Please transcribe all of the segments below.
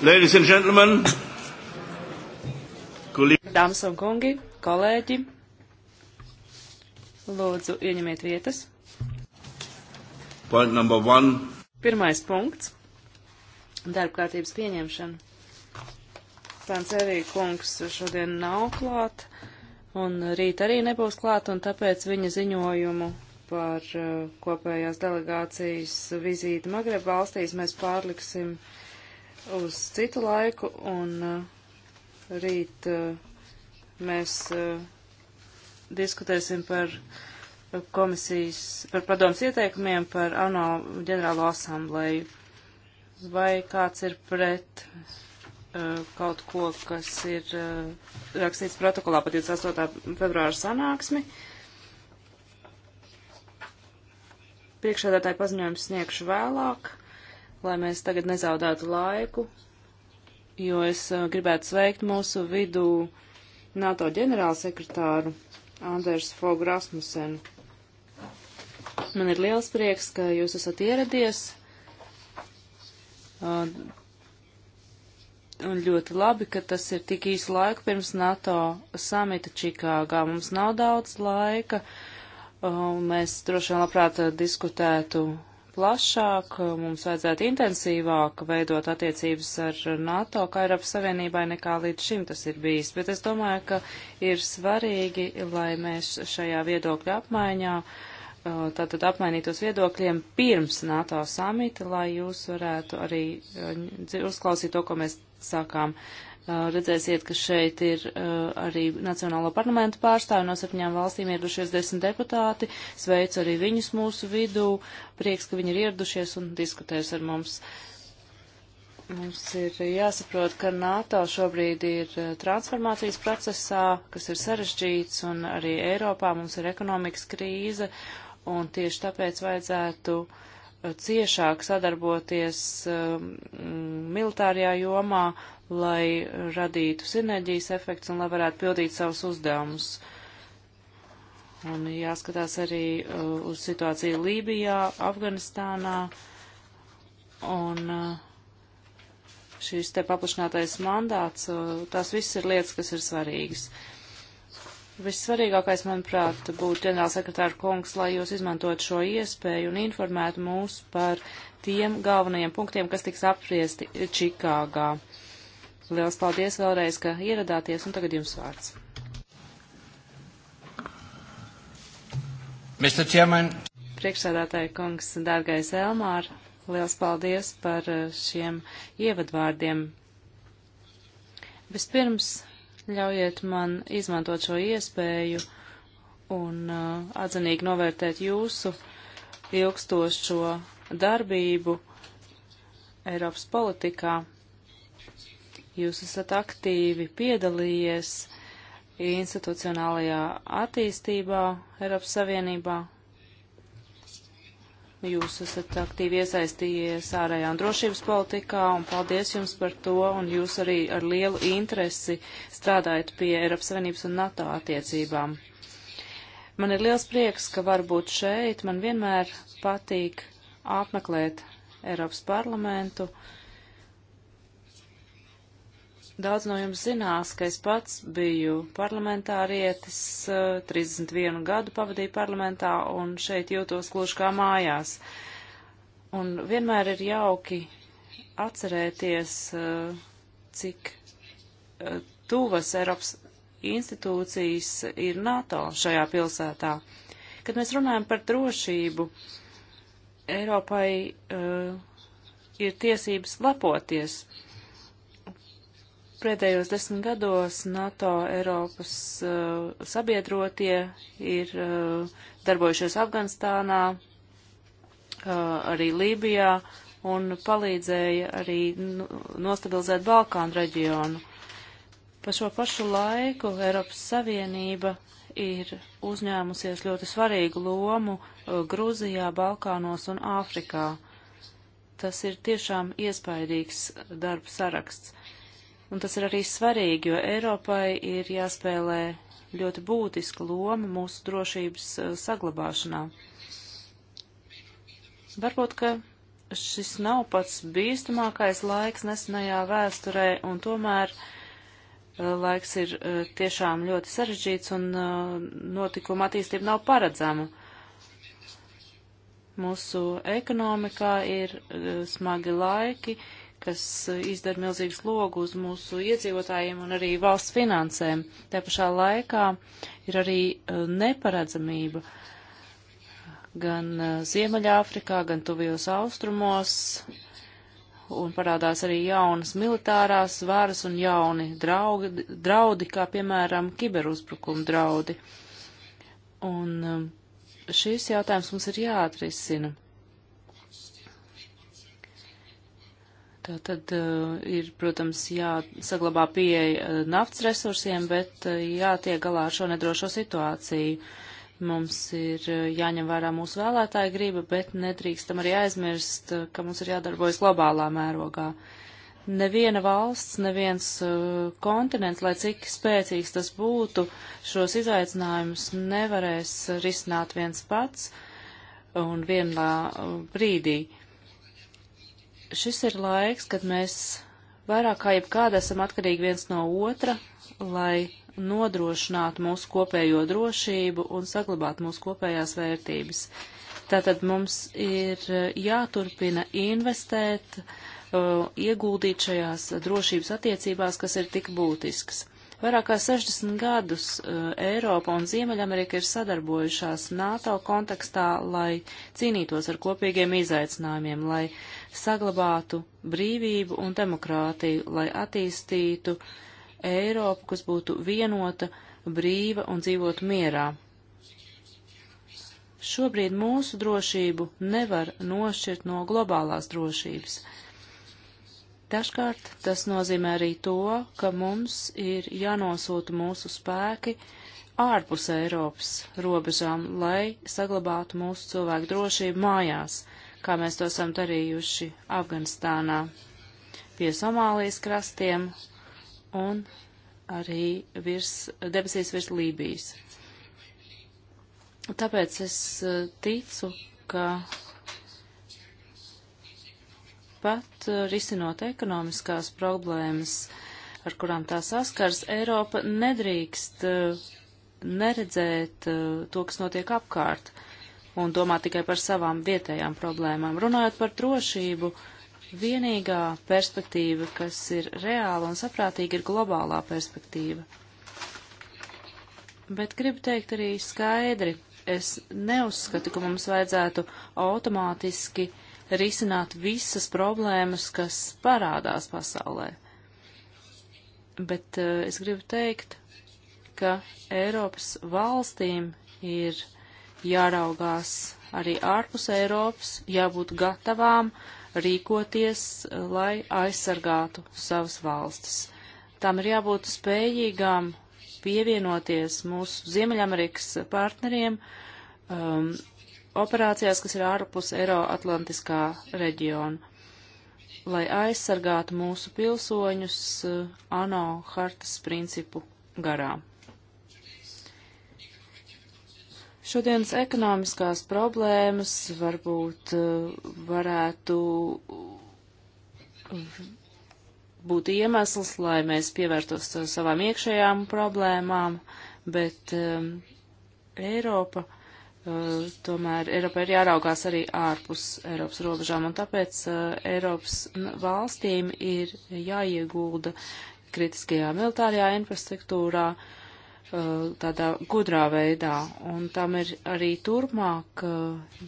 Ladies and gentlemen, Dāmas un kungi, kolēģi, lūdzu ieņemiet vietas. Point number one. Pirmais punkts. Darbkārtības pieņemšana. Pants arī kungs šodien nav klāt, un rīt arī nebūs klāt, un tāpēc viņa ziņojumu par uh, kopējās delegācijas vizīti Magreba valstīs mēs pārliksim uh, uz citu laiku, un uh, rīt uh, mēs uh, diskutēsim par komisijas, par padomas ieteikumiem par ANO ģenerālo asamblēju. Vai kāds ir pret uh, kaut ko, kas ir uh, rakstīts protokolā pa 28. februāra sanāksmi? Priekšādātāju paziņojumu sniegšu vēlāk lai mēs tagad nezaudētu laiku, jo es eh, gribētu sveikt mūsu vidū NATO ģenerālsekretāru Anders Fogu Rasmusenu. Man ir liels prieks, ka jūs esat ieradies. Ah, un ļoti labi, ka tas ir tik īsu laiku pirms NATO samita Čikāgā. Mums nav daudz laika, un mēs droši vien labprāt eh, diskutētu plašāk, mums vajadzētu intensīvāk veidot attiecības ar NATO, kā Eiropas Savienībai, nekā līdz šim tas ir bijis. Bet es domāju, ka ir svarīgi, lai mēs šajā viedokļa apmaiņā, tātad apmainītos viedokļiem pirms NATO samita, lai jūs varētu arī uzklausīt to, ko mēs sākām redzēsiet, ka šeit ir arī Nacionālo parlamentu pārstāvi no septiņām valstīm ieradušies desmit deputāti. Sveicu arī viņus mūsu vidū. Prieks, ka viņi ir ieradušies un diskutēs ar mums. Mums ir jāsaprot, ka NATO šobrīd ir transformācijas procesā, kas ir sarežģīts, un arī Eiropā mums ir ekonomikas krīze, un tieši tāpēc vajadzētu ciešāk sadarboties um, militārajā jomā, lai radītu sinerģijas efekts un lai varētu pildīt savus uzdevumus. Un jāskatās arī uh, uz situāciju Lībijā, Afganistānā un uh, šīs te paplašinātais mandāts, uh, tās viss ir lietas, kas ir svarīgas. Vissvarīgākais, manuprāt, būtu ģenerālsekretāra kungs, lai jūs izmantot šo iespēju un informētu mūs par tiem galvenajiem punktiem, kas tiks apspriesti Čikāgā. Liels paldies vēlreiz, ka ieradāties, un tagad jums vārds. Priekšsādātāja kungs, dārgais Elmār, liels paldies par uh, šiem ievadvārdiem. Vispirms ļaujiet man izmantot šo iespēju un uh, atzinīgi novērtēt jūsu ilgstošo darbību Eiropas politikā Jūs esat aktīvi piedalījies institucionālajā attīstībā Eiropas Savienībā. Jūs esat aktīvi iesaistījies ārējā un drošības politikā, un paldies jums par to, un jūs arī ar lielu interesi strādājat pie Eiropas Savienības un NATO attiecībām. Man ir liels prieks, ka var būt šeit. Man vienmēr patīk apmeklēt Eiropas parlamentu. Uh, Daudz no jums zinās, ka es pats biju parlamentārietis, 31 eh, gadu pavadīju parlamentā un šeit jūtos gluži kā mājās. Un vienmēr ir jauki atcerēties, eh, cik eh, tuvas Eiropas institūcijas ir NATO šajā pilsētā. Kad mēs runājam par drošību, Eiropai uh, ir tiesības lepoties. Uh, Pēdējos desmit gados NATO Eiropas uh, sabiedrotie ir uh, darbojušies Afganistānā, uh, arī Lībijā un palīdzēja arī nu, nostabilizēt Balkānu reģionu. Pa šo pašu laiku Eiropas Savienība ir uzņēmusies ļoti svarīgu lomu uh, Grūzijā, Balkānos un Āfrikā. Tas ir tiešām iespaidīgs uh, darba saraksts Un tas ir arī svarīgi, jo Eiropai ir jāspēlē ļoti būtiska loma mūsu drošības eh, saglabāšanā. Varbūt, ka šis nav pats bīstamākais laiks nesenajā vēsturē, un tomēr eh, laiks ir eh, tiešām ļoti sarežģīts un notikuma attīstība nav paredzama. Mūsu ekonomikā ir smagi laiki, kas eh, izdara milzīgu slogu uz mūsu iedzīvotājiem un arī valsts finansēm. Tā pašā laikā ir arī eh, neparedzamība gan eh, Ziemeļāfrikā, gan Tuvijos austrumos, un parādās arī jaunas militārās varas un jauni draugi, draudi, kā piemēram kiberuzbrukuma draudi. Un šis jautājums mums ir jāatrisina. Tā tad uh, eh, ir, protams, jāsaglabā pieeja uh, eh, naftas resursiem, bet uh, jātiek galā ar šo nedrošo situāciju. Mums ir uh, jāņem vērā mūsu vēlētāja griba, bet nedrīkstam arī aizmirst, uh, ka mums ir jādarbojas globālā mērogā. Neviena valsts, neviens uh, kontinents, lai cik spēcīgs tas būtu, šos izaicinājumus nevarēs risināt viens pats un vienlā brīdī. Uh, Šis ir laiks, kad mēs vairāk kā jebkāda esam atkarīgi viens no otra, lai nodrošinātu mūsu kopējo drošību un saglabātu mūsu kopējās vērtības. Tātad mums ir e, jāturpina investēt, e, ieguldīt šajās drošības attiecībās, kas ir tik būtisks. Vairāk kā 60 gadus uh, Eiropa un Ziemeļamerika ir sadarbojušās NATO kontekstā, lai cīnītos ar kopīgiem izaicinājumiem, lai saglabātu brīvību un demokrātiju, lai attīstītu Eiropu, kas būtu vienota, brīva un dzīvotu mierā. Šobrīd mūsu drošību nevar nošķirt no globālās drošības. Uh, Dažkārt tas nozīmē arī to, ka mums ir jānosūta mūsu spēki ārpus Eiropas robežām, lai saglabātu mūsu cilvēku drošību mājās, kā mēs to esam darījuši Afganistānā, pie Somālijas krastiem un arī virs, debesīs virs Lībijas. Tāpēc es eh, ticu, ka pat eh, risinot ekonomiskās problēmas, ar kurām tā saskars, Eiropa nedrīkst eh, neredzēt eh, to, kas notiek apkārt un domāt tikai par savām vietējām problēmām. Runājot par drošību, vienīgā perspektīva, kas ir reāla un saprātīga, ir globālā perspektīva. Bet gribu teikt arī skaidri, es neuzskatu, ka mums vajadzētu automātiski uh, risināt visas problēmas, kas parādās pasaulē. Bet uh, es gribu teikt, ka Eiropas valstīm ir jāraugās arī ārpus Eiropas, jābūt gatavām rīkoties, eh, lai aizsargātu savas valstis. Tām ir jābūt spējīgām pievienoties mūsu Ziemeļamerikas partneriem, um, operācijās, kas ir ārpus Eiroatlantiskā reģiona. Lai aizsargātu mūsu pilsoņus eh, ANO hartas principu garā. Šodienas ekonomiskās problēmas varbūt eh, varētu būt iemesls, lai mēs pievērstos savām iekšējām problēmām, bet um, Eiropa Eh, tomēr Eiropai ir jāraugās arī ārpus Eiropas robežām, un tāpēc eh, Eiropas valstīm ir jāiegulda kritiskajā militārajā infrastruktūrā eh, tādā gudrā veidā, un tam ir arī turpmāk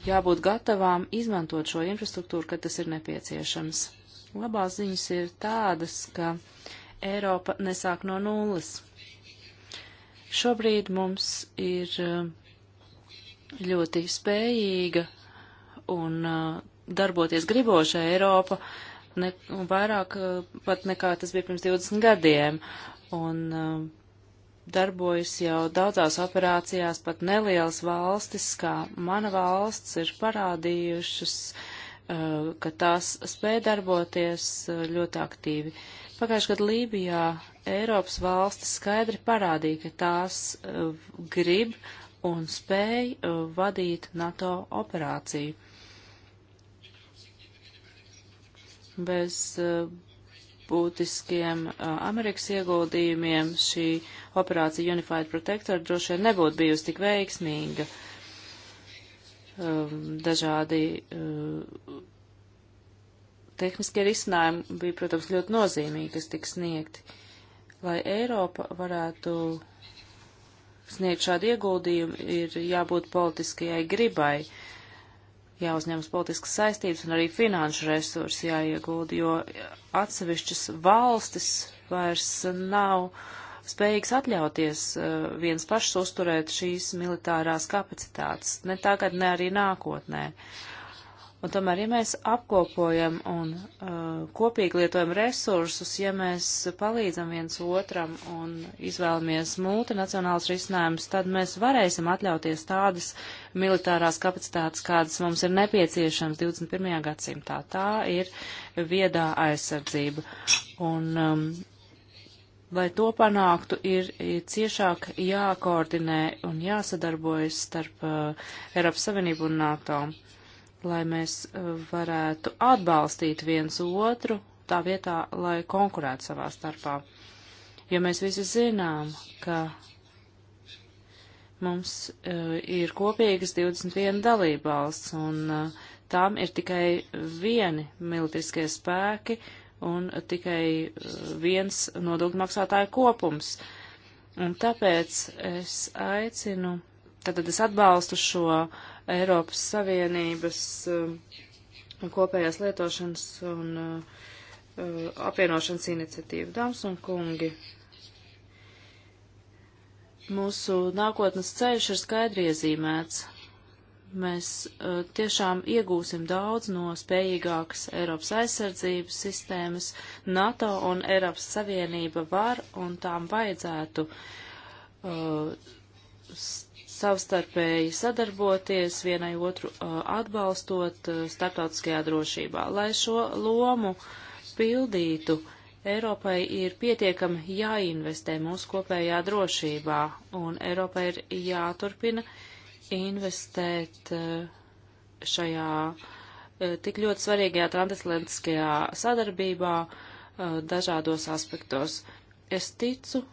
jābūt gatavām izmantot šo infrastruktūru, kad tas ir nepieciešams. Labās ziņas ir tādas, ka Eiropa nesāk no nulles. Šobrīd mums ir uh, ļoti spējīga un uh, darboties griboša Eiropa, ne, un vairāk uh, pat nekā tas bija pirms 20 gadiem. Un uh, darbojas jau daudzās operācijās, pat nelielas valstis, kā mana valsts, ir parādījušas, uh, ka tās spēja darboties uh, ļoti aktīvi. Pagājušajā gadā Lībijā Eiropas valstis skaidri parādīja, ka tās uh, grib uh, un spēja uh, vadīt NATO operāciju. Bez uh, būtiskiem uh, Amerikas ieguldījumiem šī operācija Unified Protector droši vien nebūtu bijusi tik veiksmīga. Um, dažādi tehniskie risinājumi bija, protams, ļoti nozīmīgi, kas tika sniegti. Lai Eiropa varētu sniegt šādu ieguldījumu, ir jābūt politiskajai gribai, jāuzņemas politiskas saistības un arī finanšu resursi jāiegulda, jo atsevišķas valstis vairs nav spējīgs atļauties uh, viens pašs uzturēt šīs militārās kapacitātes, ne tagad, ne arī nākotnē. Uh, Un tomēr, ja mēs apkopojam un uh, kopīgi lietojam resursus, ja mēs palīdzam viens otram un izvēlamies multinacionāls risinājums, tad mēs varēsim atļauties tādas militārās kapacitātes, kādas mums ir nepieciešams 21. gadsimtā. Tā ir viedā aizsardzība. Un, um, Lai to panāktu, ir ciešāk jākoordinē un jāsadarbojas starp uh, Eiropas Savienību un NATO. Uh, lai mēs uh, varētu atbalstīt viens otru tā vietā, lai konkurētu savā starpā. Jo mēs visi zinām, ka mums uh, ir kopīgas 21 dalībvalsts, un uh, tām ir tikai vieni militariskie spēki un uh, tikai uh, viens nodokļu maksātāju kopums. Un tāpēc es aicinu, tātad es atbalstu šo uh, Eiropas Savienības um, kopējās lietošanas un uh, uh, apvienošanas iniciatīvu. Dāmas un kungi, mūsu nākotnes ceļš ir skaidri iezīmēts. Mēs uh, tiešām iegūsim daudz no spējīgākas Eiropas aizsardzības sistēmas. NATO un Eiropas Savienība var un tām vajadzētu uh, savstarpēji sadarboties, vienai otru atbalstot starptautiskajā drošībā. Lai šo lomu pildītu, Eiropai ir pietiekami jāinvestē mūsu kopējā drošībā, un Eiropai ir jāturpina investēt šajā tik ļoti svarīgajā transatlantiskajā sadarbībā dažādos aspektos. Es ticu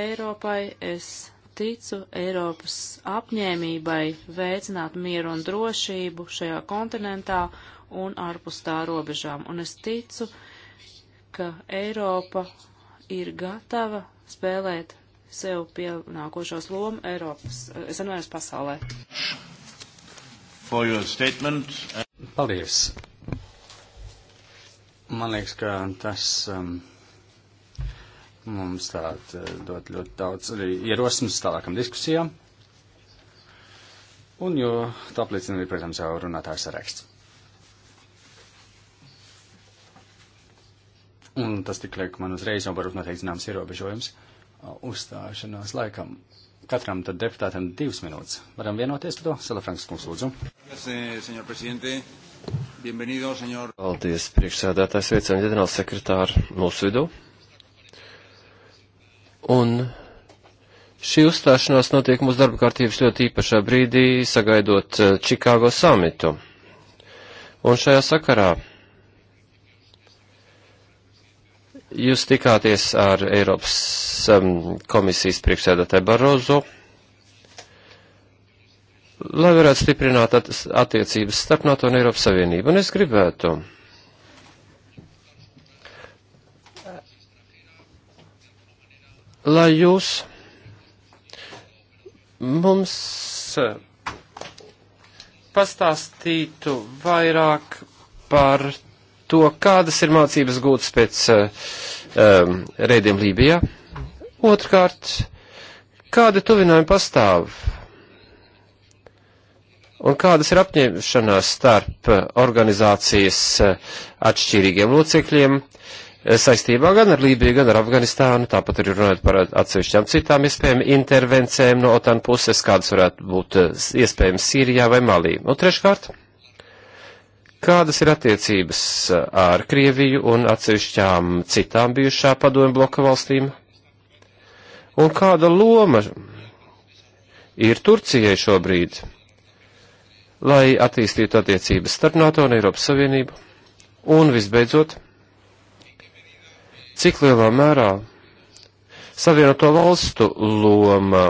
Eiropai, es ticu Eiropas apņēmībai veicināt mieru un drošību šajā kontinentā un ārpus tā robežām. Un es ticu, ka Eiropa ir gatava spēlēt sev pienākošos lomu Eiropas, es anvēros pasaulē. Uh, Paldies. Man liekas, ka tas. Um, Mums tād eh, dot ļoti daudz arī ierosmes tālākam diskusijām. Un jo tā apliecina arī, protams, jau runātājs saraksts. Un tas tik liek man uzreiz jau varbūt noteikti zināms ierobežojums uzstāšanās laikam. Katram tad deputātam divas minūtes. Varam vienoties par to? Salafranks kungs lūdzu. Eh, Paldies, priekšsēdētājs veicam ģenerāls sekretāru mūsu vidu. Un šī uzstāšanās notiek mūsu darba kārtības ļoti īpašā brīdī, sagaidot Čikāgo eh, samitu. Un šajā sakarā jūs tikāties ar Eiropas um, komisijas priekšsēdētāju Barozu lai varētu stiprināt attiecības starp NATO un Eiropas Savienību. Un es gribētu lai jūs mums eh, pastāstītu vairāk par to, kādas ir mācības gūtas pēc um, reidiem Lībijā. Otrkārt, kādi tuvinājumi pastāv un kādas ir apņemšanās starp eh, organizācijas atšķirīgiem locekļiem, uh, Eh, saistībā gan ar Lībiju, gan ar Afganistānu, tāpat arī runājot par atsevišķām citām iespējām intervencēm no OTAN puses, kādas varētu būt eh, iespējams Sīrijā vai Malī. Un nu, treškārt, kādas ir attiecības eh, ar Krieviju un atsevišķām citām bijušā padomju bloka valstīm? Un kāda loma ir Turcijai šobrīd, lai attīstītu attiecības starp NATO un Eiropas Savienību? Un visbeidzot, cik lielā mērā savienoto valstu loma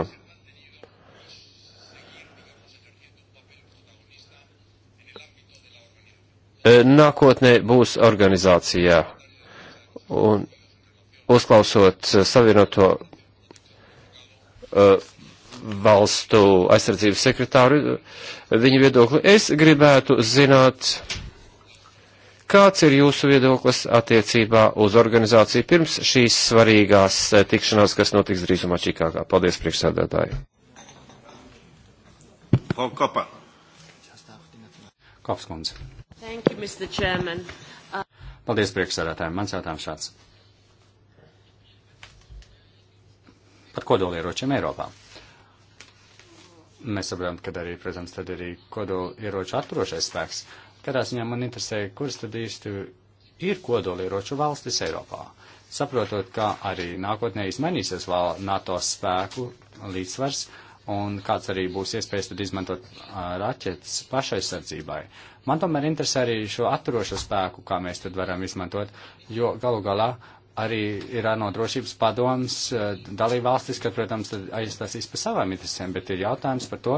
e, nākotnē būs organizācijā. Un uzklausot savienoto uh, valstu aizsardzības sekretāru, e, viņa viedokli, es gribētu zināt, Kāds ir jūsu viedoklis attiecībā uz organizāciju pirms šīs svarīgās eh, tikšanās, kas notiks drīzumā Čikāgā? Paldies, priekšsēdētāji. Kopa. Kops kundze. Thank you, Mr. Chairman. Uh... Paldies, priekšsēdētāji. Mans jautājums šāds. Par kodolieročiem Eiropā. Mēs saprotam, ka arī, protams, tad arī kodolieroču atturošais spēks. Uh, Katrā ziņā man interesē, kuras tad īsti ir kodolieroču valstis Eiropā. Saprotot, ka arī nākotnē izmainīsies vēl NATO spēku līdzsvars un kāds arī būs iespējas tad izmantot raķetes pašaizsardzībai. Man tomēr interesē arī šo atturošo spēku, kā mēs tad varam izmantot, jo galu galā arī ir ANO drošības padoms eh, dalībvalstis, ka, protams, aizstāsīs par savām interesēm, bet ir jautājums par to,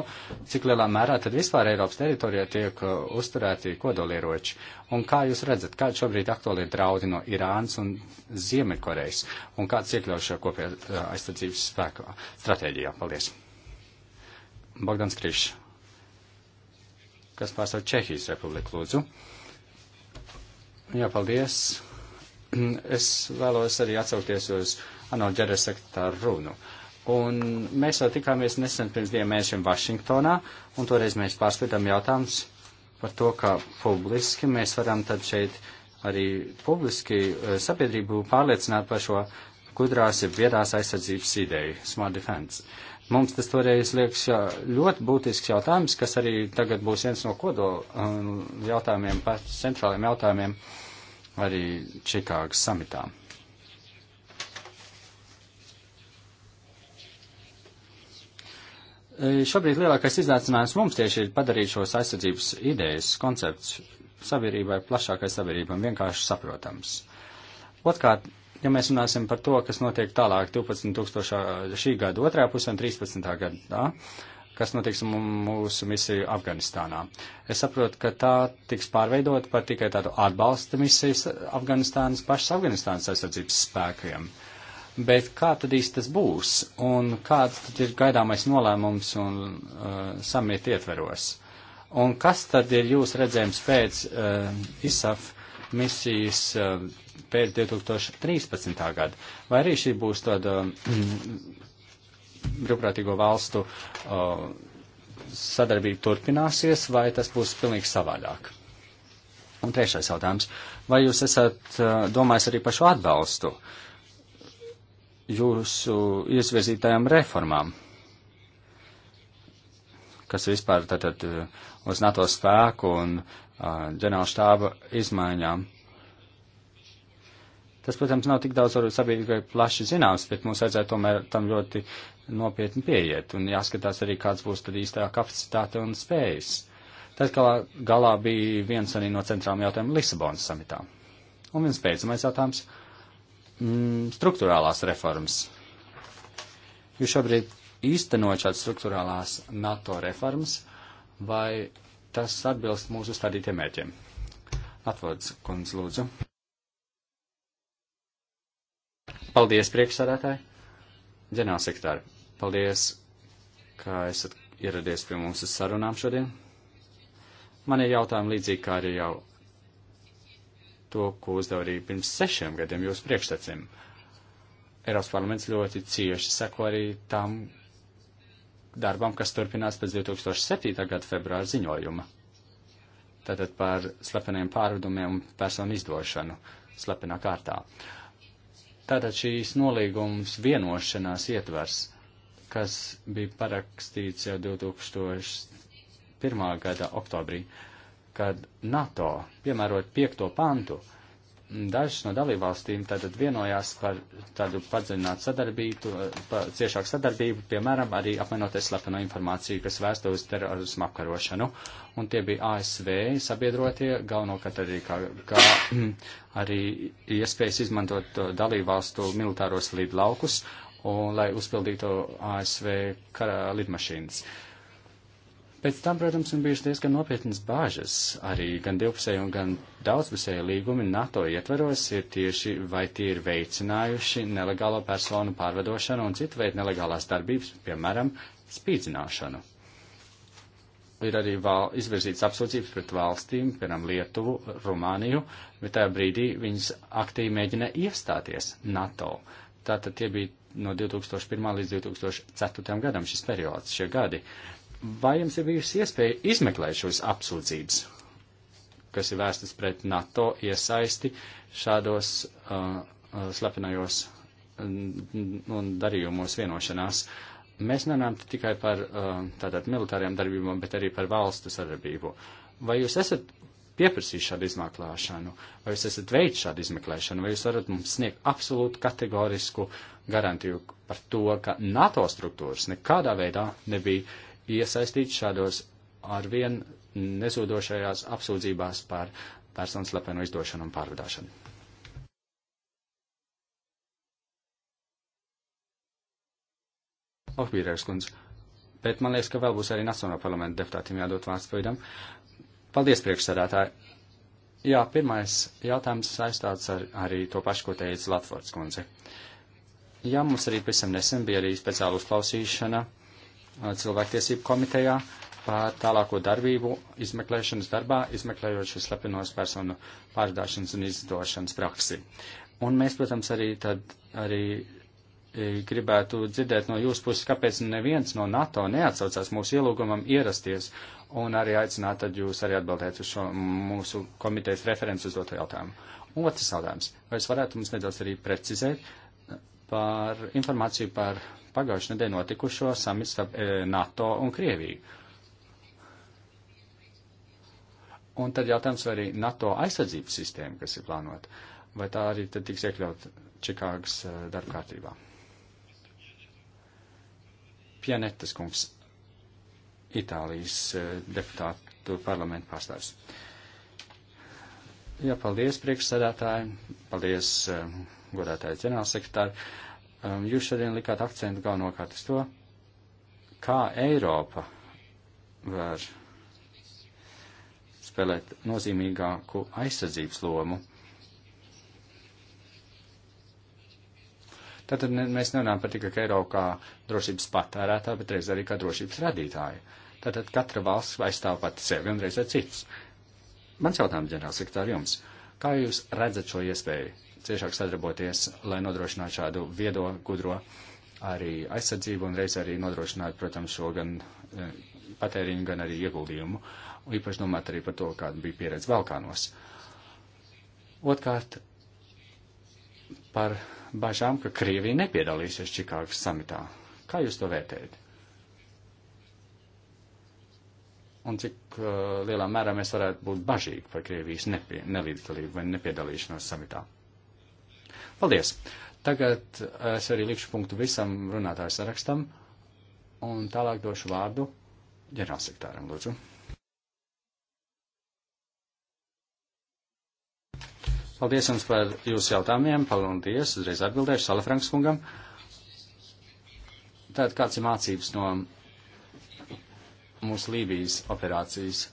cik lielā mērā tad vispār Eiropas teritorijā tiek eh, uzturēti kodolieroči. Un kā jūs redzat, kāda šobrīd aktuāli ir draudi no Irānas un Ziemeļkorejas, un kāds iekļaus šajā kopējā eh, aizsardzības spēkā stratēģijā? Paldies. Bogdans Krišs, kas pārstāv Čehijas republiku, lūdzu. Jā, paldies. es vēlos arī atsaukties uz ANO ģeres sektāru runu. Un mēs jau tikāmies nesen pirms diviem mēnešiem Vašingtonā, un toreiz mēs pārskatām jautājums par to, kā publiski mēs varam tad šeit arī publiski eh, sabiedrību pārliecināt par šo gudrās ir viedās aizsardzības ideja, smart defense. Mums tas toreiz liekas ļoti būtisks jautājums, kas arī tagad būs viens no kodola um, jautājumiem, centrālajiem jautājumiem. Uh, arī Čikāgas samitā. E, šobrīd lielākais izaicinājums mums tieši ir padarīt šos aizsardzības idejas, koncepts sabiedrībai, plašākai sabiedrībai vienkārši saprotams. Otkārt, ja mēs runāsim par to, kas notiek tālāk 12 tūkstošā šī gada otrā pusē un 13. gadā, kas notiks mūsu misiju Afganistānā. Es saprotu, ka tā tiks pārveidot par tikai tādu atbalsta misiju Afganistānas pašas Afganistānas aizsardzības spēkiem. Bet kā tad īsti tas būs un kāds tad ir gaidāmais nolēmums un uh, samiet ietveros? Un kas tad ir jūs redzējums pēc uh, ISAF misijas uh, pēc 2013. gada? Vai arī šī būs tāda uh, brīvprātīgo valstu uh, sadarbība turpināsies, vai tas būs pilnīgi savādāk? Un trešais jautājums. Vai jūs esat uh, domājis arī par šo atbalstu jūsu izvirzītajām reformām, kas vispār tātad uh, uz NATO spēku un uh, ģenerāla štāba izmaiņām? Tas, protams, nav tik daudz sabiedrībai plaši zināms, bet mums vajadzētu tomēr tam ļoti nopietni pieiet un jāskatās arī, kāds būs tad īstā kapacitāte un spējas. Tad galā, galā bija viens arī no centrāliem jautājumiem Lisabonas samitā. Un viens beidzamais jautājums - mm, struktūrālās reformas. Jūs šobrīd īstenot šādas struktūrālās NATO reformas, vai tas atbilst mūsu stādītiem mērķiem? Atvodas, kundze, lūdzu. Paldies, priekšsādātāji, ģenerālsektāri. Paldies, ka esat ieradies pie mums uz sarunām šodien. Man ir jautājumi līdzīgi kā arī jau to, ko uzdev arī pirms sešiem gadiem jūsu priekšsacim. Eiropas parlaments ļoti cieši seko arī tam darbam, kas turpinās pēc 2007. gada februāra ziņojuma. Tātad par slepeniem pārvedumiem un personu izdošanu slepenā kārtā. Uh, Tātad šīs nolīgums vienošanās ietvers, kas bija parakstīts jau 2001. gada oktobrī, kad NATO piemērot piekto pantu, uh, Dažas no dalībvalstīm tātad vienojās par tādu padziļinātu sadarbību, pa, ciešāku sadarbību, piemēram, arī apmainoties slepeno informāciju, kas vērsta uz terorismu apkarošanu. Un tie bija ASV sabiedrotie, galvenokārt arī kā, kā arī iespējas izmantot dalībvalstu militāros lidlaukus, un, lai uzpildītu ASV kara lidmašīnas. Uh, Pēc tam, protams, ir bijušas diezgan nopietnas bāžas. Arī gan divpusēji un gan daudzpusēji līgumi NATO ietvaros ir tieši vai tie ir veicinājuši nelegālo personu pārvedošanu un citu veidu nelegālās darbības, piemēram, spīdzināšanu. Ir arī val, izvirzīts apsūdzības pret valstīm, piemēram, Lietuvu, Rumāniju, bet tajā brīdī viņas aktīvi mēģina iestāties NATO. Tātad tie bija no 2001 līdz 2004 gadam šis periods, šie gadi. Uh, Vai jums ir bijusi iespēja izmeklēt šos apsūdzības, kas ir vērstas pret NATO iesaisti šādos uh, uh slepenajos un darījumos vienošanās? Mēs nenām tikai par uh, tātad militāriem darbībām, bet arī par valstu sadarbību. Vai jūs esat pieprasījuši šādu izmeklēšanu, vai jūs esat veids šādu izmeklēšanu, vai jūs varat mums sniegt absolūtu kategorisku garantiju par to, ka NATO struktūras nekādā veidā nebija iesaistīts šādos arvien nezūdošajās apsūdzībās par personas slepenu izdošanu un pārvadāšanu. Ohbīrērs kundze, bet man liekas, ka vēl būs arī Nacionālā parlamenta deputātiem jādod vārds pavidam. Paldies, priekšsādātāji! Jā, pirmais jautājums saistāts ar arī to pašu, ko teica Latvords kundze. Jā, mums arī pavisam nesen bija arī speciāla uzklausīšana. Uh, Uh, cilvēktiesību komitejā par tālāko darbību izmeklēšanas darbā, izmeklējot šīs slepenos personu pārdāšanas un izdošanas praksi. Un mēs, protams, arī tad arī e, gribētu dzirdēt no jūsu puses, kāpēc neviens no NATO neatsaucās mūsu ielūgumam ierasties un arī aicināt tad jūs arī atbildēt uz šo mūsu komitejas referents uzdoto jautājumu. Otrs jautājums. Vai jūs varētu mums nedaudz arī precizēt, par informāciju par pagājušajā nedēļā notikušo samitu starp e, NATO un Krieviju. Un tad jautājums, vai arī NATO aizsardzības sistēma, kas ir plānota, vai tā arī tad tiks iekļaut Čikāgas e, darba kārtībā. Pianetas kungs, Itālijas e, deputātu parlamentu pārstāvis. Jā, paldies priekšsēdētāji, paldies uh, godātais ģenerālsekretāri, um, jūs šodien likāt akcentu galvenokārt uz to, kā Eiropa var spēlēt nozīmīgāku aizsardzības lomu. Tātad ne, mēs nerunājam par tikai Eiropu kā drošības patērētāju, bet reiz arī kā drošības radītāju. Tātad katra valsts aizstāv pati sevi un reiz ar citus. Mans jautājums, ģenerālsekretār, jums. Kā jūs redzat šo iespēju? ciešāk sadarboties, lai nodrošinātu šādu viedo, gudro arī aizsardzību un reiz arī nodrošinātu, protams, šo gan eh, patēriņu, gan arī ieguldījumu. Un īpaši domāt arī par to, kāda bija pieredze Balkānos. Otkārt, par bažām, ka Krievija nepiedalīsies Čikāgas samitā. Kā jūs to vērtējat? Un cik uh, lielā mērā mēs varētu būt bažīgi par Krievijas nepie, nelīdzdalību vai nepiedalīšanos samitā? Paldies! Tagad es arī likšu punktu visam runātāju sarakstam un tālāk došu vārdu ģenerālsektāram, lūdzu. Paldies jums par jūsu jautājumiem, paldies, uzreiz atbildēšu Salafranks kungam. Tātad kāds ir mācības no mūsu Lībijas operācijas?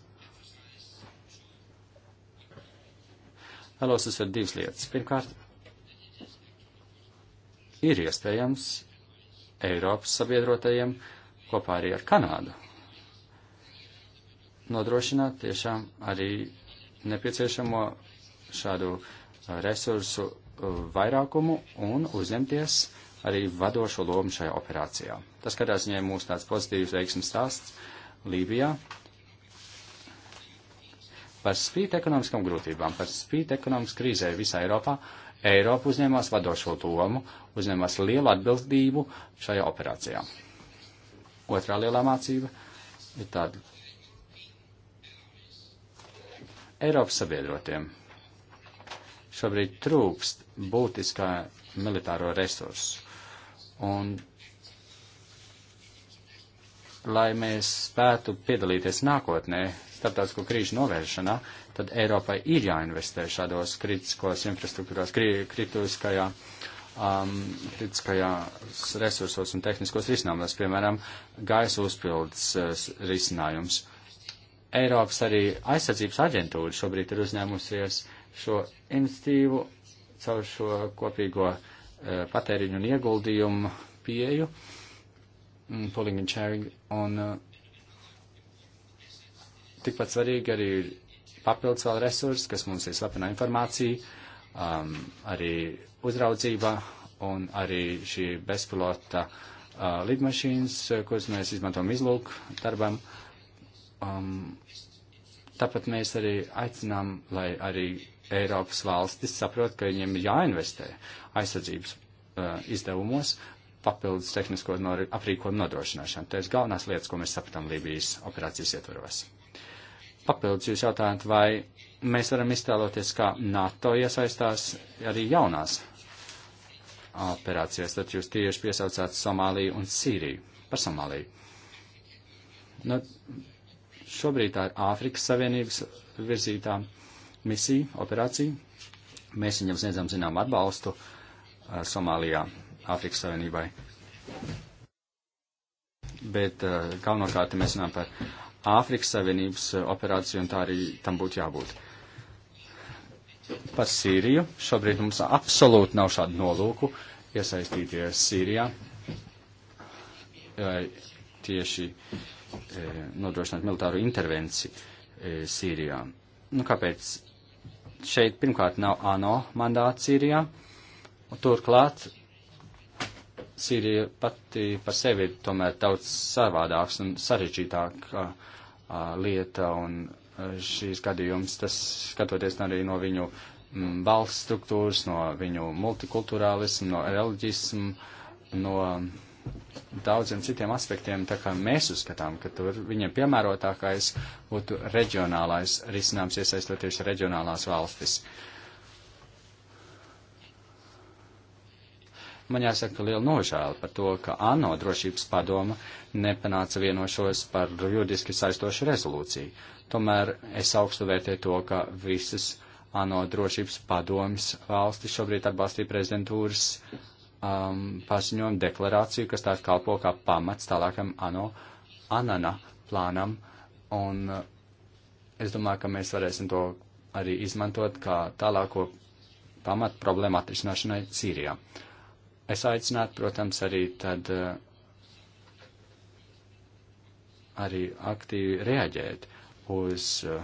Vēlos uzsvērt divas lietas. Pirmkārt, ir iespējams Eiropas sabiedrotajiem kopā arī ar Kanādu nodrošināt tiešām arī nepieciešamo šādu uh, resursu uh, vairākumu un uzņemties arī vadošo lomu šajā operācijā. Tas katrā ziņā mūs tāds pozitīvs veiksmes stāsts Lībijā. Par spīti ekonomiskām grūtībām, par spīti ekonomiskas krīzē visā Eiropā, uh, Eiropa uzņēmās vadošo lomu, uzņēmās lielu atbildību šajā operācijā. Otrā lielā mācība ir tāda. Eiropas sabiedrotiem šobrīd trūkst būtiskā militāro resursu. Un, lai mēs spētu piedalīties nākotnē starptautisko krīžu novēršanā, tad Eiropai ir jāinvestē šādos kritiskos infrastruktūrās, kri, kritiskajā, um, kritiskajās resursos un tehniskos risinājumos, piemēram, gaisa uzpildes uh, risinājums. Eiropas arī aizsardzības aģentūra šobrīd ir uzņēmusies šo institīvu caur šo kopīgo uh, patēriņu un ieguldījumu pieju, mm, pooling and sharing, un uh, Tikpat svarīgi arī ir papildus vēl resursi, kas mums ir slepenā informācija, um, arī uzraudzība un arī šī bezpilota uh, lidmašīnas, kuras mēs izmantojam izlūk darbam. Um, tāpat mēs arī aicinām, lai arī Eiropas valstis saprot, ka viņiem ir jāinvestē aizsardzības uh, izdevumos papildus tehnisko aprīkojumu nodrošināšanu. Tas ir galvenās lietas, ko mēs sapratām Lībijas operācijas ietvaros. Papildus jūs jautājat, vai mēs varam iztēloties, kā NATO iesaistās arī jaunās operācijas, tad jūs tieši piesaucāt Somāliju un Sīriju. Par Somāliju. Nu, šobrīd tā ir Āfrikas Savienības virzītā misija, operācija. Mēs viņam sniedzam zinām atbalstu uh, Somālijā, Āfrikas Savienībai. Bet uh, galvenokārt mēs runājam par Āfrikas Savienības eh, operāciju, un tā arī tam būtu jābūt. Par Sīriju. Šobrīd mums absolūti nav šādu nolūku iesaistīties Sīrijā. Tieši eh, nodrošināt militāru intervenciju eh, Sīrijā. Nu, kāpēc? Šeit pirmkārt nav ANO mandāts Sīrijā, un turklāt Sīrija pati par sevi ir tomēr daudz savādāks un sarežģītāk a, a, lieta, un šīs gadījums, tas skatoties arī no viņu m, valsts struktūras, no viņu multikulturālismu, no reliģismu, no daudziem citiem aspektiem, tā kā mēs uzskatām, ka tur viņiem piemērotākais būtu reģionālais risinājums iesaistoties reģionālās valstis. Uh, Man jāsaka liela nožēla par to, ka ANO drošības padoma nepanāca vienošos par juridiski saistošu rezolūciju. Tomēr es augstu vērtēju to, ka visas ANO drošības padomas valstis šobrīd atbalstīja prezidentūras um, paziņojumu deklarāciju, kas tā kalpo kā pamats tālākam ANO anana plānam. Un uh, es domāju, ka mēs varēsim to arī izmantot kā tālāko pamatu problēmu atrisināšanai Sīrijā. Uh, Es aicinātu, protams, arī tad eh, arī aktīvi reaģēt uz eh,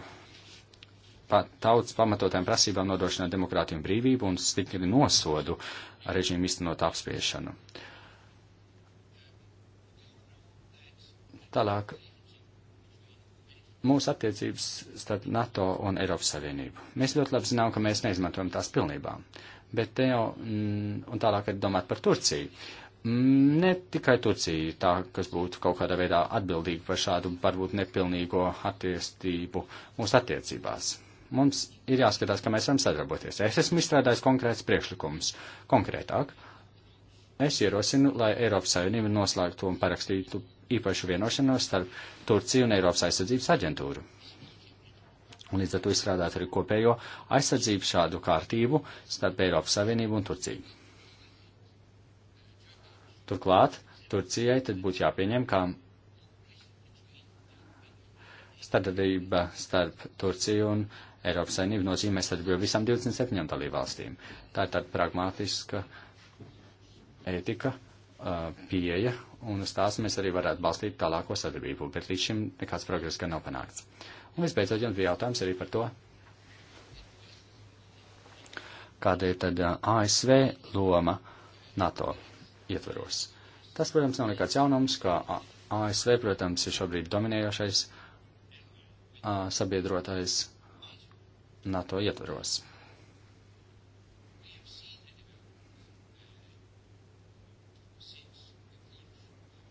pat tautas pamatotām prasībām nodrošināt demokrātiju un brīvību un stingri nosodu režīmu iztenot apspiešanu. Tālāk mūsu attiecības starp NATO un Eiropas Savienību. Mēs ļoti labi zinām, ka mēs neizmantojam tās pilnībā. Uh, bet te jau, mm, un tālāk ir domāt par Turciju. Mm, ne tikai Turcija tā, kas būtu kaut kādā veidā atbildīga par šādu varbūt nepilnīgo attiestību mūsu attiecībās. Mums ir jāskatās, ka mēs varam sadarboties. Es esmu izstrādājis konkrēts priekšlikums. Konkrētāk, es ierosinu, lai Eiropas Savienība noslēgtu un parakstītu īpašu vienošanos starp Turciju un Eiropas aizsardzības aģentūru un līdz ar to izstrādāt arī kopējo aizsardzību šādu kārtību starp Eiropas Savienību un Turciju. Turklāt Turcijai tad būtu jāpieņem, kā starpdarbība starp Turciju un Eiropas Savienību nozīmē starpdarbību visām 27 dalībvalstīm. Tā ir tāda pragmātiska ētika, pieeja, un uz tās mēs arī varētu balstīt tālāko sadarbību, bet līdz šim nekāds progress gan nav panākts. Un visbeidzot, jums bija jautājums arī par to, kāda ir tad ASV loma NATO ietvaros. Tas, protams, nav nekāds jaunums, ka ASV, protams, ir šobrīd dominējošais a, sabiedrotais NATO ietvaros.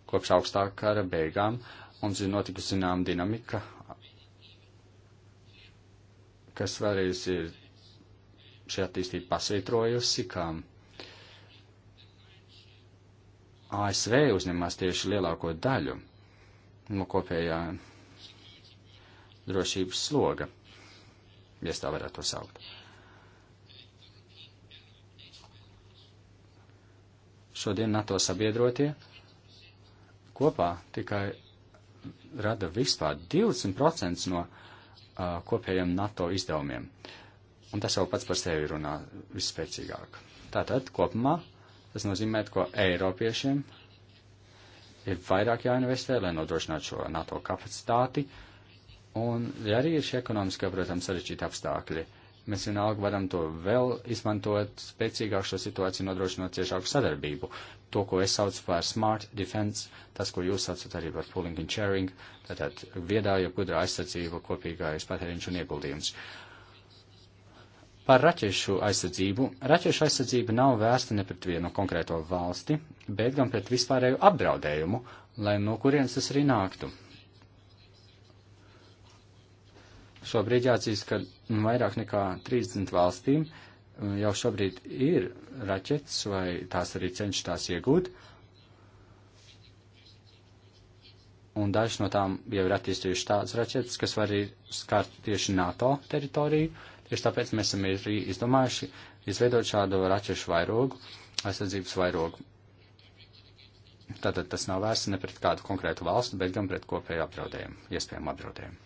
Kopš augstākā kara beigām mums ir notikusi zinām dinamika kas vēlreiz ir šī attīstība pasvītrojusi, ka ASV uzņemās tieši lielāko daļu no kopējā drošības sloga, ja tā varētu to saukt. Šodien NATO sabiedrotie kopā tikai rada vispār 20% no uh, kopējiem NATO izdevumiem. Un tas jau pats par sevi runā visspēcīgāk. Tātad kopumā tas nozīmē, ka Eiropiešiem ir vairāk jāinvestē, lai nodrošinātu šo NATO kapacitāti. Un arī ir šie ekonomiski, protams, sarežģīti apstākļi. Uh, mēs vienalga varam to vēl izmantot spēcīgāk šo situāciju, nodrošinot ciešāku sadarbību. To, ko es saucu par smart defense, tas, ko jūs saucat arī par pooling and sharing, tātad viedā jau gudrā aizsardzība, kopīgais patēriņš un ieguldījums. Par raķešu aizsardzību. Raķešu aizsardzība nav vērsta ne pret vienu konkrēto valsti, bet gan pret vispārēju apdraudējumu, lai no kurienes tas arī nāktu. Šobrīd jāatzīst, ka nu, vairāk nekā 30 valstīm uh, jau šobrīd ir raķetes, vai tās arī cenšas tās iegūt. Un daži no tām jau ir attīstījuši tādas raķetes, kas var arī skart tieši NATO teritoriju. Tieši tāpēc mēs esam arī izdomājuši izveidot šādu raķešu vairogu, aizsardzības vairogu. Tātad tas nav vērsts ne pret kādu konkrētu valstu, bet gan pret kopēju apdraudējumu, iespējamu apdraudējumu.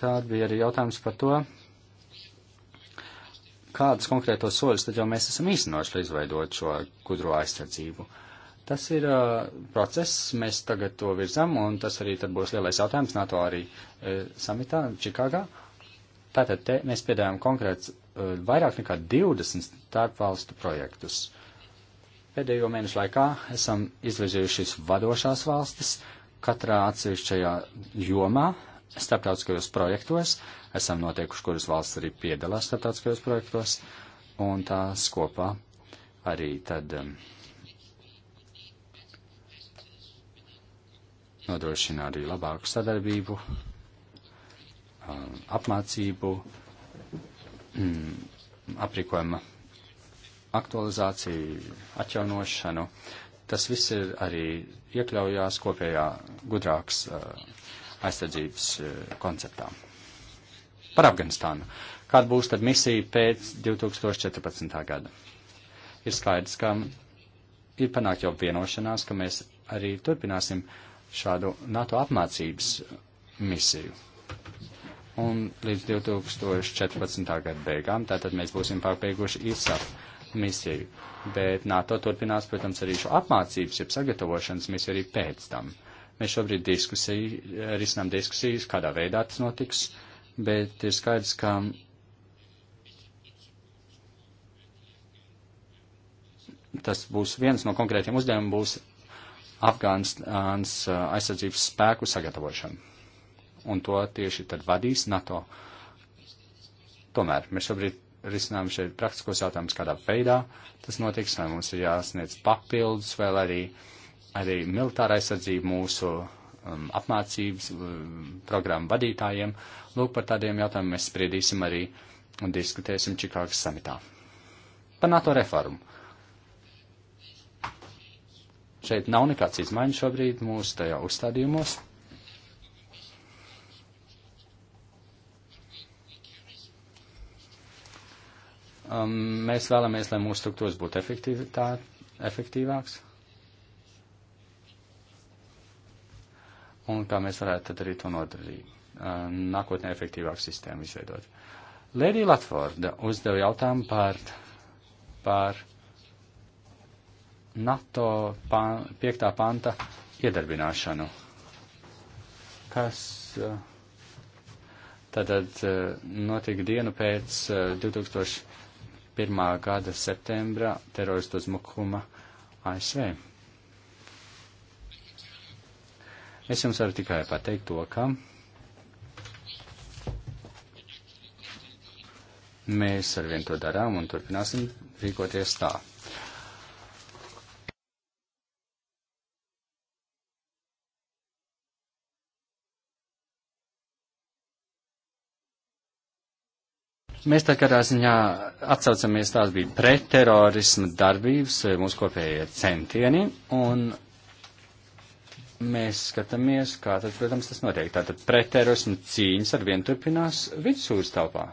Tad bija arī jautājums par to, kādus konkrētos soļus tad jau mēs esam īstenojuši, lai izveidot šo gudro aizsardzību. Tas ir uh, process, mēs tagad to virzam, un tas arī tad būs lielais jautājums NATO arī e, samitā Čikāgā. Tātad te mēs piedāvājam konkrēts e, vairāk nekā 20 starpvalstu projektus. Pēdējo mēnešu laikā esam izvirzījušies vadošās valstis katrā atsevišķajā jomā, starptautiskajos projektos, esam noteikuši, kuras valsts arī piedalās starptautiskajos projektos, un tās kopā arī tad um, nodrošina arī labāku sadarbību, um, apmācību, um, aprīkojuma aktualizāciju, atjaunošanu. Tas viss ir arī iekļaujās kopējā gudrāks uh, aizsardzības eh, konceptā. Par Afganistānu. Kāda būs tad misija pēc 2014. gada? Ir skaidrs, ka ir panākt jau vienošanās, ka mēs arī turpināsim šādu NATO apmācības misiju. Un līdz 2014. gada beigām tātad mēs būsim pārbeiguši ISAF misiju. Bet NATO turpinās, protams, arī šo apmācības, jeb sagatavošanas misiju arī pēc tam. Uh, Mēs šobrīd diskusiju, risinām diskusijas, kādā veidā tas notiks, bet ir skaidrs, ka tas būs viens no konkrētiem uzdevumiem, būs Afgānistāns uh, aizsardzības spēku sagatavošana. Un to tieši tad vadīs NATO. Tomēr mēs šobrīd risinām šeit praktiskos jautājumus, kādā veidā tas notiks, vai mums ir jāsniedz papildus, vai arī uh, arī militāra aizsardzība mūsu um, apmācības um, programmu vadītājiem. Lūk, par tādiem jautājumiem mēs spriedīsim arī un diskutēsim Čikāgas samitā. Par NATO reformu. Šeit nav nekāds izmaiņas šobrīd mūsu tajā uzstādījumos. Um, mēs vēlamies, lai mūsu struktūras būtu efektīvāks un kā mēs varētu tad arī to nodarīt, nākotnē efektīvāku sistēmu izveidot. Lēdija Latvorda uzdeva jautājumu par, par NATO pan, 5. panta iedarbināšanu, kas tātad notika dienu pēc 2001. gada septembra teroristu uzmukuma ASV. Es jums varu tikai pateikt to, ka mēs arvien to darām un turpināsim rīkoties tā. Mēs tā kādā ziņā atcaucamies, tās bija pretterorisma darbības, mūsu kopējie centieni, un mēs skatāmies, kā tad, protams, tas notiek. Tātad pretterorismu cīņas ar vien turpinās vidusjūras telpā.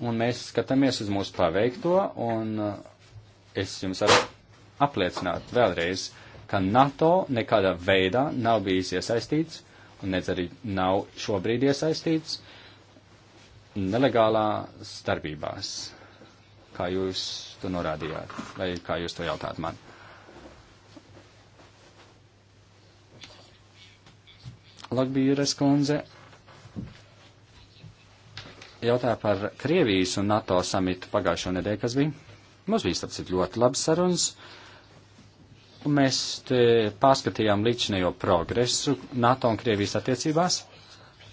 Un mēs skatāmies uz mūsu paveikto, un uh, es jums varu apliecināt vēlreiz, ka NATO nekādā veidā nav bijis iesaistīts, un nedz arī nav šobrīd iesaistīts nelegālā starpībās, kā jūs to norādījāt, vai kā jūs to jautājat man. Uh, Lakbīres kundze jautāja par Krievijas un NATO samitu pagājušo nedēļu, kas bija. Mums bija tāds ļoti labs sarunas. Un mēs pārskatījām līdzinējo progresu NATO un Krievijas attiecībās.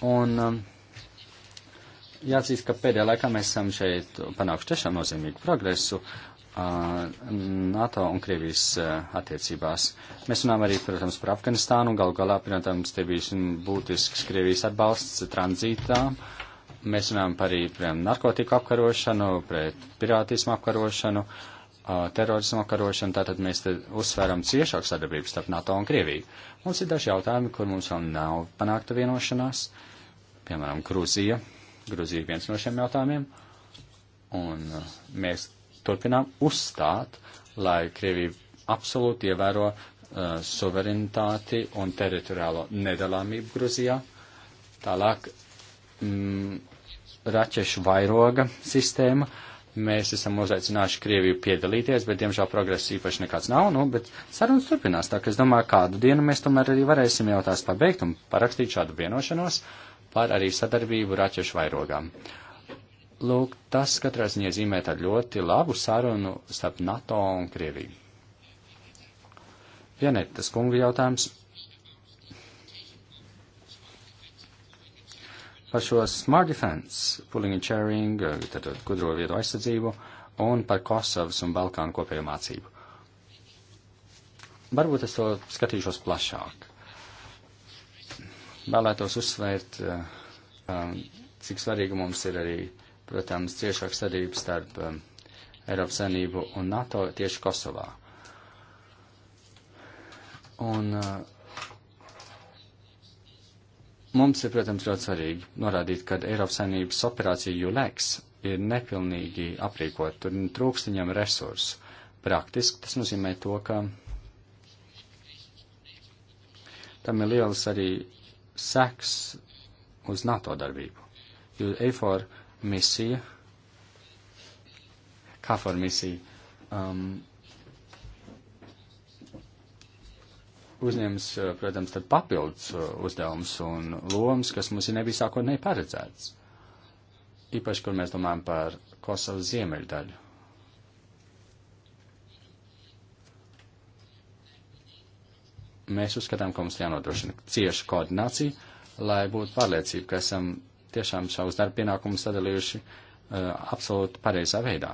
Un um, jāatzīst, ka pēdējā laikā mēs esam šeit panākuši tiešām nozīmīgu progresu. NATO un Krievijas attiecībās. Mēs runājam arī, protams, par Afganistānu, galu galā, protams, te bija būtisks Krievijas atbalsts tranzītā. Mēs runājam par arī, piemēram, narkotiku apkarošanu, pret pirātismu apkarošanu, terorismu apkarošanu, tātad mēs te uzsveram ciešāku sadarbību starp NATO un Krieviju. Mums ir daži jautājumi, kur mums vēl nav panākta vienošanās, piemēram, Grūzija. Grūzija ir viens no šiem jautājumiem. Un mēs turpinām uzstāt, lai Krievija absolūti ievēro uh, suverenitāti un teritoriālo nedalāmību Gruzijā. Tālāk mm, raķešu vairoga sistēma. Mēs esam uzaicinājuši Krieviju piedalīties, bet, diemžēl, progresa īpaši nekāds nav, nu, bet sarunas turpinās. Tā ka es domāju, kādu dienu mēs tomēr arī varēsim jau tās pabeigt un parakstīt šādu vienošanos par arī sadarbību raķešu vairogām. Uh, Lūk, tas katrā ziņā zīmē tādu ļoti labu sarunu starp NATO un Krieviju. Vienetas kunga jautājums par šo smart defense, pulling and sharing, tātad gudro vietu aizsardzību un par Kosovas un Balkānu kopējo mācību. Varbūt es to skatīšos plašāk. Vēlētos uzsvērt, eh, cik svarīgi mums ir arī protams, ciešāk sadarbību starp um, Eiropas Savienību un NATO tieši Kosovā. Un uh, mums ir, protams, ļoti svarīgi norādīt, ka Eiropas Savienības operācija ULEX ir nepilnīgi aprīkot, tur trūkst viņam resursu. Praktiski tas nozīmē to, ka tam ir liels arī seks uz NATO darbību, jo EFOR misija, KFOR misija, um, uzņems, uh, protams, tad papildus uh, uzdevums un lomas, kas mums ir nebija sākotnēji paredzēts. Īpaši, kur mēs domājam par Kosovas ziemeļu daļu. Mēs uzskatām, ka mums jānodrošina cieša koordinācija, lai būtu pārliecība, ka esam tiešām savus darba pienākumus sadalījuši uh, absolūti pareizā veidā.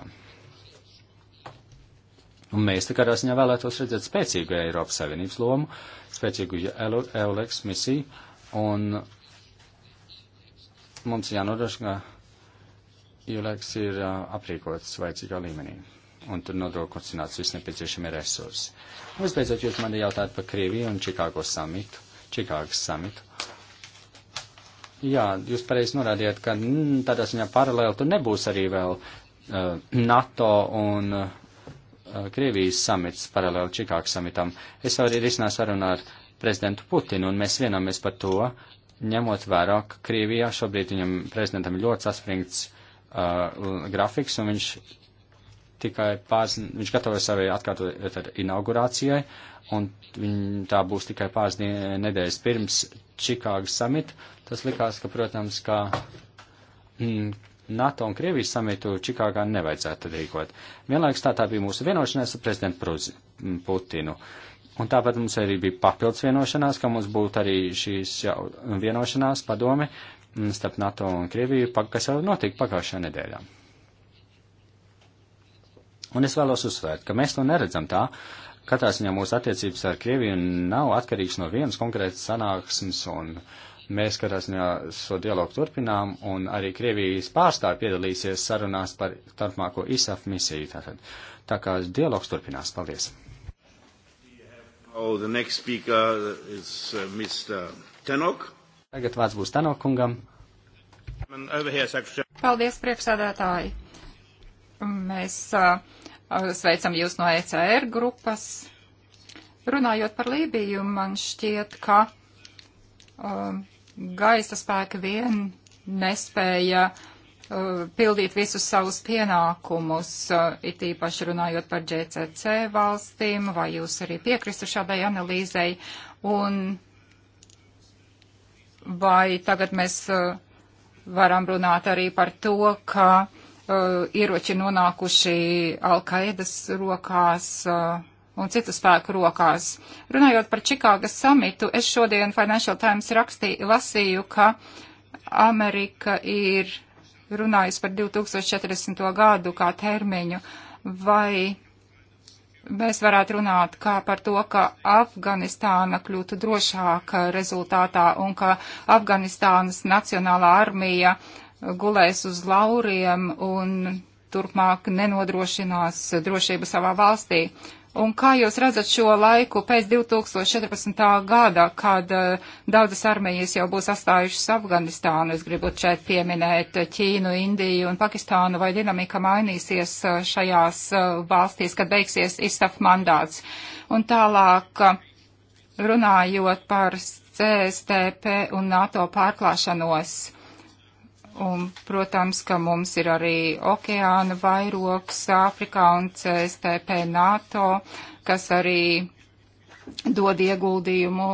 Un mēs tā kā rasņā vēlētos redzēt spēcīgu Eiropas Savienības lomu, spēcīgu Eulex misiju, un mums jānodrošina, ka Eulex ir uh, aprīkots vajadzīgā līmenī, un tur nodrošināts viss nepieciešamie resursi. Un visbeidzot, jūs mani jautājat par Krieviju un Čikāgo samitu, Čikāgas samitu. Jā, jūs pareizi norādījāt, ka mm, tādā ziņā paralēli tur nebūs arī vēl uh, NATO un uh, Krievijas samits paralēli Čikāgas samitam. Es jau arī risināju sarunu ar prezidentu Putinu, un mēs vienamies par to, ņemot vērā, ka Krievijā šobrīd viņam prezidentam ļoti saspringts uh, grafiks, un viņš tikai pāris, viņš gatavoja savai atkārtot inaugurācijai, un viņ, tā būs tikai pāris nedēļas pirms Čikāgas samitu, tas likās, ka, protams, kā mm, NATO un Krievijas samitu Čikāgā nevajadzētu rīkot. Vienlaikus tā, tā bija mūsu vienošanās ar prezidentu Putinu. Un tāpat mums arī bija papildus vienošanās, ka mums būtu arī šīs jau vienošanās padome mm, starp NATO un Krieviju, kas jau notika pagājušajā nedēļā. Un es vēlos uzsvērt, ka mēs to neredzam tā, Katrā ziņā mūsu attiecības ar Krieviju nav atkarīgs no vienas konkrētas sanāksmes, un mēs katrā ziņā šo dialogu turpinām, un arī Krievijas pārstāvi piedalīsies sarunās par turpmāko ISAF misiju. Tātad. Tā kā dialogs turpinās. Paldies! Oh, uh, Tagad vārds būs Tanok kungam. Paldies, priekšsādātāji! Mēs uh, Eh, sveicam jūs no ECR grupas. Runājot par Lībiju, man šķiet, ka um, gaisa spēki vien nespēja uh, pildīt visus savus pienākumus, uh, it īpaši runājot par GCC valstīm, vai jūs arī piekristu šādai analīzei, un vai tagad mēs uh, varam runāt arī par to, ka Uh, ieroči nonākuši Al-Qaidas rokās uh, un citu spēku rokās. Runājot par Čikāgas samitu, es šodien Financial Times rakstī, lasīju, ka Amerika ir runājusi par 2040. gadu kā termiņu, vai mēs varētu runāt kā par to, ka Afganistāna kļūtu drošāka rezultātā un ka Afganistānas nacionālā armija uh, gulēs uz lauriem un turpmāk nenodrošinās drošību savā valstī. Un kā jūs redzat šo laiku pēc 2014. gada, kad uh, daudzas armijas jau būs atstājušas Afganistānu? Es gribu šeit pieminēt Ķīnu, Indiju un Pakistānu, vai dinamika mainīsies uh, šajās uh, valstīs, kad beigsies ISAF mandāts. Un tālāk, runājot par CSTP un NATO pārklāšanos Un, protams, ka mums ir arī okeāna vairoks Āfrikā un CSTP NATO, kas arī dod ieguldījumu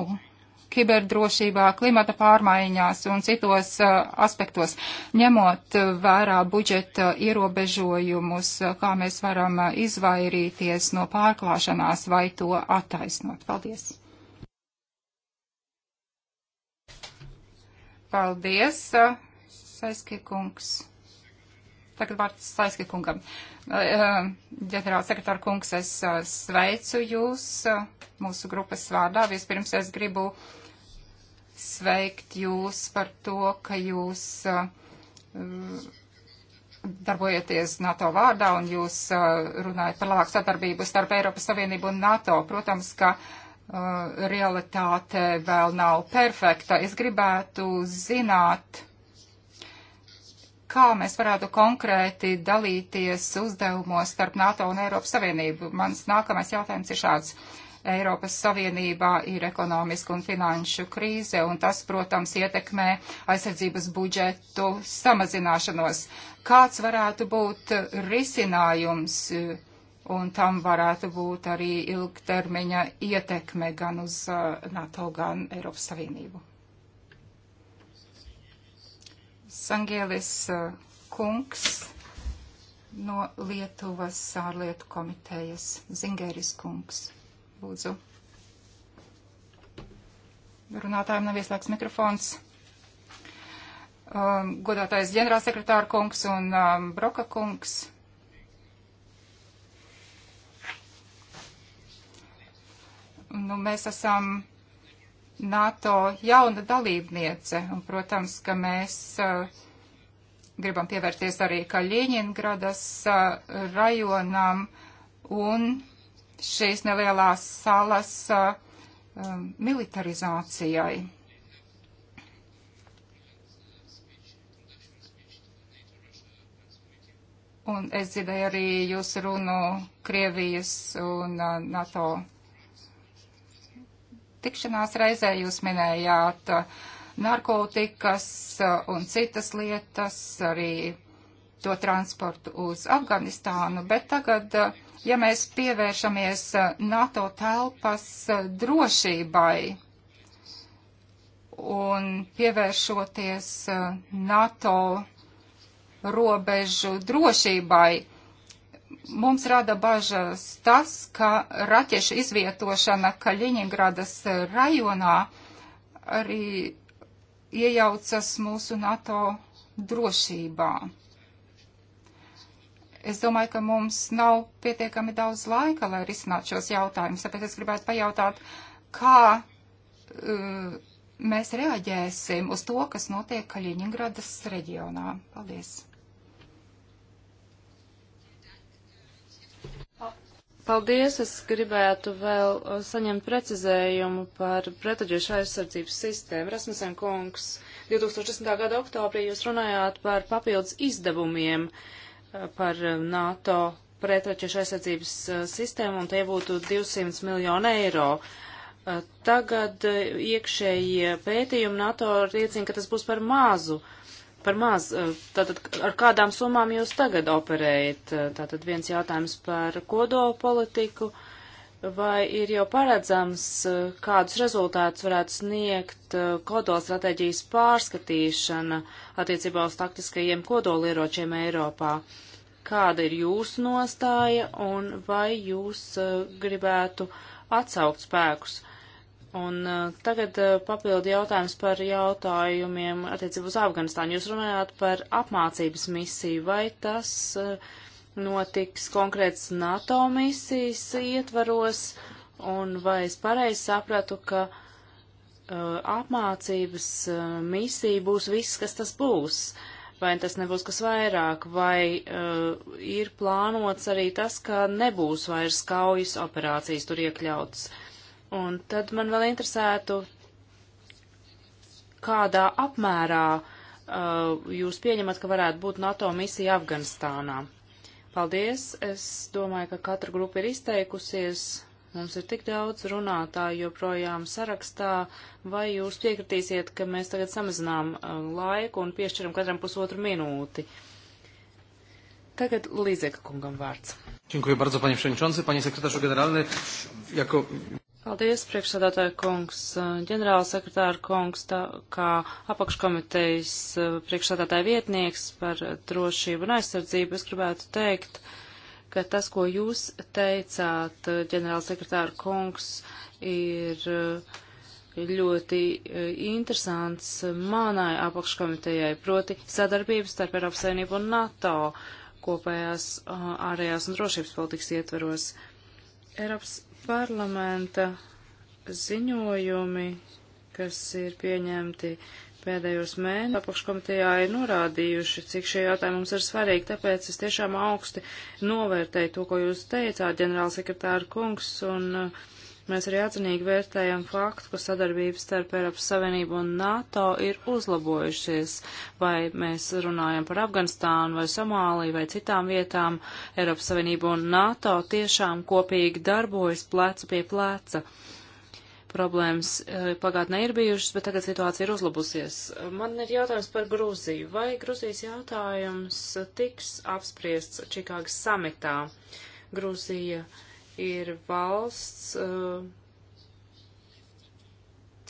kiberdrošībā, klimata pārmaiņās un citos uh, aspektos, ņemot vērā budžeta ierobežojumus, uh, kā mēs varam uh, izvairīties no pārklāšanās vai to attaisnot. Paldies! Paldies! Uh, Saiskiekungs. Tagad vārds Saiskiekungam. Ģenerāls sekretāra kungs, es sveicu jūs mūsu grupas vārdā. Vispirms es gribu sveikt jūs par to, ka jūs darbojaties NATO vārdā un jūs runājat par labāku sadarbību starp Eiropas Savienību un NATO. Protams, ka realitāte vēl nav perfekta. Es gribētu zināt, kā mēs varētu konkrēti dalīties uzdevumos starp NATO un Eiropas Savienību. Mans nākamais jautājums ir šāds. Eiropas Savienībā ir ekonomiska un finanšu krīze, un tas, protams, ietekmē aizsardzības budžetu samazināšanos. Kāds varētu būt risinājums, un tam varētu būt arī ilgtermiņa ietekme gan uz uh, NATO, gan Eiropas Savienību? Sangēlis eh, kungs no Lietuvas ārlietu komitejas. Zingēris kungs, lūdzu. Runātājiem nav ieslēgts mikrofons. Um, godātais ģenerālsekretāra kungs un um, Broka kungs. Nu, mēs esam NATO jauna dalībniece, un, protams, ka mēs uh, gribam pievērties arī Kaļiņingradas uh, rajonam, un šīs nelielās salas uh, militarizācijai. Un es dzirdēju arī jūsu runu Krievijas un NATO tikšanās reizē jūs minējāt uh, narkotikas uh, un citas lietas, arī to transportu uz Afganistānu, bet tagad, uh, ja mēs pievēršamies NATO telpas drošībai un pievēršoties NATO robežu drošībai, mums rada bažas tas, ka raķešu izvietošana Kaļiņingradas rajonā arī iejaucas mūsu NATO drošībā. Es domāju, ka mums nav pietiekami daudz laika, lai risinātu šos jautājumus, tāpēc es gribētu pajautāt, kā uh, mēs reaģēsim uz to, kas notiek Kaļiņingradas reģionā. Paldies! Paldies, es gribētu vēl uh, saņemt precizējumu par pretaģiešu aizsardzības sistēmu. Rasmussen kungs, 2010. gada oktobrī jūs runājāt par papildus izdevumiem uh, par uh, NATO pretaģiešu aizsardzības sistēmu, un tie būtu 200 miljonu eiro. Tagad iekšējie pētījumi NATO liecina, ka tas būs par mazu. Uh, par maz. Eh, tātad ar kādām summām jūs tagad operējat? Eh, tātad viens jautājums par kodolu politiku. Vai ir jau paredzams, eh, kādus rezultātus varētu sniegt kodola stratēģijas pārskatīšana attiecībā uz taktiskajiem kodolieročiem Eiropā? Kāda ir jūsu nostāja un vai jūs gribētu atsaukt spēkus? Uh, Un uh, tagad uh, papildu jautājums par jautājumiem attiecībā uz Afganistānu. Jūs runājāt par apmācības misiju, vai tas uh, notiks konkrēts NATO misijas ietvaros, un vai es pareizi sapratu, ka uh, apmācības uh, misija būs viss, kas tas būs, vai tas nebūs kas vairāk, vai uh, ir plānots arī tas, ka nebūs vairs kaujas operācijas tur iekļauts. Uh, Un tad man vēl interesētu, kādā apmērā uh, jūs pieņemat, ka varētu būt NATO misija Afganistānā. Paldies! Es domāju, ka katra grupa ir izteikusies. Mums ir tik daudz runātāju joprojām sarakstā, vai jūs piekritīsiet, ka mēs tagad samazinām uh, laiku un piešķiram katram pusotru minūti? Tagad Līzeka kungam vārds. Dziękuję bardzo, panie przewodniczący, panie sekretarzu generalny. Jako... Paldies, priekšsādātāja kungs, ģenerāla sekretāra kungs, tā, kā apakškomitejas eh, priekšsādātāja vietnieks par drošību un aizsardzību. Es gribētu teikt, ka tas, ko jūs teicāt, ģenerāla sekretāra kungs, ir eh, ļoti eh, interesants manai apakškomitejai, proti sadarbības starp Eiropas Savienību un NATO kopējās ārējās un drošības politikas ietveros. Eiropas Parlamenta ziņojumi, kas ir pieņemti pēdējos mēnešos apakškomitejā ir norādījuši, cik šie jautājumi mums ir svarīgi, tāpēc es tiešām augsti novērtēju to, ko jūs teicāt, ģenerālsekretāra kungs, un uh, Mēs arī atzinīgi vērtējam faktu, ka sadarbības starp Eiropas Savienību un NATO ir uzlabojušies, vai mēs runājam par Afganistānu vai Somāliju vai citām vietām. Eiropas Savienība un NATO tiešām kopīgi darbojas plecu pie pleca. Problēmas eh, pagātnē ir bijušas, bet tagad situācija ir uzlabusies. Man ir jautājums par Grūziju. Vai Grūzijas jautājums tiks apspriests Čikāgas samitā? Grūzija uh, ir valsts, eh,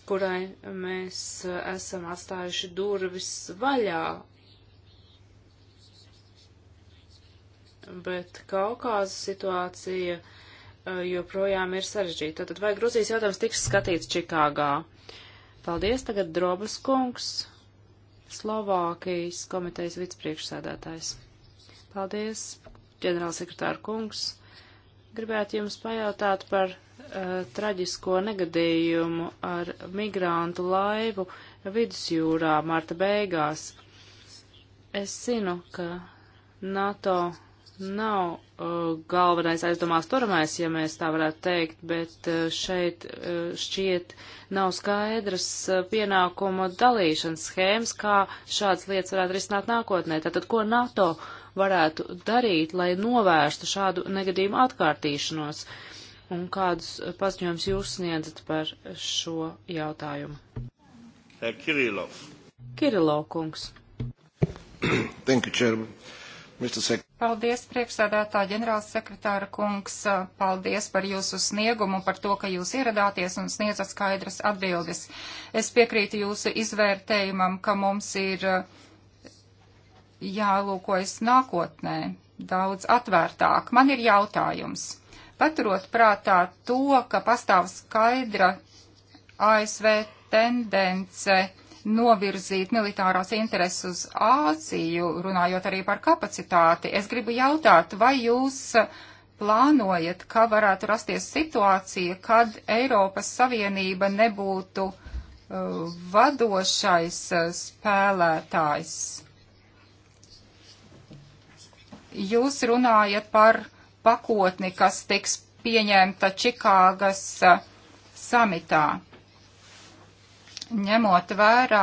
kurai mēs eh, esam atstājuši durvis vaļā. Bet Kaukāza situācija eh, joprojām ir sarežģīta. Tad vai Gruzijas jautājums tiks skatīts Čikāgā? Paldies, tagad Drobas kungs, Slovākijas komitejas vicepriekšsēdētājs. Paldies, ģenerālsekretāra kungs. Gribētu jums pajautāt par uh, traģisko negadījumu ar migrantu laivu vidusjūrā marta beigās. Es zinu, ka NATO nav uh, galvenais aizdomās turamais, ja mēs tā varētu teikt, bet uh, šeit uh, šķiet nav skaidras uh, pienākumu dalīšanas schēmas, kā šādas lietas varētu risināt nākotnē. Tātad, ko NATO varētu darīt, lai novērstu šādu negadījumu atkārtīšanos? Un kādus paziņojums jūs sniedzat par šo jautājumu? Kirilov. Kirilov kungs. Thank you, Chairman. Paldies, priekšsēdētā ģenerāls sekretāra kungs. Paldies par jūsu sniegumu, par to, ka jūs ieradāties un sniedzat skaidras atbildes. Es piekrītu jūsu izvērtējumam, ka mums ir uh, jālūkojas nākotnē daudz atvērtāk. Man ir jautājums. Paturot prātā to, ka pastāv skaidra ASV tendence novirzīt militārās intereses uz Āziju, runājot arī par kapacitāti, es gribu jautāt, vai jūs plānojat, ka varētu rasties situācija, kad Eiropas Savienība nebūtu uh, vadošais uh, spēlētājs Jūs runājat par pakotni, kas tiks pieņemta Čikāgas samitā. Ņemot vērā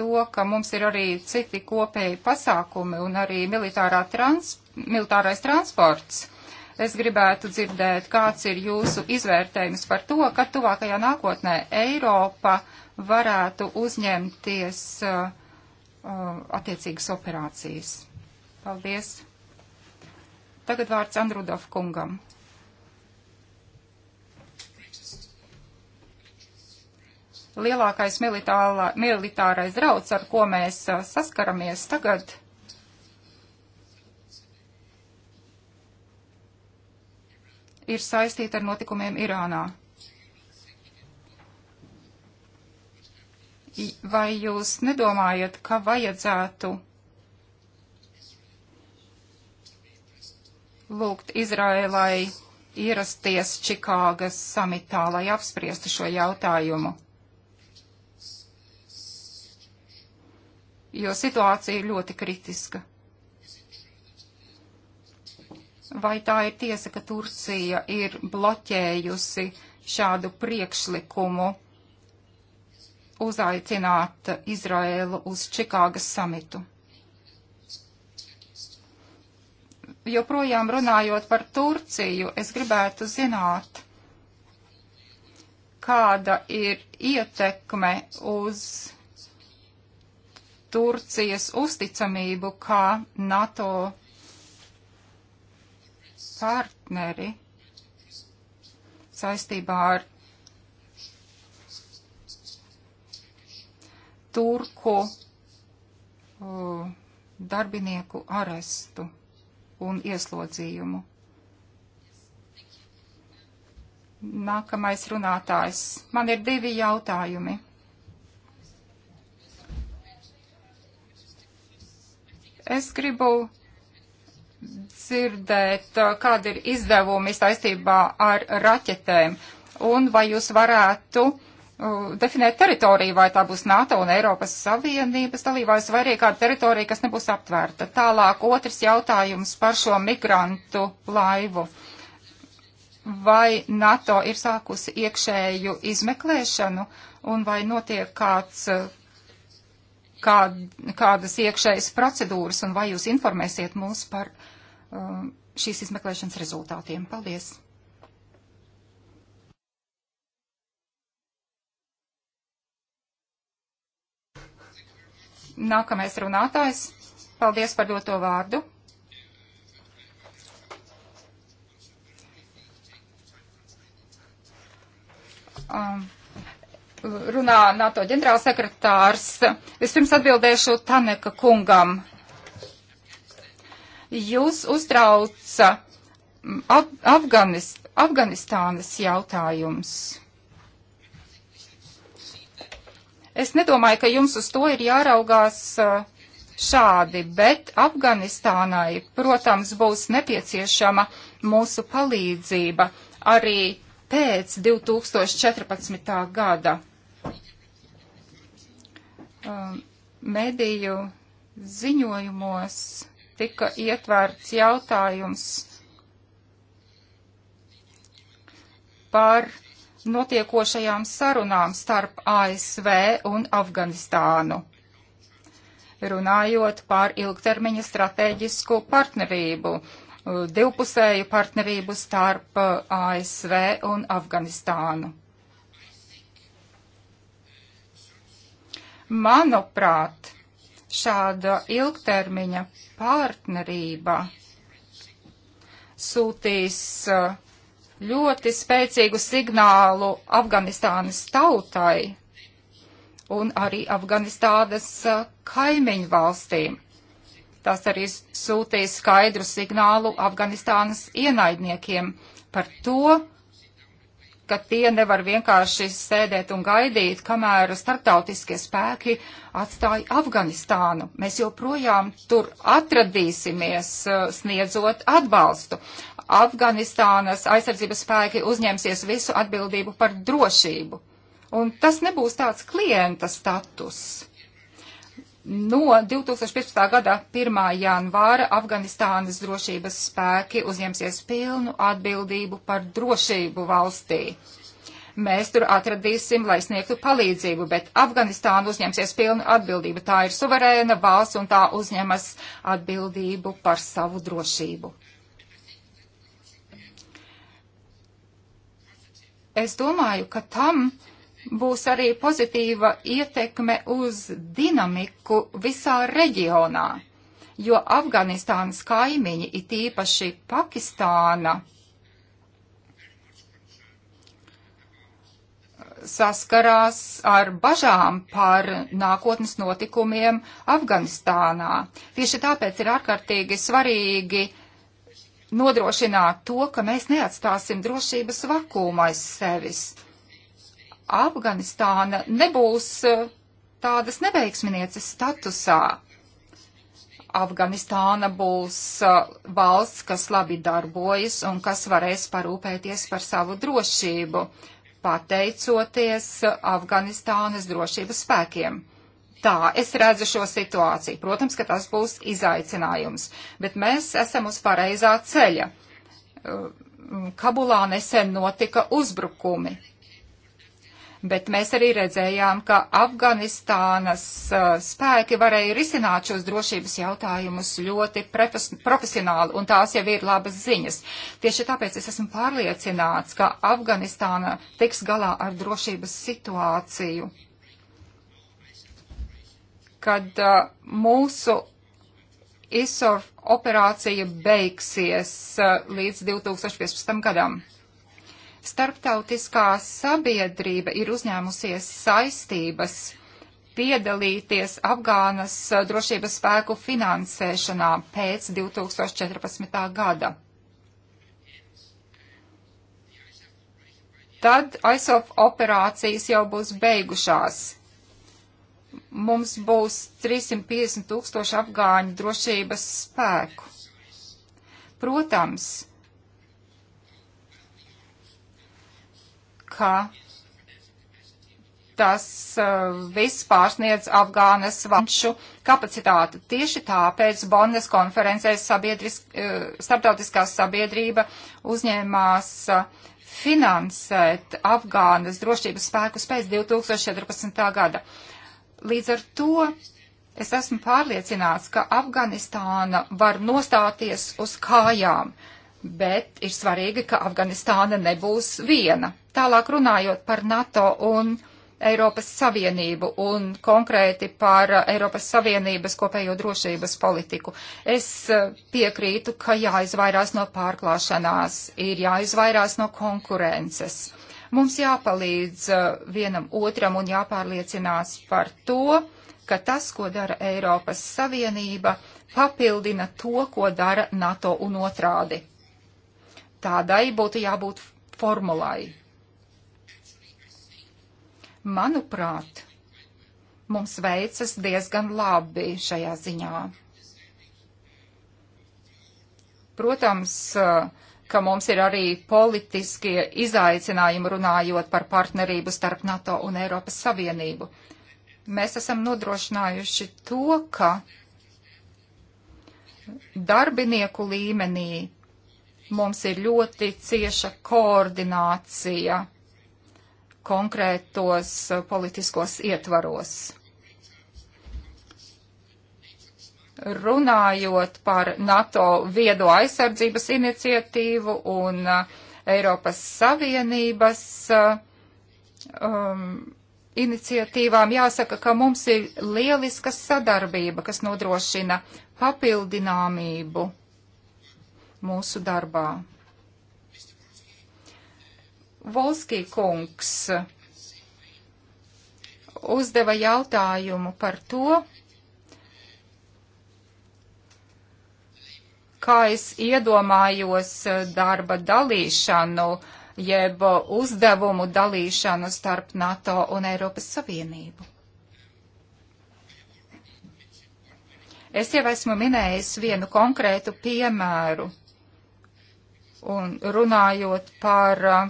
to, ka mums ir arī citi kopēji pasākumi un arī militārā trans, militārais transports, es gribētu dzirdēt, kāds ir jūsu izvērtējums par to, ka tuvākajā nākotnē Eiropa varētu uzņemties uh, uh, attiecīgas operācijas. Paldies! Tagad vārds Andrudov kungam. Lielākais militārā, militārais drauds, ar ko mēs uh, saskaramies tagad, ir saistīta ar notikumiem Irānā. Vai jūs nedomājat, ka vajadzētu lūgt Izrēlai ierasties Čikāgas samitā, lai apspriestu šo jautājumu. Jo situācija ir ļoti kritiska. Vai tā ir tiesa, ka Turcija ir bloķējusi šādu priekšlikumu uzaicināt Izraēlu uz Čikāgas samitu? joprojām runājot par Turciju, es gribētu zināt, kāda ir ietekme uz Turcijas uzticamību kā NATO partneri saistībā ar turku uh, darbinieku arestu un ieslodzījumu. Nākamais runātājs. Man ir divi jautājumi. Es gribu dzirdēt, kāda ir izdevuma iztaistībā ar raķetēm un vai jūs varētu definēt teritoriju, vai tā būs NATO un Eiropas Savienības dalībvalsts, vai arī kāda teritorija, kas nebūs aptvērta. Tālāk otrs jautājums par šo migrantu laivu. Vai NATO ir sākusi iekšēju izmeklēšanu un vai notiek kāds, kā, kādas iekšējas procedūras un vai jūs informēsiet mūs par um, šīs izmeklēšanas rezultātiem? Paldies! Nākamais runātājs. Paldies par doto vārdu. Um, runā NATO ģenerālsekretārs. Vispirms atbildēšu Taneka kungam. Jūs uztrauca Af Afganist Afganistānas jautājums. Es nedomāju, ka jums uz to ir jāraugās šādi, bet Afganistānai, protams, būs nepieciešama mūsu palīdzība arī pēc 2014. gada. Mediju ziņojumos tika ietverts jautājums par notiekošajām sarunām starp ASV un Afganistānu, runājot par ilgtermiņa stratēģisku partnerību, divpusēju partnerību starp uh, ASV un Afganistānu. Manuprāt, šāda ilgtermiņa partnerība sūtīs uh, ļoti spēcīgu signālu Afganistānas tautai un arī Afganistānas kaimiņu valstīm. Tas arī sūtīja skaidru signālu Afganistānas ienaidniekiem par to, ka tie nevar vienkārši sēdēt un gaidīt, kamēr starptautiskie spēki atstāja Afganistānu. Mēs joprojām tur atradīsimies, eh, sniedzot atbalstu. Afganistānas aizsardzības spēki uzņemsies visu atbildību par drošību. Un tas nebūs tāds klienta status. No 2015. gada 1. janvāra Afganistānas drošības spēki uzņemsies pilnu atbildību par drošību valstī. Mēs tur atradīsim, lai sniegtu palīdzību, bet Afganistāna uzņemsies pilnu atbildību. Tā ir suverēna valsts un tā uzņemas atbildību par savu drošību. Es domāju, ka tam būs arī pozitīva ietekme uz dinamiku visā reģionā, jo Afganistānas kaimiņi, it īpaši Pakistāna, saskarās ar bažām par nākotnes notikumiem Afganistānā. Tieši tāpēc ir ārkārtīgi svarīgi nodrošināt to, ka mēs neatstāsim drošības vakumu aiz sevis. Afganistāna nebūs eh, tādas neveiksminieces statusā. Afganistāna būs eh, valsts, kas labi darbojas un kas varēs parūpēties par savu drošību, pateicoties eh, Afganistānas drošības spēkiem. Tā es redzu šo situāciju. Protams, ka tas būs izaicinājums, bet mēs esam uz pareizā ceļa. Kabulā nesen notika uzbrukumi bet mēs arī redzējām, ka Afganistānas uh, spēki varēja risināt šos drošības jautājumus ļoti profesionāli, un tās jau ir labas ziņas. Tieši tāpēc es esmu pārliecināts, ka Afganistāna tiks galā ar drošības situāciju, kad uh, mūsu ISOR operācija beigsies uh, līdz 2015. gadam. Starptautiskā sabiedrība ir uzņēmusies saistības piedalīties Afgānas drošības spēku finansēšanā pēc 2014. gada. Tad ISOF operācijas jau būs beigušās. Mums būs 350 tūkstoši afgāņu drošības spēku. Protams, ka tas uh, viss pārsniedz Afgānas vanšu kapacitāti. Tieši tāpēc Bonnes konferencē sabiedris, uh, starptautiskā sabiedrība uzņēmās uh, finansēt Afgānas drošības spēkus pēc 2014. gada. Līdz ar to es esmu pārliecināts, ka Afganistāna var nostāties uz kājām. Uh, bet ir svarīgi, ka Afganistāna nebūs viena. Tālāk runājot par NATO un Eiropas Savienību un konkrēti par Eiropas Savienības kopējo drošības politiku. Es e, piekrītu, ka jāizvairās no pārklāšanās, ir jāizvairās no konkurences. Mums jāpalīdz e, vienam otram un jāpārliecinās par to, ka tas, ko dara Eiropas Savienība, papildina to, ko dara NATO un otrādi tādai būtu jābūt formulai. Manuprāt, mums veicas diezgan labi šajā ziņā. Protams, ka mums ir arī politiskie izaicinājumi runājot par partnerību starp NATO un Eiropas Savienību. Mēs esam nodrošinājuši to, ka darbinieku līmenī Mums ir ļoti cieša koordinācija konkrētos uh, politiskos ietvaros. Runājot par NATO viedo aizsardzības iniciatīvu un uh, Eiropas Savienības uh, um, iniciatīvām, jāsaka, ka mums ir lieliska sadarbība, kas nodrošina papildināmību mūsu darbā. Volskī kungs uzdeva jautājumu par to, kā es iedomājos darba dalīšanu jeb uzdevumu dalīšanu starp NATO un Eiropas Savienību. Es jau esmu minējis vienu konkrētu piemēru. Un runājot par uh,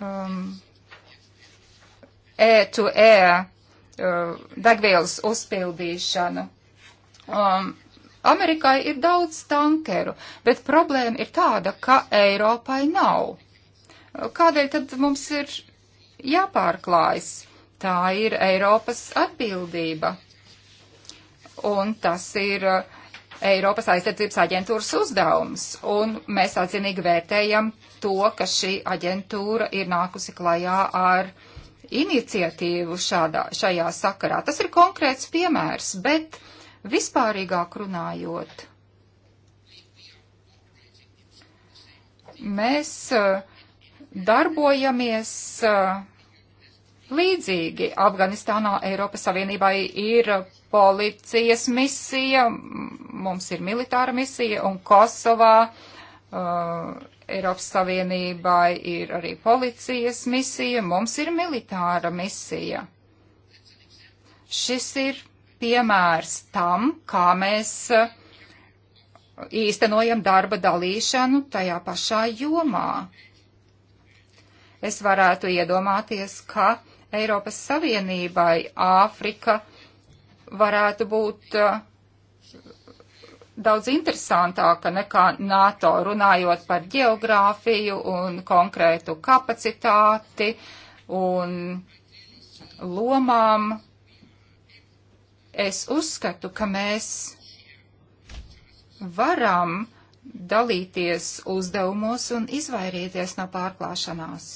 um, E2E e, uh, degvielas uzpildīšanu. Um, Amerikai ir daudz tankeru, bet problēma ir tāda, ka Eiropai nav. Kādēļ tad mums ir jāpārklājas? Tā ir Eiropas atbildība. Un tas ir uh, Eiropas aizsardzības aģentūras uzdevums, un mēs atzinīgi vērtējam to, ka šī aģentūra ir nākusi klajā ar iniciatīvu šādā, šajā sakarā. Tas ir konkrēts piemērs, bet vispārīgāk runājot, mēs eh, darbojamies eh, līdzīgi. Afganistānā Eiropas Savienībai ir policijas misija, mums ir militāra misija, un Kosovā uh, Eiropas Savienībai ir arī policijas misija, mums ir militāra misija. Šis ir piemērs tam, kā mēs uh, īstenojam darba dalīšanu tajā pašā jomā. Es varētu iedomāties, ka Eiropas Savienībai Āfrika varētu būt eh, daudz interesantāka nekā NATO, runājot par geogrāfiju un konkrētu kapacitāti un lomām. Es uzskatu, ka mēs varam dalīties uzdevumos un izvairīties no pārklāšanās.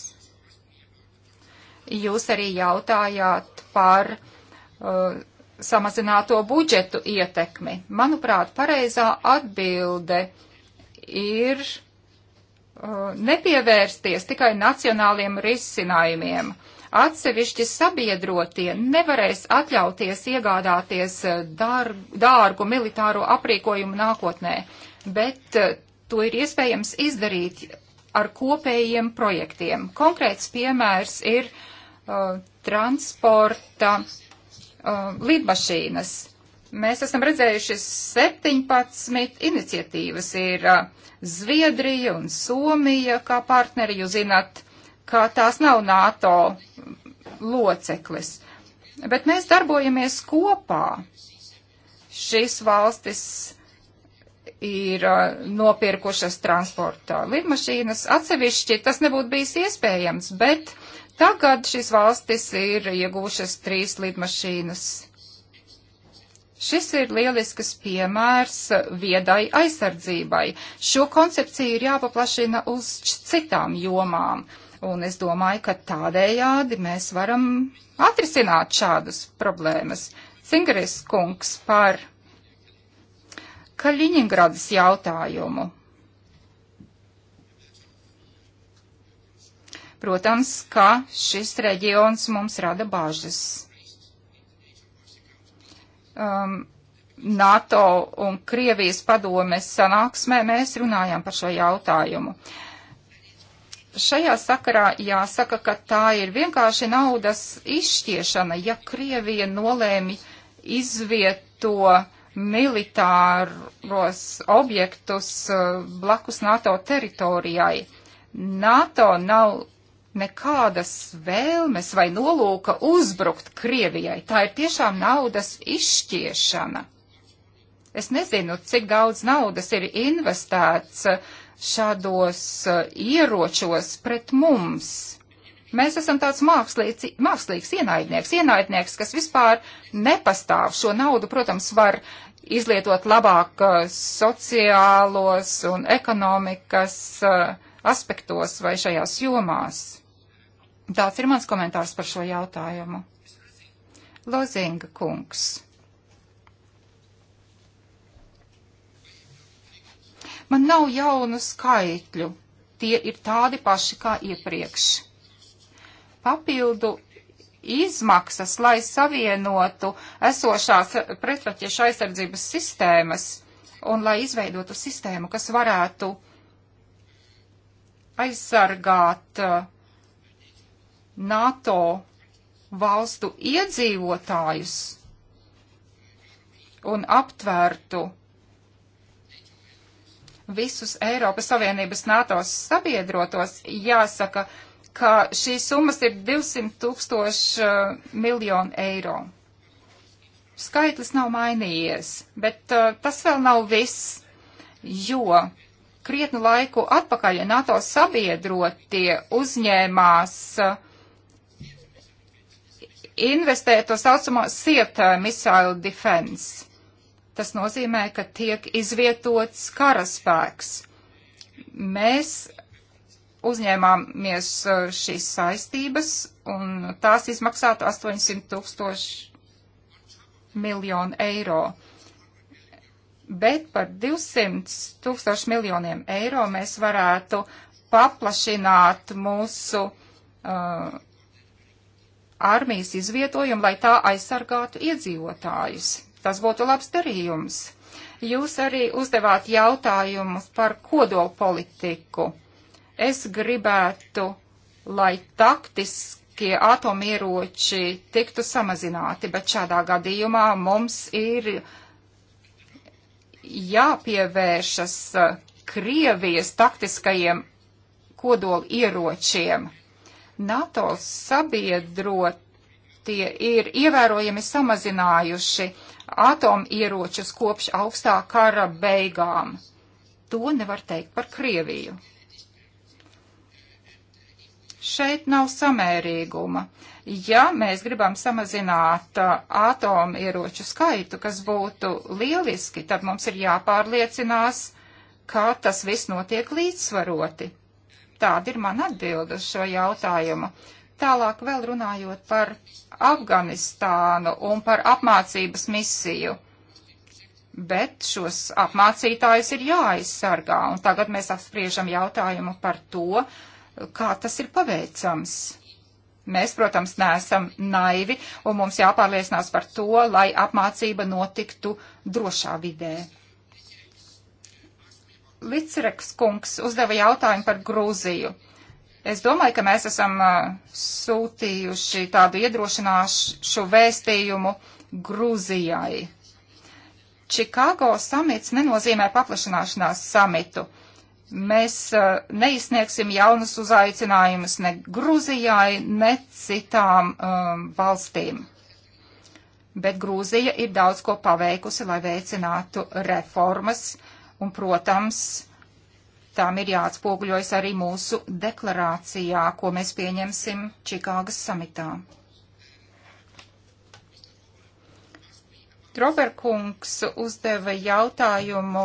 Jūs arī jautājāt par uh, samazināto budžetu ietekmi. Manuprāt, pareizā atbilde ir uh, nepievērsties tikai nacionāliem risinājumiem. Atsevišķi sabiedrotie nevarēs atļauties iegādāties uh, dārgu, dārgu militāro aprīkojumu nākotnē, bet uh, to ir iespējams izdarīt ar kopējiem projektiem. Konkrēts piemērs ir uh, transporta uh, uh, lidmašīnas. Mēs esam redzējuši 17 iniciatīvas. Ir uh, Zviedrija un Somija kā partneri. Jūs zināt, ka tās nav NATO loceklis. Bet mēs darbojamies kopā. Šīs valstis ir uh, nopirkušas transporta lidmašīnas. Atsevišķi tas nebūtu bijis iespējams, bet Tagad šīs valstis ir iegūšas trīs lidmašīnas. Šis ir lielisks piemērs viedai aizsardzībai. Šo koncepciju ir jāpaplašina uz citām jomām, un es domāju, ka tādējādi mēs varam atrisināt šādas problēmas. Cingaris kungs par Kaļiņingradas jautājumu. Protams, ka šis reģions mums rada bažas. Um, NATO un Krievijas padomes sanāksmē mēs runājām par šo jautājumu. Šajā sakarā jāsaka, ka tā ir vienkārši naudas izšķiešana, ja Krievija nolēmi izvieto militāros objektus uh, blakus NATO teritorijai. NATO nav nekādas vēlmes vai nolūka uzbrukt Krievijai. Tā ir tiešām naudas izšķiešana. Es nezinu, cik daudz naudas ir investēts eh, šādos eh, ieročos pret mums. Mēs esam tāds mākslīci, mākslīgs ienaidnieks, ienaidnieks, kas vispār nepastāv. Šo naudu, protams, var izlietot labāk eh, sociālos un ekonomikas aspektos vai šajās jomās. Tāds ir mans komentārs par šo jautājumu. Lozinga kungs. Man nav jaunu skaitļu. Tie ir tādi paši kā iepriekš. Papildu izmaksas, lai savienotu esošās pretraķiešu aizsardzības sistēmas un lai izveidotu sistēmu, kas varētu aizsargāt uh, NATO valstu iedzīvotājus un aptvērtu visus Eiropas Savienības NATO sabiedrotos, jāsaka, ka šīs summas ir 200 tūkstoši eh, miljonu eiro. Skaitlis nav mainījies, bet uh, tas vēl nav viss, jo krietnu laiku atpakaļ NATO sabiedrotie uzņēmās uh, investē to saucamo SIETA missile defense. Tas nozīmē, ka tiek izvietots karaspēks. Mēs uzņēmāmies uh, šīs saistības, un tās izmaksātu 800 tūkstoši miljonu eiro. Bet par 200 tūkstoši miljoniem eiro mēs varētu paplašināt mūsu uh, armijas izvietojumu, lai tā aizsargātu iedzīvotājus. Tas būtu labs darījums. Jūs arī uzdevāt jautājumus par kodolpolitiku. Es gribētu, lai taktiskie atomieroči tiktu samazināti, bet šādā gadījumā mums ir jāpievēršas Krievijas taktiskajiem kodolieročiem. ieročiem NATO sabiedrotie ir ievērojami samazinājuši atomieročus kopš augstā kara beigām. To nevar teikt par Krieviju. Šeit nav samērīguma. Ja mēs gribam samazināt uh, atomieroču skaitu, kas būtu lieliski, tad mums ir jāpārliecinās, kā tas viss notiek līdzsvaroti. Tāda ir mana atbilde uz šo jautājumu. Tālāk vēl runājot par Afganistānu un par apmācības misiju. Bet šos apmācītājus ir jāaizsargā, un tagad mēs apspriežam jautājumu par to, kā tas ir paveicams. Mēs, protams, neesam naivi, un mums jāpārliecinās par to, lai apmācība notiktu drošā vidē. Licireks kungs uzdeva jautājumu par Grūziju. Es domāju, ka mēs esam uh, sūtījuši tādu iedrošināšu vēstījumu Grūzijai. Čikāgo samits nenozīmē paplašanāšanās samitu. Mēs uh, neizsniegsim jaunus uzaicinājumus ne Grūzijai, ne citām um, valstīm. Bet Grūzija ir daudz ko paveikusi, lai veicinātu reformas un, protams, tām ir jāatspoguļojas arī mūsu deklarācijā, ko mēs pieņemsim Čikāgas samitā. Troberkungs uzdeva jautājumu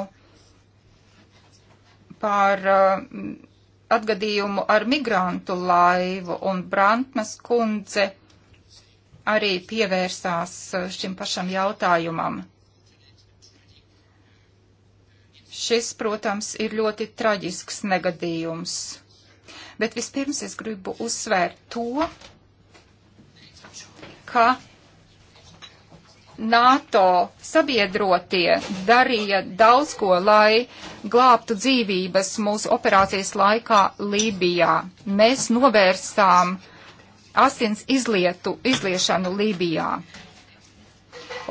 par uh, atgadījumu ar migrantu laivu, un Brantmas kundze arī pievērsās uh, šim pašam jautājumam. Šis, protams, ir ļoti traģisks negadījums. Bet vispirms es gribu uzsvērt to, ka NATO sabiedrotie darīja daudz ko, lai glābtu dzīvības mūsu operācijas laikā Lībijā. Mēs novērstām asins izlietu, izliešanu Lībijā.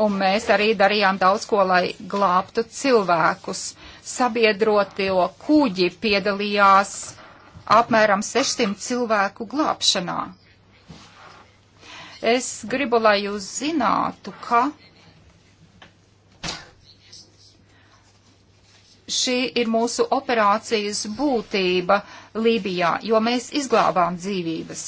Un mēs arī darījām daudz ko, lai glābtu cilvēkus sabiedroto kuģi piedalījās apmēram 600 cilvēku glābšanā. Es gribu, lai jūs zinātu, ka šī ir mūsu operācijas būtība Lībijā, jo mēs izglābām dzīvības.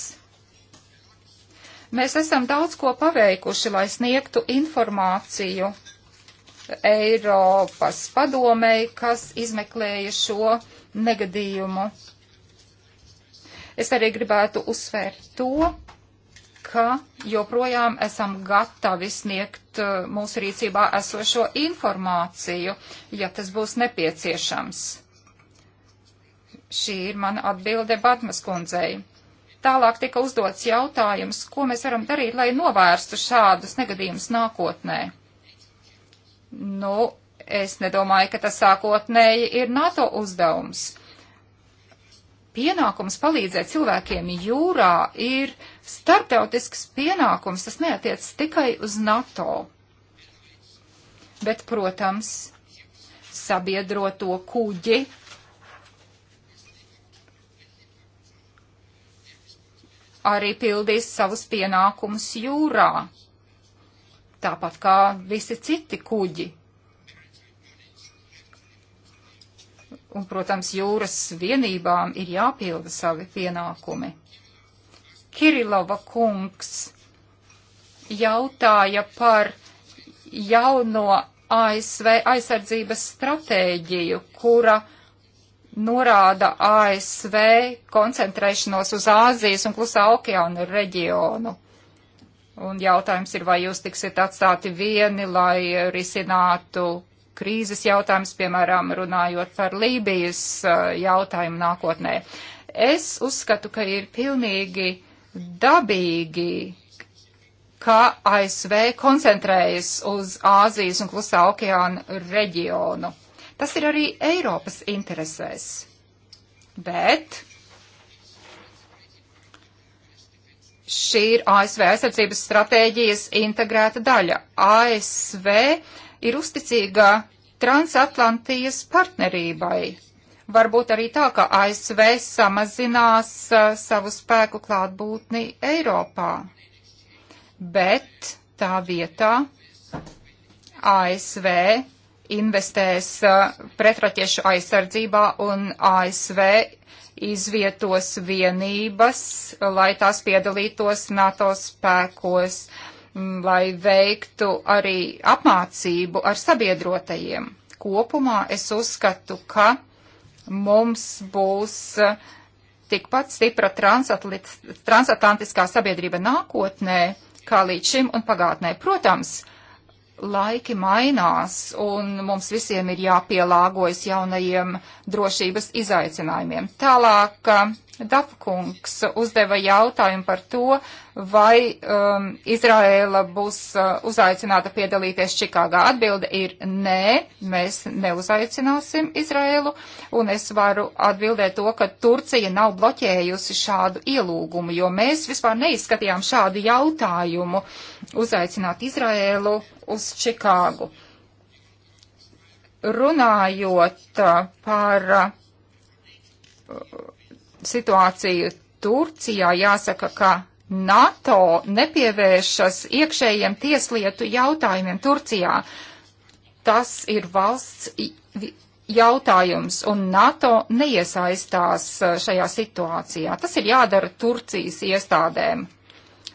Mēs esam daudz ko paveikuši, lai sniegtu informāciju Eiropas padomei, kas izmeklēja šo negadījumu. Es arī gribētu uzsvērt to, ka joprojām esam gatavi sniegt uh, mūsu rīcībā esošo informāciju, ja tas būs nepieciešams. Šī ir mana atbilde Batmas kundzei. Tālāk tika uzdots jautājums, ko mēs varam darīt, lai novērstu šādus negadījumus nākotnē. Nu, es nedomāju, ka tas sākotnēji ir NATO uzdevums. Pienākums palīdzēt cilvēkiem jūrā ir starptautisks pienākums, tas neatiec tikai uz NATO. Bet, protams, sabiedroto kuģi arī pildīs savus pienākumus jūrā tāpat kā visi citi kuģi. Un, protams, jūras vienībām ir jāpilda savi pienākumi. Kirilova kungs jautāja par jauno ASV aizsardzības stratēģiju, kura norāda ASV koncentrēšanos uz Āzijas un Klusā okeāna reģionu. Un jautājums ir, vai jūs tiksiet atstāti vieni, lai risinātu krīzes jautājums, piemēram, runājot par Lībijas eh, jautājumu nākotnē. Es uzskatu, ka ir pilnīgi dabīgi, ka ASV koncentrējas uz Āzijas un Klusā okeāna reģionu. Tas ir arī Eiropas interesēs. Bet šī ir ASV aizsardzības stratēģijas integrēta daļa. ASV ir uzticīga transatlantijas partnerībai. Varbūt arī tā, ka ASV samazinās uh, savu spēku klātbūtni Eiropā. Bet tā vietā ASV investēs uh, pretraķiešu aizsardzībā un ASV izvietos vienības, lai tās piedalītos NATO spēkos, lai veiktu arī apmācību ar sabiedrotajiem. Kopumā es uzskatu, ka mums būs e, tikpat stipra transatlantiskā sabiedrība nākotnē, kā līdz šim un pagātnē. Protams, laiki mainās, un mums visiem ir jāpielāgojas jaunajiem drošības izaicinājumiem. Tālāk Dafkungs uzdeva jautājumu par to, vai um, Izraēla būs uh, uzaicināta piedalīties Čikāgā. Atbilde ir nē, mēs neuzaicināsim Izraēlu, un es varu atbildēt to, ka Turcija nav bloķējusi šādu ielūgumu, jo mēs vispār neizskatījām šādu jautājumu uzaicināt Izraēlu uz Čikāgu. Runājot uh, par. Uh, situāciju Turcijā, jāsaka, ka NATO nepievēršas iekšējiem tieslietu jautājumiem Turcijā. Tas ir valsts jautājums, un NATO neiesaistās e, šajā situācijā. Tas ir jādara Turcijas iestādēm.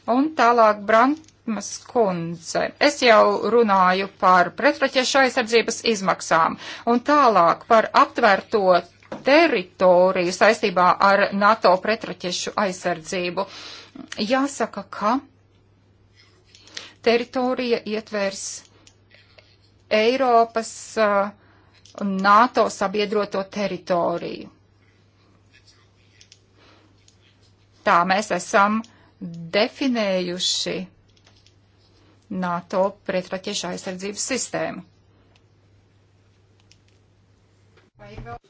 Un tālāk Brantmas kundze. Es jau runāju par pretraķešu aizsardzības izmaksām, un tālāk par aptvērto teritoriju saistībā ar NATO pretraķešu aizsardzību. Jāsaka, ka teritorija ietvers Eiropas uh, NATO sabiedroto teritoriju. Tā mēs esam definējuši NATO pretraķiešu aizsardzības sistēmu. Vai ir vēl?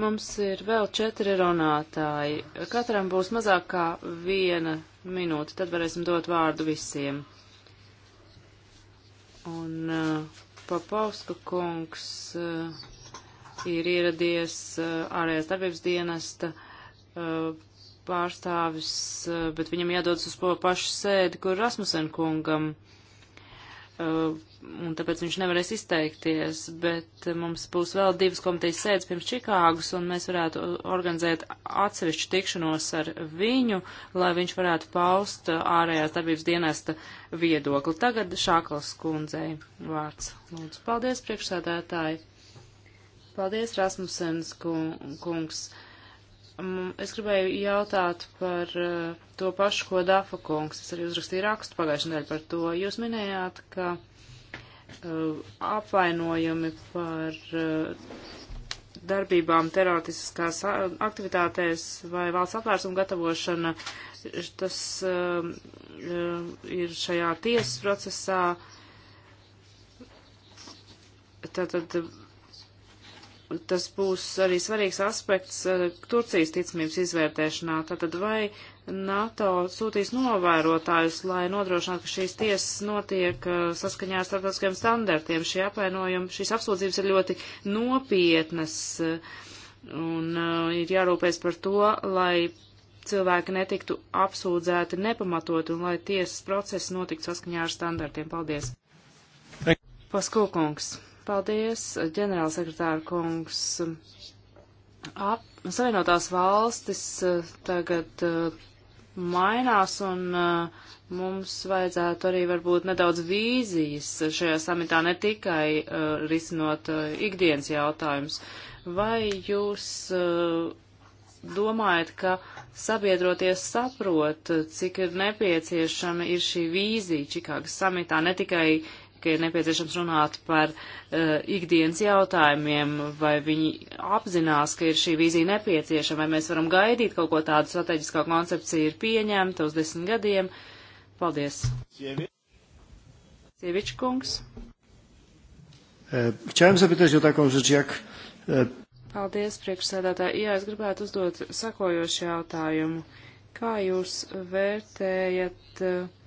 Mums ir vēl četri runātāji. Katram būs mazāk kā viena minūte, tad varēsim dot vārdu visiem. Un uh, eh, Papauska kungs uh, ir ieradies uh, ārējās darbības dienesta uh, pārstāvis, uh, bet viņam jādodas uz pašu sēdi, kur Rasmusen kungam uh, Uh, un tāpēc viņš nevarēs izteikties, bet uh, mums būs vēl divas komitejas sēdes pirms Čikāgas, un mēs varētu organizēt atsevišķu tikšanos ar viņu, lai viņš varētu paust uh, ārējās darbības dienesta viedokli. Tagad Šāklas kundzei vārds. Lūdzu, paldies priekšsēdētāji. Paldies, Rasmusens kungs. Uh, Es gribēju jautāt par eh, to pašu, ko Dafa kungs, es arī uzrakstīju rakstu pagājušajā nedēļā par to. Jūs minējāt, ka eh, apvainojumi par eh, darbībām teroristiskās aktivitātēs vai valsts apvērsuma gatavošana, tas ir šajā tiesas procesā. Tātad tas būs arī svarīgs aspekts eh, Turcijas ticamības izvērtēšanā. Tātad vai NATO sūtīs novērotājus, lai nodrošinātu, ka šīs tiesas notiek eh, saskaņā ar starptautiskiem standartiem? Šie apvainojumi, šīs apsūdzības ir ļoti nopietnas eh, un ir jārūpēs par to, lai cilvēki netiktu apsūdzēti nepamatot un lai tiesas process notiktu saskaņā ar standartiem. Paldies! Paskūkungs! Paldies, ģenerālsekretāra kungs. Ap, savienotās valstis eh, tagad eh, mainās un eh, mums vajadzētu arī varbūt nedaudz vīzijas šajā samitā, ne tikai uh, risinot uh, ikdienas jautājumus. Vai jūs uh, domājat, ka sabiedroties saprot, cik ir nepieciešama ir šī vīzija Čikāgas samitā, ne tikai uh, ka ir nepieciešams runāt par uh, ikdienas jautājumiem, vai viņi apzinās, ka ir šī vīzija nepieciešama, vai mēs varam gaidīt kaut ko tādu strateģiskā koncepcija ir pieņemta uz desmit gadiem. Paldies. Sievičs kungs. Eh, chciałem zapytać o taką rzecz jak. Eh, Paldies, priekšsēdētāji. Jā, es gribētu uzdot sakojošu jautājumu. Kā jūs vērtējat uh,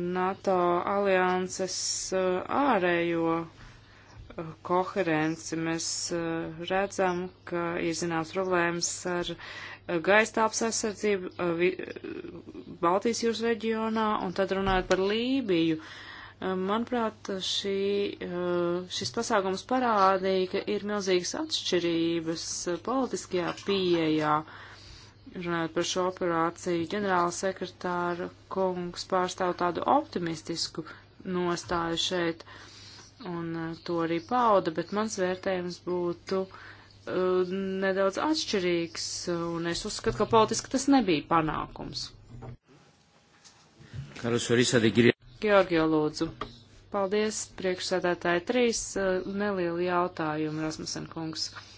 NATO alianses eh, ārējo eh, koherenci. Mēs eh, redzam, ka ir zināms problēmas ar gaisa tāps aizsardzību Baltijas jūras reģionā, un tad runājot par Lībiju. Manuprāt, šī, šis pasākums parādīja, ka ir milzīgas atšķirības politiskajā pieejā. Uh, runājot par šo operāciju, ģenerāla sekretāra kungs pārstāv tādu optimistisku nostāju šeit, un e, to arī pauda, bet mans vērtējums būtu uh, nedaudz atšķirīgs, e, un es uzskatu, ka politiski tas nebija panākums. Georgija Lūdzu. Paldies, priekšsēdētāji trīs, uh, nelieli jautājumi, Rasmusen kungs. Uh,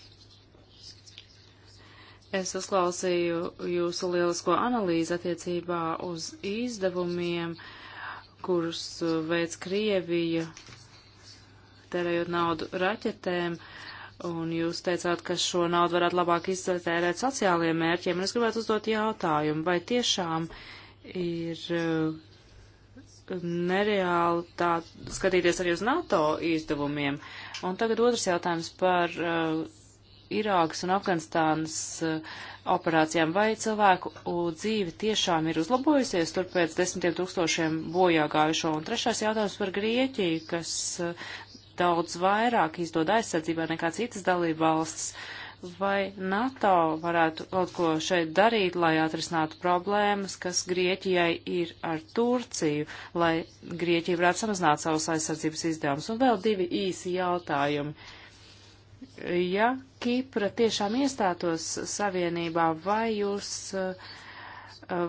Es uzklausīju jūsu lielisko analīzi attiecībā uz izdevumiem, kurus uh, veids Krievija, tērējot naudu raķetēm. Un jūs teicāt, ka šo naudu varētu labāk iztērēt sociālajiem mērķiem. Un es gribētu uzdot jautājumu, vai tiešām ir uh, nereāli tā skatīties arī uz NATO izdevumiem. Un tagad otrs jautājums par uh, Irākas un Afganistānas eh, operācijām, vai cilvēku dzīve tiešām ir uzlabojusies tur pēc desmitiem tūkstošiem bojā gājušo. Un trešais jautājums par Grieķiju, kas eh, daudz vairāk izdod aizsardzībā nekā citas dalība valsts. Vai NATO varētu kaut ko šeit darīt, lai atrisinātu problēmas, kas Grieķijai ir ar Turciju, lai Grieķija varētu samazināt savus aizsardzības izdevumus? Un vēl divi īsi jautājumi. Uh, ja Kipra tiešām iestātos savienībā, vai jūs eh,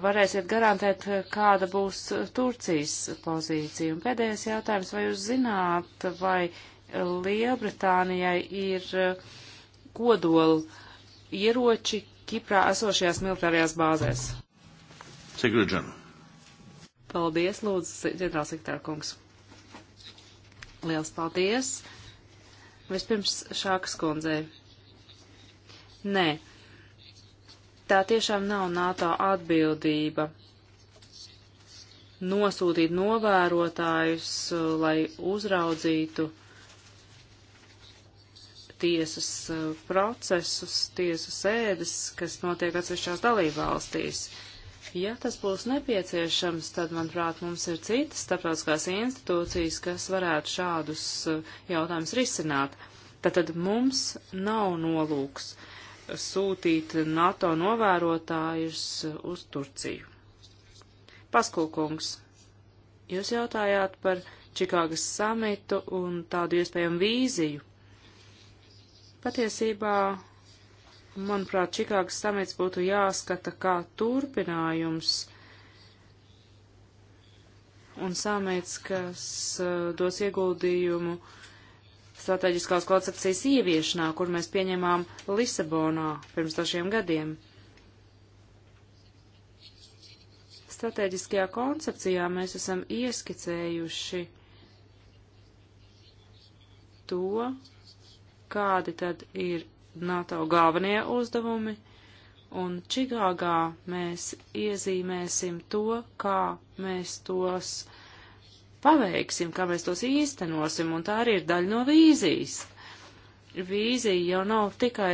varēsiet garantēt, kāda būs Turcijas pozīcija? Un pēdējais jautājums, vai jūs zināt, vai Lielbritānijai ir eh, kodola ieroči Kiprā esošajās militārajās bāzēs? Sigridžan. Paldies, lūdzu, ģenerālsekretārkungs. Liels paldies! Vispirms Šākas kundzei. Nē, tā tiešām nav NATO atbildība nosūtīt novērotājus, lai uzraudzītu tiesas eh, procesus, tiesas sēdes, kas notiek atsevišķās dalībvalstīs. valstīs ja tas būs nepieciešams, tad, manuprāt, mums ir citas starptautiskās institūcijas, kas varētu šādus eh, jautājumus risināt. Tātad mums nav nolūks sūtīt NATO novērotājus eh, uz Turciju. Paskulkungs, jūs jautājāt par Čikāgas samitu un tādu iespējamu vīziju. Patiesībā manuprāt, Čikāgas samits būtu jāskata kā turpinājums un samits, kas uh, dos ieguldījumu strateģiskās koncepcijas ieviešanā, kur mēs pieņemām Lisabonā pirms dažiem gadiem. Strateģiskajā koncepcijā mēs esam ieskicējuši to, kādi tad ir NATO galvenie uzdevumi, un Čigāgā mēs iezīmēsim to, kā mēs tos paveiksim, kā mēs tos īstenosim, un tā arī ir daļa no vīzijas. Vīzija jau nav tikai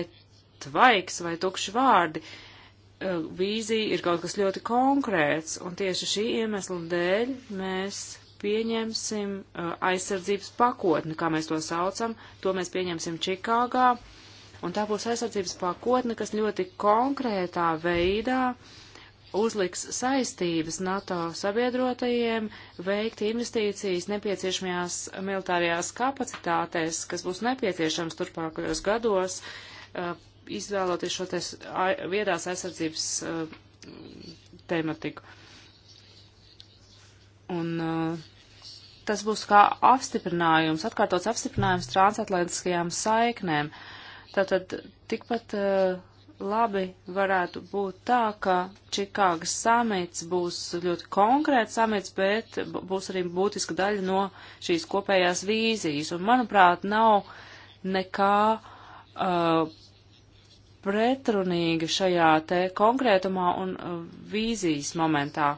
tvaiks vai tukši vārdi, eh, vīzija ir kaut kas ļoti konkrēts, un tieši šī iemesla dēļ mēs pieņemsim eh, aizsardzības pakotni, kā mēs to saucam, to mēs pieņemsim Čikāgā, Un tā būs aizsardzības pakotne, kas ļoti konkrētā veidā uzliks saistības NATO sabiedrotajiem veikt investīcijas nepieciešamajās militārajās kapacitātēs, kas būs nepieciešams turpākajos gados, uh, izvēloties šo te viedās aizsardzības uh, tematiku. Un uh, tas būs kā apstiprinājums, atkārtots apstiprinājums transatlantiskajām saiknēm. Uh, Tātad tikpat eh, labi varētu būt tā, ka Čikāgas samits būs ļoti konkrēts samits, bet būs arī būtiska daļa no šīs kopējās vīzijas. Un, manuprāt, nav nekā uh, pretrunīga šajā te konkrētumā un uh, vīzijas momentā.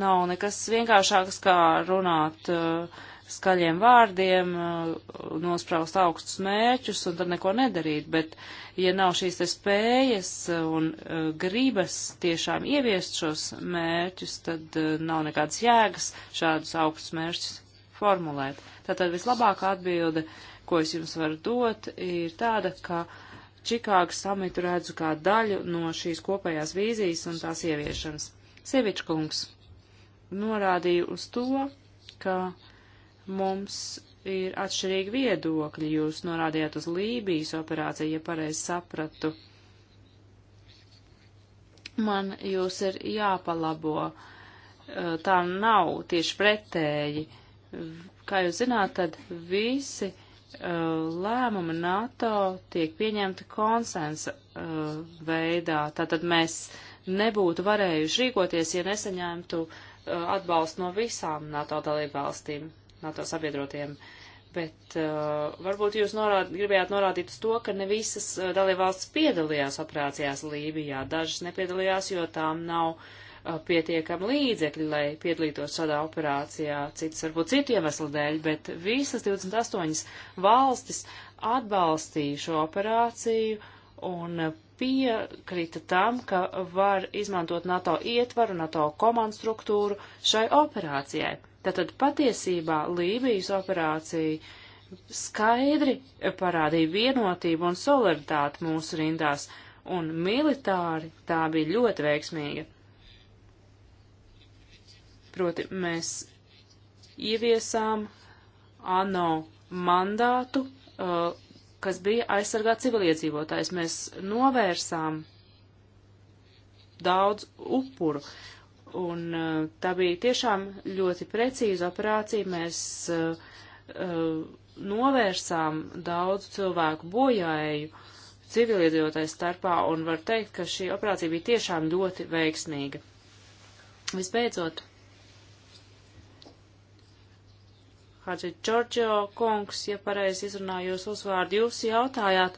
Nav nekas vienkāršāks, kā runāt. Uh, skaļiem vārdiem, eh, nospraust augstus mērķus un tad neko nedarīt, bet ja nav šīs te spējas un eh, gribas tiešām ieviest šos mērķus, tad eh, nav nekādas jēgas šādus augstus mērķus formulēt. Tātad vislabākā atbilde, ko es jums varu dot, ir tāda, ka Čikāgas samitu redzu kā daļu no šīs kopējās vīzijas un tās ieviešanas. Sievičkungs norādīja uz to, ka uh, Mums ir atšķirīgi viedokļi. Jūs norādījāt uz Lībijas operāciju, ja pareizi sapratu. Man jūs ir jāpalabo. Eh, tā nav tieši pretēji. Kā jūs zināt, tad visi eh, lēmumi NATO tiek pieņemti konsensa eh, veidā. Tātad mēs nebūtu varējuši rīkoties, ja nesaņemtu atbalstu no visām NATO dalībvalstīm. NATO sabiedrotiem. Bet uh, varbūt jūs norād, gribējāt norādīt uz to, ka ne visas uh, dalībvalstis piedalījās operācijās Lībijā. Dažas nepiedalījās, jo tām nav uh, pietiekami līdzekļi, lai piedalītos šādā operācijā. Citas varbūt citu iemeslu dēļ, bet visas 28 valstis atbalstīja šo operāciju un piekrita tam, ka var izmantot NATO ietvaru, NATO komandu struktūru šai operācijai. Tātad patiesībā Lībijas operācija skaidri parādīja vienotību un solidaritāti mūsu rindās, un militāri tā bija ļoti veiksmīga. Proti mēs ieviesām ANO mandātu, uh, kas bija aizsargāt civiliedzīvotājs. Mēs novērsām daudz upuru. Uh, Un uh, tā bija tiešām ļoti precīza operācija. Mēs uh, uh, novērsām daudzu cilvēku bojāēju civiliedzīvotāju starpā un var teikt, ka šī operācija bija tiešām ļoti veiksmīga. Visbeidzot, Hadži Čorģio kungs, ja pareizi izrunāju jūs uzvārdu, jūs jautājāt,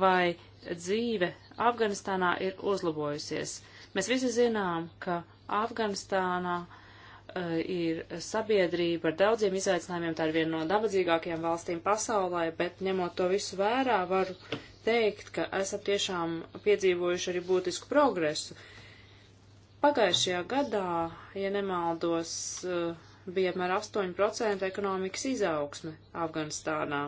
vai dzīve Afganistānā ir uzlabojusies. Uh, Mēs visi zinām, ka Afganistānā uh, ir sabiedrība ar daudziem izaicinājumiem, tā ir viena no dabadzīgākajām valstīm pasaulē, bet ņemot to visu vērā, varu teikt, ka esat tiešām piedzīvojuši arī būtisku progresu. Pagājušajā gadā, ja nemaldos, uh, bija apmēram 8% ekonomikas izaugsme Afganistānā.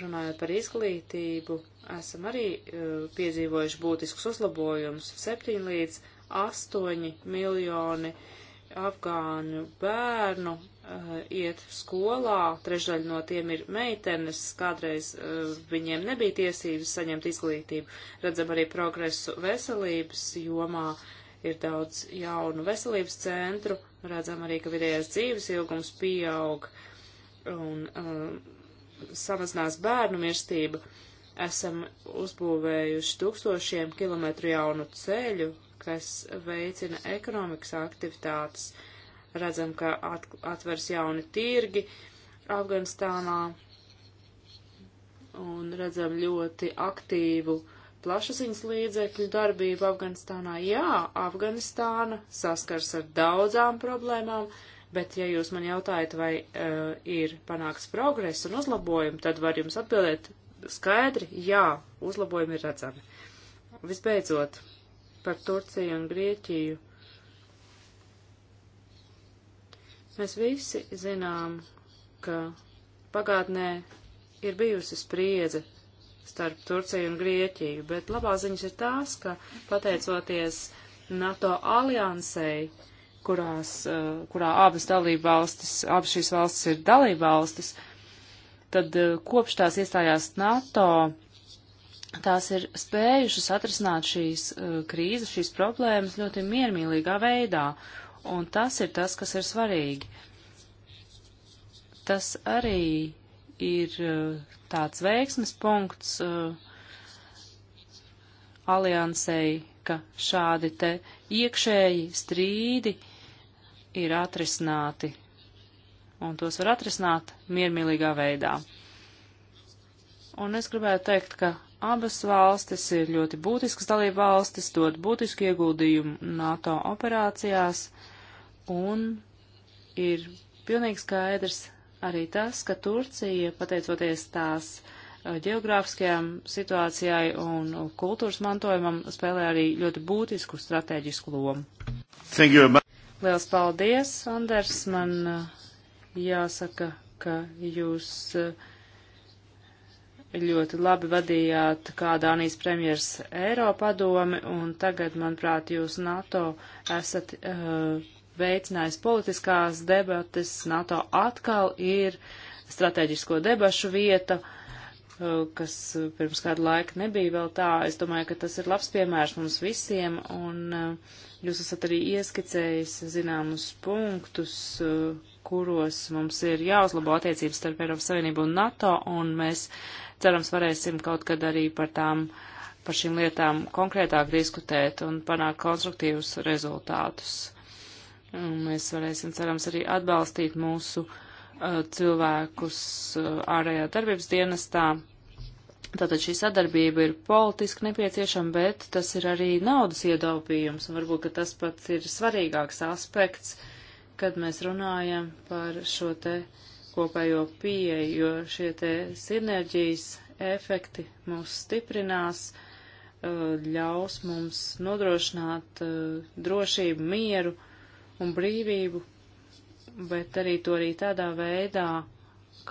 Runājot par izglītību, esam arī uh, piedzīvojuši būtiskus uzlabojumus. 7 līdz 8 miljoni afgāņu bērnu uh, iet skolā, trešdaļa no tiem ir meitenes, kādreiz uh, viņiem nebija tiesības saņemt izglītību. Redzam arī progresu veselības jomā, ir daudz jaunu veselības centru, redzam arī, ka vidējais dzīves ilgums pieaug. Un, uh, samazinās bērnu mirstība, esam uzbūvējuši tūkstošiem kilometru jaunu ceļu, kas veicina ekonomikas aktivitātes. Redzam, ka at, atvers jauni tirgi Afganistānā un redzam ļoti aktīvu plašasiņas līdzekļu darbību Afganistānā. Jā, Afganistāna saskars ar daudzām problēmām, uh, Bet, ja jūs man jautājat, vai uh, ir panāks progress un uzlabojumi, tad var jums atbildēt skaidri, jā, uzlabojumi ir redzami. Visbeidzot, par Turciju un Grieķiju. Mēs visi zinām, ka pagātnē ir bijusi spriedze starp Turciju un Grieķiju, bet labā ziņas ir tās, ka pateicoties NATO aliansei, uh, kurās, eh, kurā abas dalība valstis, abas šīs valstis ir dalība valstis, tad eh, kopš tās iestājās NATO, tās ir spējušas atrisināt šīs eh, krīzes, šīs problēmas ļoti miermīlīgā veidā. Un tas ir tas, kas ir svarīgi. Tas arī ir tāds veiksmes punkts aliansēji, ka šādi te iekšēji strīdi uh, ir atrisināti, un tos var atrisināt miermīlīgā veidā. Un es gribētu teikt, ka abas valstis ir ļoti būtiskas dalība valstis, dod būtisku ieguldījumu NATO operācijās, un ir pilnīgi skaidrs arī tas, ka Turcija, pateicoties tās ģeogrāfiskajām uh, situācijai un uh, kultūras mantojumam, spēlē arī ļoti būtisku strateģisku lomu. Liels paldies, Anders. Man uh, jāsaka, ka jūs uh, ļoti labi vadījāt kā Dānijas premjers Eiropadomi, un tagad, manuprāt, jūs NATO esat uh, veicinājis politiskās debates. NATO atkal ir strateģisko debašu vieta. Uh, Eh, kas eh, pirms kādu laiku nebija vēl tā. Es domāju, ka tas ir labs piemērs mums visiem, un eh, jūs esat arī ieskicējis zināmus punktus, kuros mums ir jāuzlabo attiecības starp Eiropas Savienību un NATO, un mēs cerams varēsim kaut kad arī par tām, par šīm lietām konkrētāk diskutēt un panākt konstruktīvus rezultātus. Un mēs varēsim, cerams, arī atbalstīt mūsu cilvēkus ārējā darbības dienestā, Tātad šī sadarbība ir politiski nepieciešama, bet tas ir arī naudas iedaupījums, un varbūt, ka tas pats ir svarīgāks aspekts, kad mēs runājam par šo te kopējo pieeju, jo šie te sinerģijas efekti mūs stiprinās, uh, ļaus mums nodrošināt uh, drošību, mieru un brīvību, bet arī to arī tādā veidā,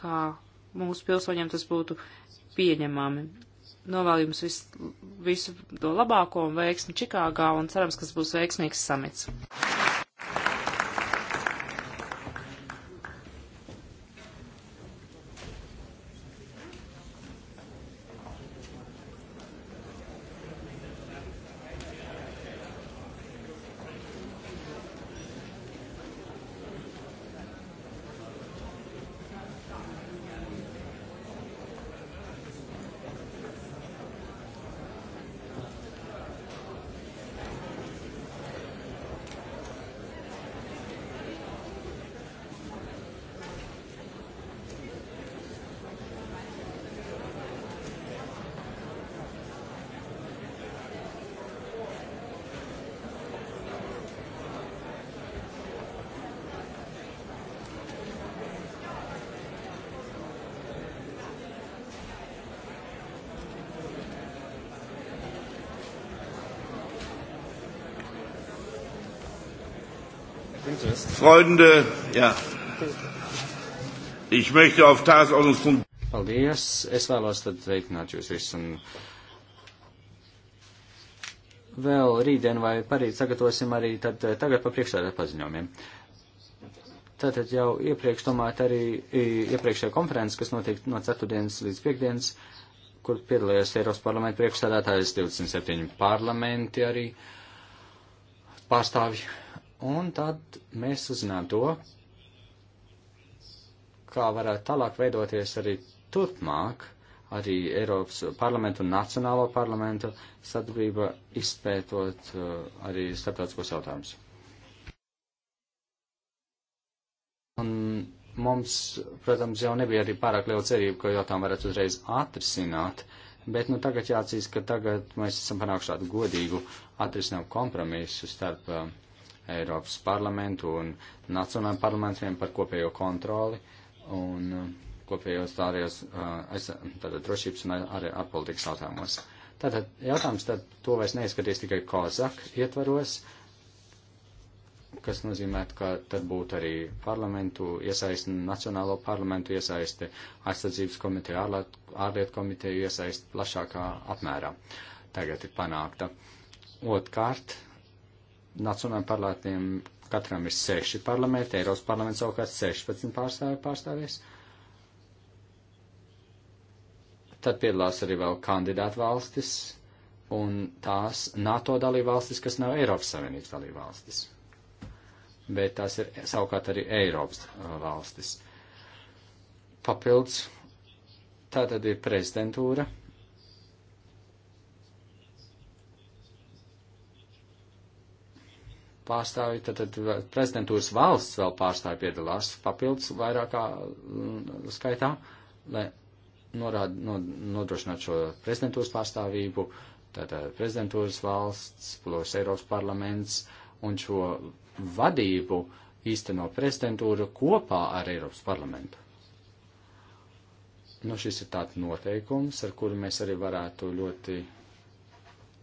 kā mūsu pilsoņiem tas būtu pieņemami. Novēlu jums visu, visu to labāko un veiksmi Čikāgā un cerams, ka tas būs veiksmīgs samits. Freunde, jā. Ich möchte auf Tagesordnungspunkt. Paldies. Es vēlos tad veicināt jūs visus un vēl rītdien vai parīt sagatavosim arī tad eh, tagad par priekšsēdē paziņojumiem. Tātad jau iepriekš domājot arī iepriekšējā konferences, kas notiek no ceturtdienas līdz piekdienas, kur piedalījās Eiropas parlamenta priekšsēdētājs 27 parlamenti arī pārstāvji Un tad mēs uzzinām to, kā varētu tālāk veidoties arī turpmāk arī Eiropas parlamentu un Nacionālo parlamentu sadarbība izpētot uh, arī starptautiskos jautājumus. Un mums, protams, jau nebija arī pārāk liela cerība, ka jautājumu varētu uzreiz atrisināt, bet nu tagad jāatzīst, ka tagad mēs esam panākuši tādu godīgu atrisinājumu kompromisu starp uh, Eiropas parlamentu un nacionālajiem parlamentiem par kopējo kontroli un uh, kopējos tārējos uh, drošības un arī ārpolitikas jautājumos. Tātad jautājums tad to vairs neizskatīs tikai Kozak ietvaros, kas nozīmē, ka tad būtu arī parlamentu iesaisti, nacionālo parlamentu iesaisti, aizsardzības komiteju, ārlietu komiteju iesaisti plašākā apmērā. Tagad ir panākta. Otkārt, nacionālajiem parlamentiem katram ir seši parlamenti, Eiropas parlaments savukārt 16 pārstāvi pārstāvies. Tad piedalās arī vēl kandidātu valstis un tās NATO dalībvalstis, kas nav Eiropas Savienības dalībvalstis. Bet tās ir savukārt arī Eiropas uh, valstis. Papildus tā tad ir prezidentūra pārstāvji, tad, tad prezidentūras valsts vēl pārstāvji piedalās papildus vairākā mm, skaitā, lai norāda, no, nodrošinātu šo prezidentūras pārstāvību, tātad prezidentūras valsts, plus Eiropas parlaments un šo vadību īsteno prezidentūru kopā ar Eiropas parlamentu. Nu, šis ir tāds noteikums, ar kuru mēs arī varētu ļoti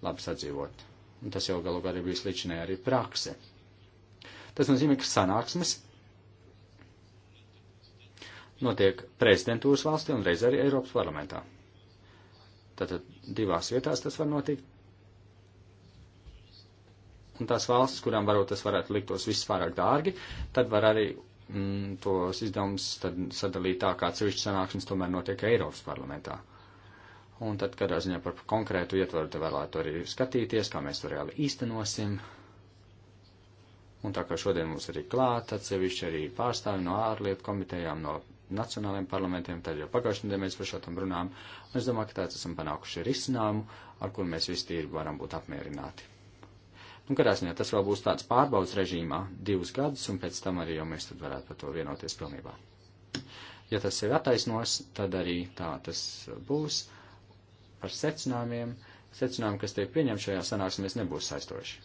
labi sadzīvot. Un tas jau galu galā ir bijis līdz šim arī prakse. Tas nozīmē, ka sanāksmes notiek prezidentūras valstī un reiz arī Eiropas parlamentā. Tātad divās vietās tas var notikt. Un tās valstis, kurām varbūt tas varētu liktos viss pārāk dārgi, tad var arī mm, tos izdevumus sadalīt tā, kā cevišķi sanāksmes tomēr notiek Eiropas parlamentā. Un tad, kādā ziņā par konkrētu ietvaru te vēlētu arī skatīties, kā mēs to reāli īstenosim. Un tā kā šodien mums arī klāt atsevišķi arī pārstāvi no ārlietu komitejām, no nacionālajiem parlamentiem, tad jau pagājušajā nedēļā mēs par šo tam runājām. Un es domāju, ka tāds esam panākuši risinājumu, ar kur mēs visi tīri varam būt apmierināti. Un katrā ziņā tas vēl būs tāds pārbaudas režīmā divus gadus, un pēc tam arī jau mēs tad varētu par to vienoties pilnībā. Ja tas sevi attaisnos, tad arī tā tas būs. Uh, par secinājumiem. Secinājumi, kas tiek pieņemti šajā sanāksmēs, nebūs saistoši.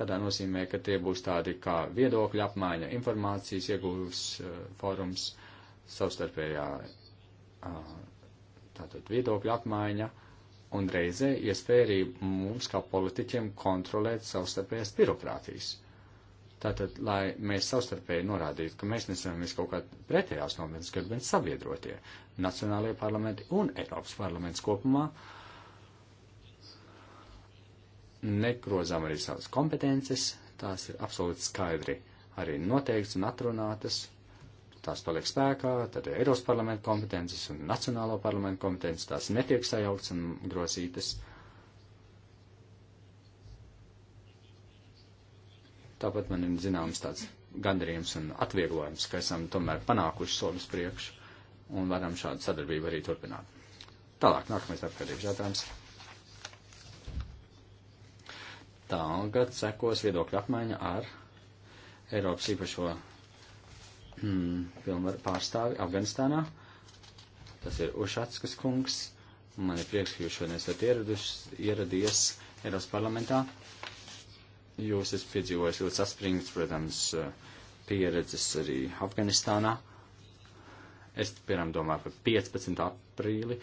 Tādā nozīmē, ka tie būs tādi kā viedokļa apmaiņa, informācijas ieguvs eh, fórums, savstarpējā tātad viedokļa apmaiņa un reizē iespēja arī mums kā politiķiem kontrolēt savstarpējās birokrātijas. Tātad, lai mēs savstarpēji norādītu, ka mēs nesamies kaut kā pretējās nometnes, kad gan sabiedrotie nacionālajie parlamenti un Eiropas parlaments kopumā negrozām arī savas kompetences, tās ir absolūti skaidri arī noteikts un atrunātas, tās paliek spēkā, tad Eiropas parlamenta kompetences un Nacionālo parlamentu kompetences tās netiek sajauktas un grosītas. Tāpat man ir zināms tāds gandarījums un atvieglojums, ka esam tomēr panākuši soļus priekšu un varam šādu sadarbību arī turpināt. Tālāk, nākamais apkārtības jautājums. Tagad sekos viedokļa apmaiņa ar Eiropas īpašo mm, pilnvaru pārstāvi Afganistānā. Tas ir Ušatskas kungs. Man ir prieks, ka jūs šodien esat ieradušies, ieradies Eiropas parlamentā jūs esat piedzīvojis ļoti saspringts, protams, pieredzes arī Afganistānā. Es, piemēram, domāju par 15. aprīli,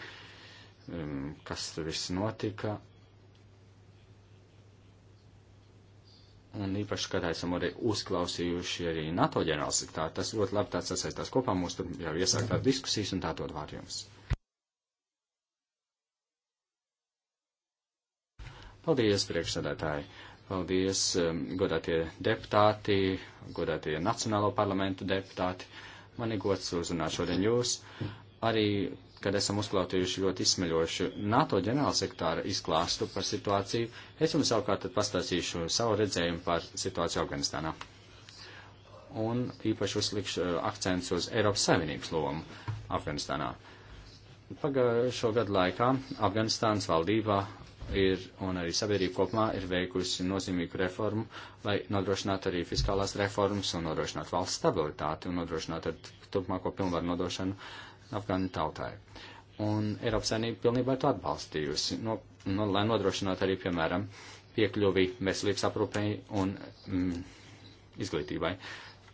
um, kas tur viss notika. Un īpaši, kad esam arī uzklausījuši arī NATO ģenerālsektāru, tas ļoti labi tāds sasaistās kopā mūsu tur jau iesāktās diskusijas un tā dod vārdu jums. Paldies, priekšsēdētāji! Paldies, um, godātie deputāti, godātie Nacionālo parlamentu deputāti. Man ir gods uzrunāt šodien jūs. Arī, kad esam uzklātījuši ļoti izsmeļošu NATO ģenerālsektāra izklāstu par situāciju, es jums savukārt pastāstīšu savu redzējumu par situāciju Afganistānā. Un īpaši uzlikšu uh, akcents uz Eiropas Savienības lomu Afganistānā. Pagājušo gadu laikā Afganistānas valdībā ir, un arī sabiedrība kopumā ir veikusi nozīmīgu reformu, lai nodrošinātu arī fiskālās reformas un nodrošinātu valsts stabilitāti un nodrošinātu ar turpmāko pilnvaru nodošanu Afgāņu tautai. Un Eiropas saimnība pilnībā ir to atbalstījusi, no, no, lai nodrošinātu arī, piemēram, piekļuvi veselības aprūpei un mm, izglītībai.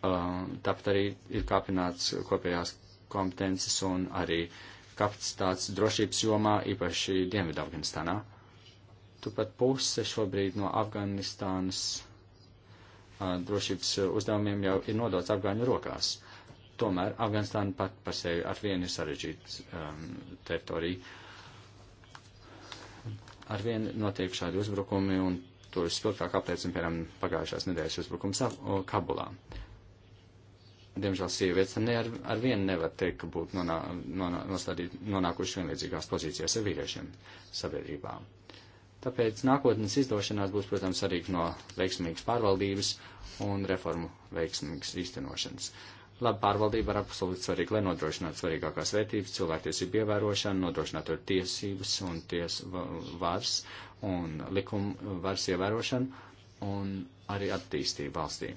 Uh, tāpat arī ir kāpināts kopējās kompetences un arī kapacitātes drošības jomā, īpaši Dienvidu Afganistānā. Uh, tu pat puse šobrīd no Afganistānas uh, drošības uzdevumiem jau ir nodots Afgāņu rokās. Tomēr Afganistāna pat par sevi ar vienu ir sarežģīta um, teritorija. Ar vienu notiek šādi uzbrukumi, un to es spilgtāk apliecinu, piemēram, pagājušās nedēļas uzbrukums Kabulā diemžēl sievietes ne ar, ar vienu nevar teikt, ka būtu nonā, nonā, nostādīt, nonākuši vienlīdzīgās pozīcijās ar vīriešiem sabiedrībā. Tāpēc nākotnes izdošanās būs, protams, arī no veiksmīgas pārvaldības un reformu veiksmīgas īstenošanas. Laba pārvaldība ir absolūti svarīga, lai nodrošinātu svarīgākās vērtības, cilvēktiesību ievērošanu, nodrošinātu tiesības un tiesu varas un likuma varas ievērošanu un arī attīstību valstī.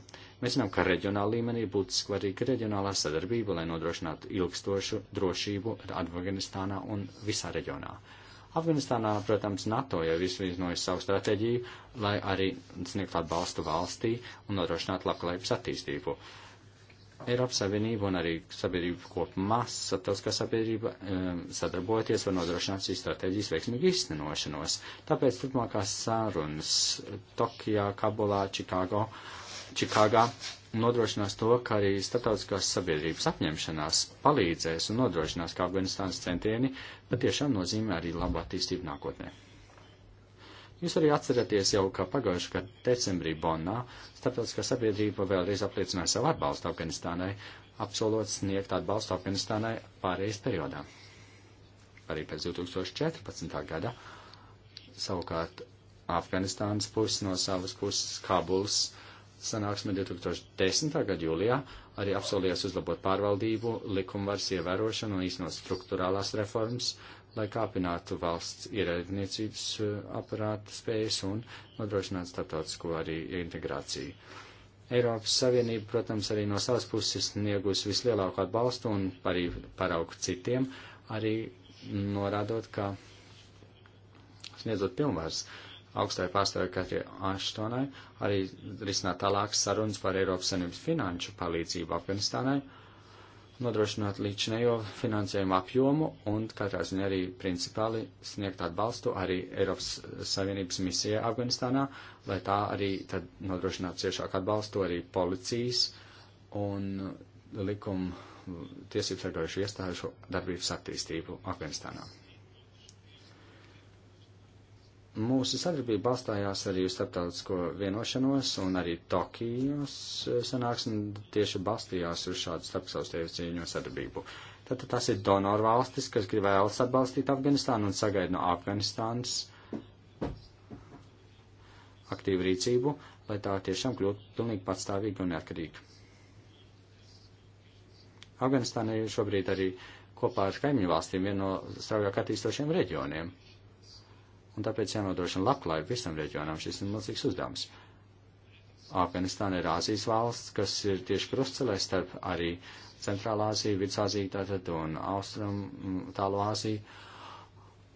Mēs zinām, ka reģionāla līmenī būtu svarīga reģionālā sadarbība, lai nodrošinātu ilgstošu drošību Afganistānā un visā reģionā. Uh, Afganistānā, protams, NATO jau izvīznoja savu stratēģiju, lai arī sniegtu atbalstu valstī un nodrošinātu labklājības attīstību. Eiropas Savienība un arī sabiedrība kopumā, starptautiskā sabiedrība ehm, sadarbojoties var nodrošināt šīs stratēģijas veiksmīgu izstenošanos. Tāpēc turpmākās sarunas Tokijā, Kabulā, Čikāgo Čikāgā nodrošinās to, ka arī starptautiskās sabiedrības apņemšanās palīdzēs un nodrošinās, ka Afganistānas centieni patiešām nozīmē arī labu attīstību nākotnē. Jūs arī atceraties jau, ka pagājušajā gadā decembrī Bonnā starptautiskā sabiedrība vēlreiz apliecināja savu atbalstu Afganistānai, apsolot sniegt atbalstu Afganistānai pārējais periodā. Arī pēc 2014. gada savukārt Afganistānas puses no savas puses Kabuls uh, sanāksme 2010. gada jūlijā arī apsolījās uzlabot pārvaldību, likumvaras ievērošanu un īstenot struktūrālās reformas, lai kāpinātu valsts ierēdniecības eh, aparātu spējas un nodrošinātu starptautisko arī integrāciju. Eiropas Savienība, protams, arī no savas puses sniegus vislielāko atbalstu un arī paraugu citiem, arī norādot, ka sniedzot pilnvars, uh, augstai pārstāvē Katri Aštonai arī risināt tālākas sarunas par Eiropas Savienības finanšu palīdzību Afganistānai, nodrošinot līdzinējo finansējumu apjomu un katrā ziņā arī principāli sniegt atbalstu arī Eiropas Savienības misijai Afganistānā, lai tā arī tad nodrošinātu ciešāku atbalstu arī policijas un likumu tiesību sargājušu iestāžu darbības attīstību Afganistānā. Mūsu sadarbība balstājās arī uz starptautisko vienošanos un arī Tokijos eh, sanāksmi tieši balstījās uz šādu starpsaustievas cīņu sadarbību. Tātad tās ir donoru valstis, kas grib vēlas atbalstīt Afganistānu un sagaida no Afganistānas aktīvu rīcību, lai tā tiešām kļūtu pilnīgi patstāvīga un neatkarīga. Afganistāna ir šobrīd arī kopā ar kaimiņu valstīm viena no straujāk attīstošiem reģioniem un tāpēc jānodrošina labklājība visam reģionam. Šis ir milzīgs uzdevums. Afganistāna ir Āzijas valsts, kas ir tieši krustcelē starp arī Centrālā Āzija, Vidzāzija tātad un Austrum mm, tālu Āziju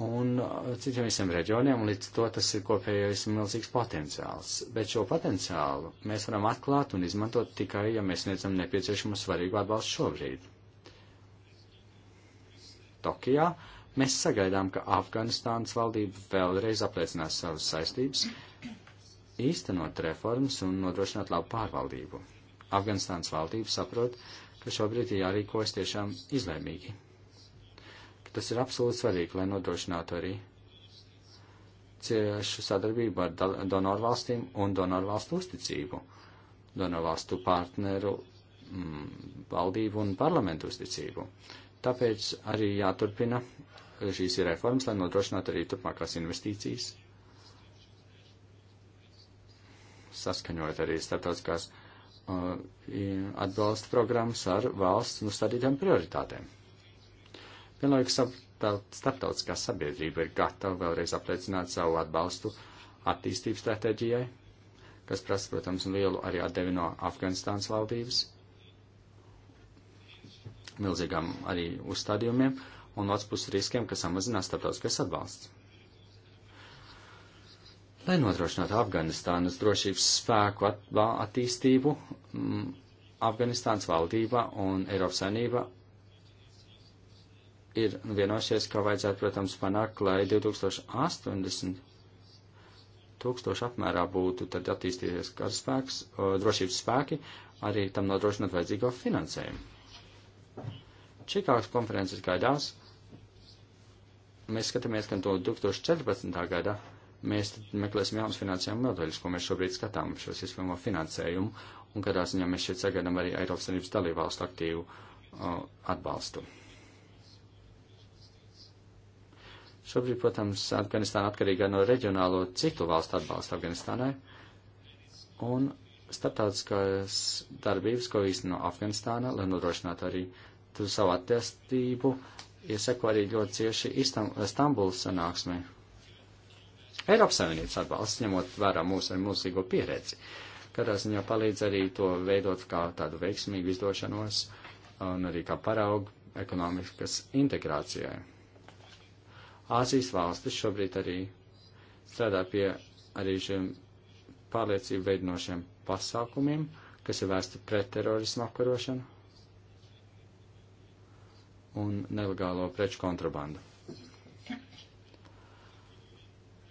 un uh, citiem visiem reģioniem, un līdz to tas ir kopējais milzīgs potenciāls. Bet šo potenciālu mēs varam atklāt un izmantot tikai, ja mēs sniedzam nepieciešamo svarīgu atbalstu šobrīd. Tokijā Mēs sagaidām, ka Afganistānas valdība vēlreiz apliecinās savas saistības, īstenot reformas un nodrošināt labu pārvaldību. Afganistānas valdība saprot, ka šobrīd ir jārīkojas tiešām izlēmīgi. Tas ir absolūti svarīgi, lai nodrošinātu arī ciešu sadarbību ar donoru valstīm un donoru valstu uzticību, donoru valstu partneru mm, valdību un parlamentu uzticību. Tāpēc arī jāturpina šīs ir reformas, lai nodrošinātu arī turpmākās investīcijas, saskaņojot arī starptautiskās uh, atbalsta programmas ar valsts nustādītām prioritātēm. Vienlaikus starptautiskā sabiedrība ir gatava vēlreiz apliecināt savu atbalstu attīstības stratēģijai, kas prasa, protams, lielu arī atdevi no Afganistānas valdības milzīgām arī uzstādījumiem un no otras puses riskiem, ka samazinās starptautiskais atbalsts. Lai nodrošinātu Afganistānas drošības spēku at attīstību, m, mm, Afganistānas valdība un Eiropas saimnība ir vienojušies, ka vajadzētu, protams, panākt, lai 2080 tūkstoši apmērā būtu tad attīstīties karaspēks, drošības spēki, arī tam nodrošināt vajadzīgo finansējumu. Čikāgas konferences gaidās. Mēs skatāmies, ka to 2014. gadā mēs meklēsim jaunas finansējuma modeļus, ko mēs šobrīd skatām šo sistēmo finansējumu, un kādā ziņā mēs šeit sagaidām arī Eiropas Savienības dalībvalstu aktīvu uh, atbalstu. Šobrīd, protams, Afganistāna atkarīga no reģionālo citu valstu atbalsta Afganistānai, un starptautiskās darbības, ko īsteno Afganistāna, lai nodrošinātu arī uh, tur savu attīstību ieseko arī ļoti cieši Stambulas sanāksmē. Eiropas Savienības atbalsts, ņemot vērā mūsu ar mūsīgo pieredzi, katrā ziņā palīdz arī to veidot kā tādu veiksmīgu izdošanos un arī kā paraugu ekonomikas integrācijai. Āzijas valstis šobrīd arī strādā pie arī šiem pārliecību veidinošiem pasākumiem, kas ir vēsti pret terorismu apkarošanu, un nelegālo preču kontrabandu.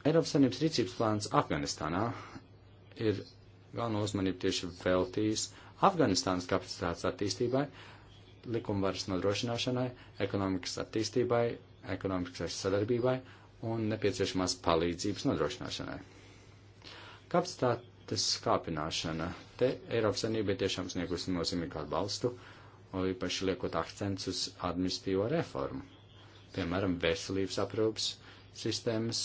Eiropas Savienības rīcības plāns Afganistānā ir galveno uzmanību tieši veltījis Afganistānas kapacitātes attīstībai, likumvaras nodrošināšanai, ekonomikas attīstībai, ekonomikas sadarbībai un nepieciešamās palīdzības nodrošināšanai. Kapacitātes kāpināšana. Te Eiropas Savienība ir tiešām sniegusi nozīmīgu atbalstu. Uh, un īpaši liekot akcents uz administīvo reformu. Piemēram, veselības aprūpas sistēmas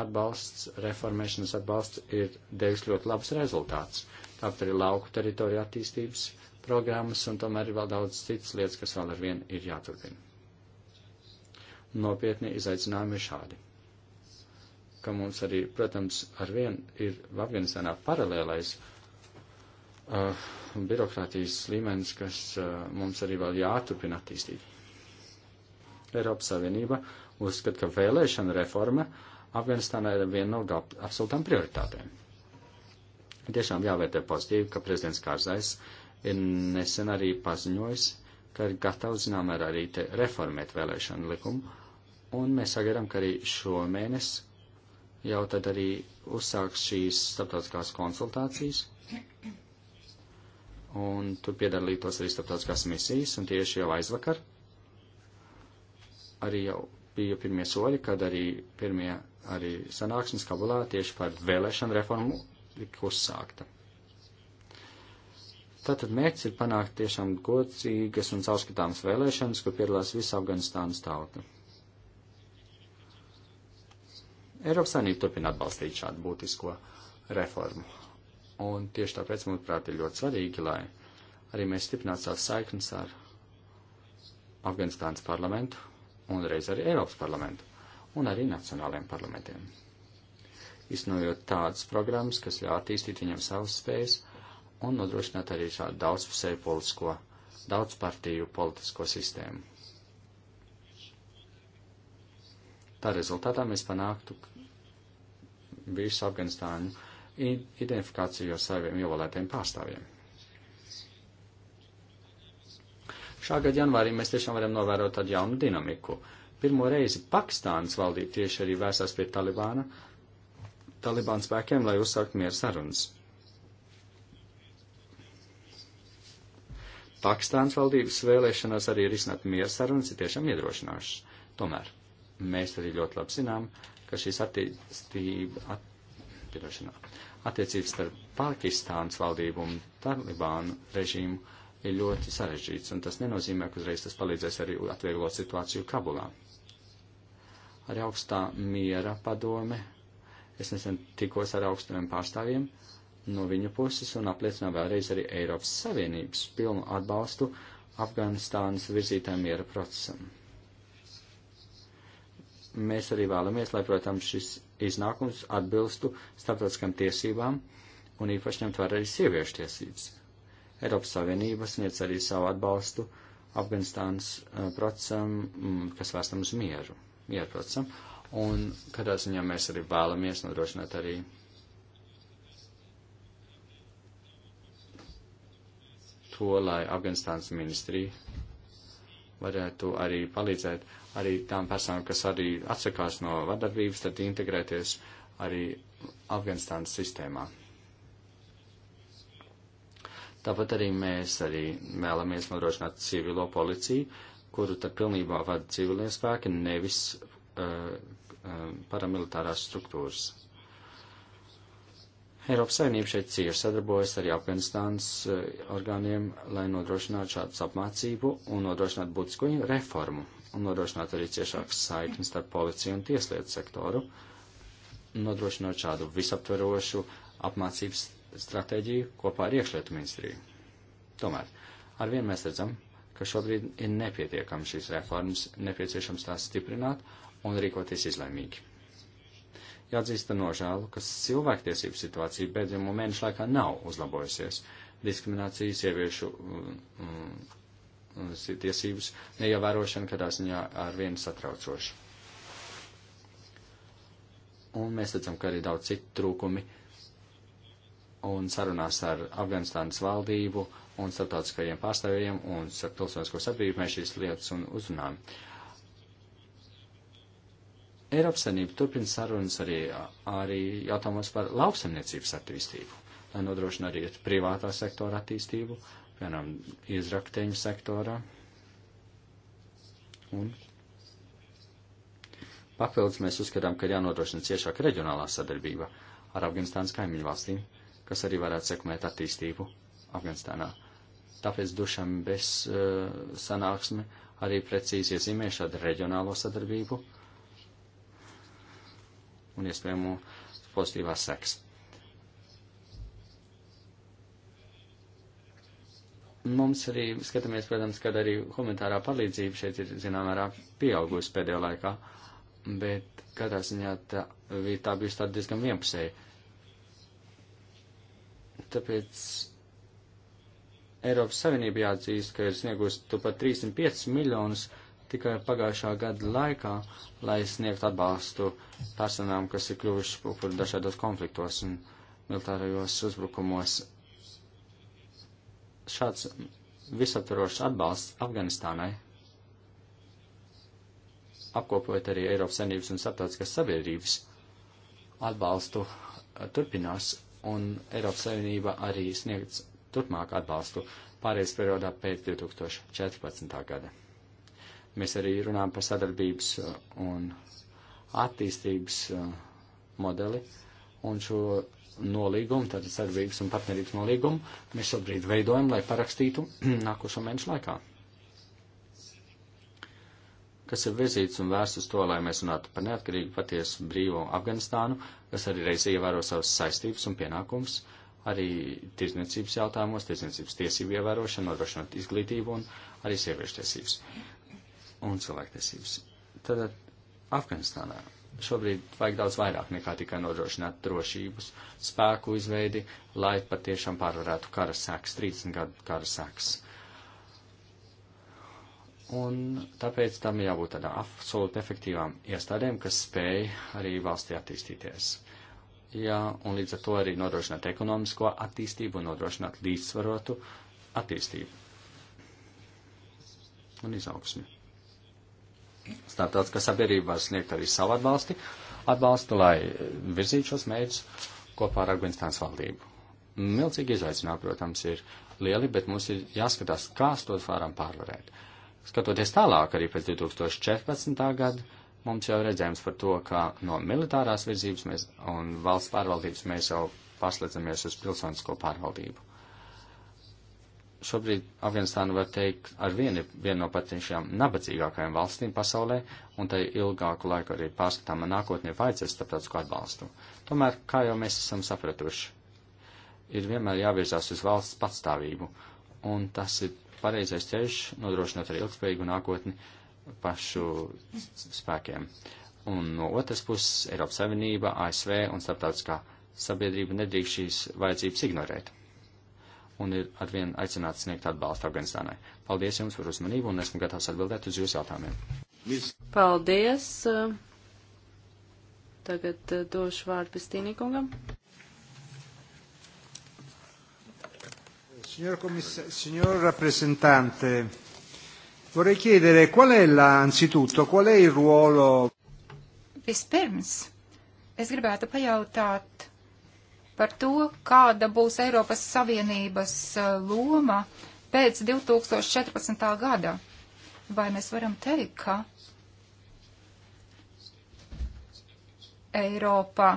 atbalsts, reformēšanas atbalsts ir devis ļoti labs rezultāts. Tāpat arī lauku teritoriju attīstības programmas un tomēr ir vēl daudz citas lietas, kas vēl ar vienu ir jāturpina. Nopietni izaicinājumi ir šādi. Ka mums arī, protams, ar vienu ir Afganistānā paralēlais uh, birokrātijas līmenis, kas uh, mums arī vēl jāturpina attīstīt. Eiropas Savienība uzskata, ka vēlēšana reforma Afganistānā ir viena no gal, absolūtām prioritātēm. Tiešām jāvērtē pozitīvi, ka prezidents Kārzais ir nesen arī paziņojis, ka ir gatavs zināmā mērā arī te reformēt vēlēšanu likumu, un mēs sagaidām, ka arī šomēnes jau tad arī uzsāks šīs starptautiskās konsultācijas un tur piedalītos arī starptautiskās misijas, un tieši jau aizvakar arī jau bija pirmie soļi, kad arī pirmie arī sanāksmes Kabulā tieši par vēlēšanu reformu tika uzsākta. Tātad mērķis ir panākt tiešām godīgas un caurskatāmas vēlēšanas, kur piedalās visa Afganistānas tauta. Eiropas Savienība turpina atbalstīt šādu būtisko reformu. Un tieši tāpēc, manuprāt, ir ļoti svarīgi, lai arī mēs stiprinātu savas saiknes ar Afganistānas parlamentu un reiz arī Eiropas parlamentu un arī nacionālajiem parlamentiem. Iznojot tādas programmas, kas ļauj attīstīt viņam savas spējas un nodrošināt arī šādu daudzpusēju politisko, daudzpartiju politisko sistēmu. Tā rezultātā mēs panāktu visu Afganistānu identifikāciju ar saviem ievēlētajiem pārstāvjiem. Šā gada janvārī mēs tiešām varam novērot tādu jaunu dinamiku. Pirmo reizi Pakistānas valdība tieši arī vērsās pie Talibāna, Talibāna spēkiem, lai uzsākt mieru sarunas. Pakistānas valdības vēlēšanās arī risināt mieru sarunas ir tiešām iedrošināšas. Tomēr mēs arī ļoti labi zinām, ka šīs attīstība, at, pirošanā, attiecības starp Pakistānas valdību un Talibānu režīmu ir ļoti sarežģīts, un tas nenozīmē, ka uzreiz tas palīdzēs arī atvieglot situāciju Kabulā. Arī augstā miera padome, es nesen tikos ar augstajiem pārstāvjiem no viņu puses un apliecināju vēlreiz arī Eiropas Savienības pilnu atbalstu Afganistānas virzītājiem miera procesam mēs arī vēlamies, lai, protams, šis iznākums atbilstu starptautiskām tiesībām un īpaši ņemt vērā arī sieviešu tiesības. Eiropas Savienība sniedz arī savu atbalstu Afganistānas eh, procesam, mm, kas vērstam uz mieru, mieru procesam, un kādā ziņā mēs arī vēlamies nodrošināt arī to, lai Afganistānas ministrija varētu arī palīdzēt arī tām personām, kas arī atsakās no vadarbības, tad integrēties arī Afganistānas sistēmā. Tāpat arī mēs arī vēlamies nodrošināt civilo policiju, kuru tad pilnībā vada civilie spēki, nevis uh, uh, paramilitārās struktūras. Eiropas Savienība šeit cieši sadarbojas ar Afganistānas eh, orgāniem, lai nodrošinātu šādu apmācību un nodrošinātu būtisku reformu un nodrošinātu arī ciešākas saiknes starp policiju un tieslietu sektoru, nodrošinot šādu visaptverošu apmācības stratēģiju kopā ar iekšlietu ministriju. Tomēr arvien mēs redzam, ka šobrīd ir nepietiekami šīs reformas, nepieciešams tās stiprināt un rīkoties izlēmīgi. Jāatzīst ar nožēlu, ka cilvēktiesību situācija pēdējo mēnešu laikā nav uzlabojusies. Diskriminācija sieviešu mm, mm tiesības neievērošana kādā ziņā ar vienu satraucoši. Un mēs redzam, ka arī daudz citu trūkumi un sarunās ar Afganistānas valdību un starptautiskajiem pārstāvjiem un ar pilsonisko sabiedrību mēs šīs lietas un uzrunājam. Uh, Eiropas Savienība turpina sarunas arī, arī jautājumos par lauksaimniecības attīstību, lai nodrošina arī privātā sektora attīstību, piemēram, izrakteņu sektorā. Un papildus mēs uzskatām, ka jānodrošina ciešāka reģionālā sadarbība ar Afganistānas kaimiņu valstīm, kas arī varētu sekmēt attīstību Afganistānā. Tāpēc dušam bez uh, eh, sanāksme arī precīzi iezīmē šādu reģionālo sadarbību un iespējamo pozitīvās seks. Mums arī skatāmies, protams, kad arī humanitārā palīdzība šeit ir zināmā mērā pieaugusi pēdējā laikā, bet katrā ziņā tā, tā bijusi tāda diezgan vienpusēja. Tāpēc Eiropas Savienība jāatzīst, ka ir sniegusi tu pat 305 miljonus tikai pagājušā gada laikā, lai sniegtu atbalstu personām, kas ir kļuvušas upuri dažādos konfliktos un militārajos uzbrukumos. Šāds visaptvarošs atbalsts Afganistānai, apkopojot arī Eiropas Savienības un starptautiskās sabiedrības atbalstu, turpinās, un Eiropas Savienība arī sniegs turpmāk atbalstu pārējais periodā pēc 2014. gada. Mēs arī runājam par sadarbības uh, un attīstības uh, modeli un šo nolīgumu, tātad sadarbības un partnerības nolīgumu, mēs šobrīd veidojam, lai parakstītu nākošo mēnešu laikā. Kas ir virzīts un vērsts uz to, lai mēs runātu par neatkarīgu, patiesu, brīvo Afganistānu, kas arī reiz ievēro savas saistības un pienākums, arī tirzniecības jautājumos, tirzniecības tiesību ievērošanu, nodrošinot izglītību un arī sieviešu tiesības un cilvēktiesības. Tad Afganistānā šobrīd vajag daudz vairāk nekā tikai nodrošināt drošības spēku izveidi, lai patiešām pārvarētu kara sēks, 30 gadu kara sēks. Un tāpēc tam jābūt tādām absolūti efektīvām iestādēm, kas spēj arī valstī attīstīties. Jā, un līdz ar to arī nodrošināt ekonomisko attīstību un nodrošināt līdzsvarotu attīstību un izaugsmi starptautiskā sabiedrība var sniegt arī savu atbalsti, atbalstu, lai virzītu šos mērķus kopā ar Afganistānas valdību. Milzīgi izaicinājumi, protams, ir lieli, bet mums ir jāskatās, kā tos varam pārvarēt. Skatoties tālāk, arī pēc 2014. gada, mums jau redzējums par to, ka no militārās virzības mēs un valsts pārvaldības mēs jau pārslēdzamies uz pilsonisko pārvaldību šobrīd Afganistāna var teikt ar vienu, vienu no patiešām nabadzīgākajām valstīm pasaulē, un tai ilgāku laiku arī pārskatāma nākotnē vajadzēs starptautisku atbalstu. Tomēr, kā jau mēs esam sapratuši, ir vienmēr jāvirzās uz valsts patstāvību, un tas ir pareizais ceļš nodrošinot arī ilgspējīgu nākotni pašu spēkiem. Un no otras puses, Eiropas Savienība, ASV un starptautiskā sabiedrība nedrīkst šīs vajadzības ignorēt un ir arvien aicināts sniegt atbalstu Afganistānai. Paldies jums par uzmanību un esmu gatavs atbildēt uz jūsu jautājumiem. Paldies! Tagad eh, došu vārdu Pistīnī kungam. Signor, signor rappresentante, vorrei chiedere qual è la, anzitutto, qual è il ruolo. Vispirms, es gribētu pajautāt, par to, kāda būs Eiropas Savienības eh, loma pēc 2014. gada. Vai mēs varam teikt, ka Eiropa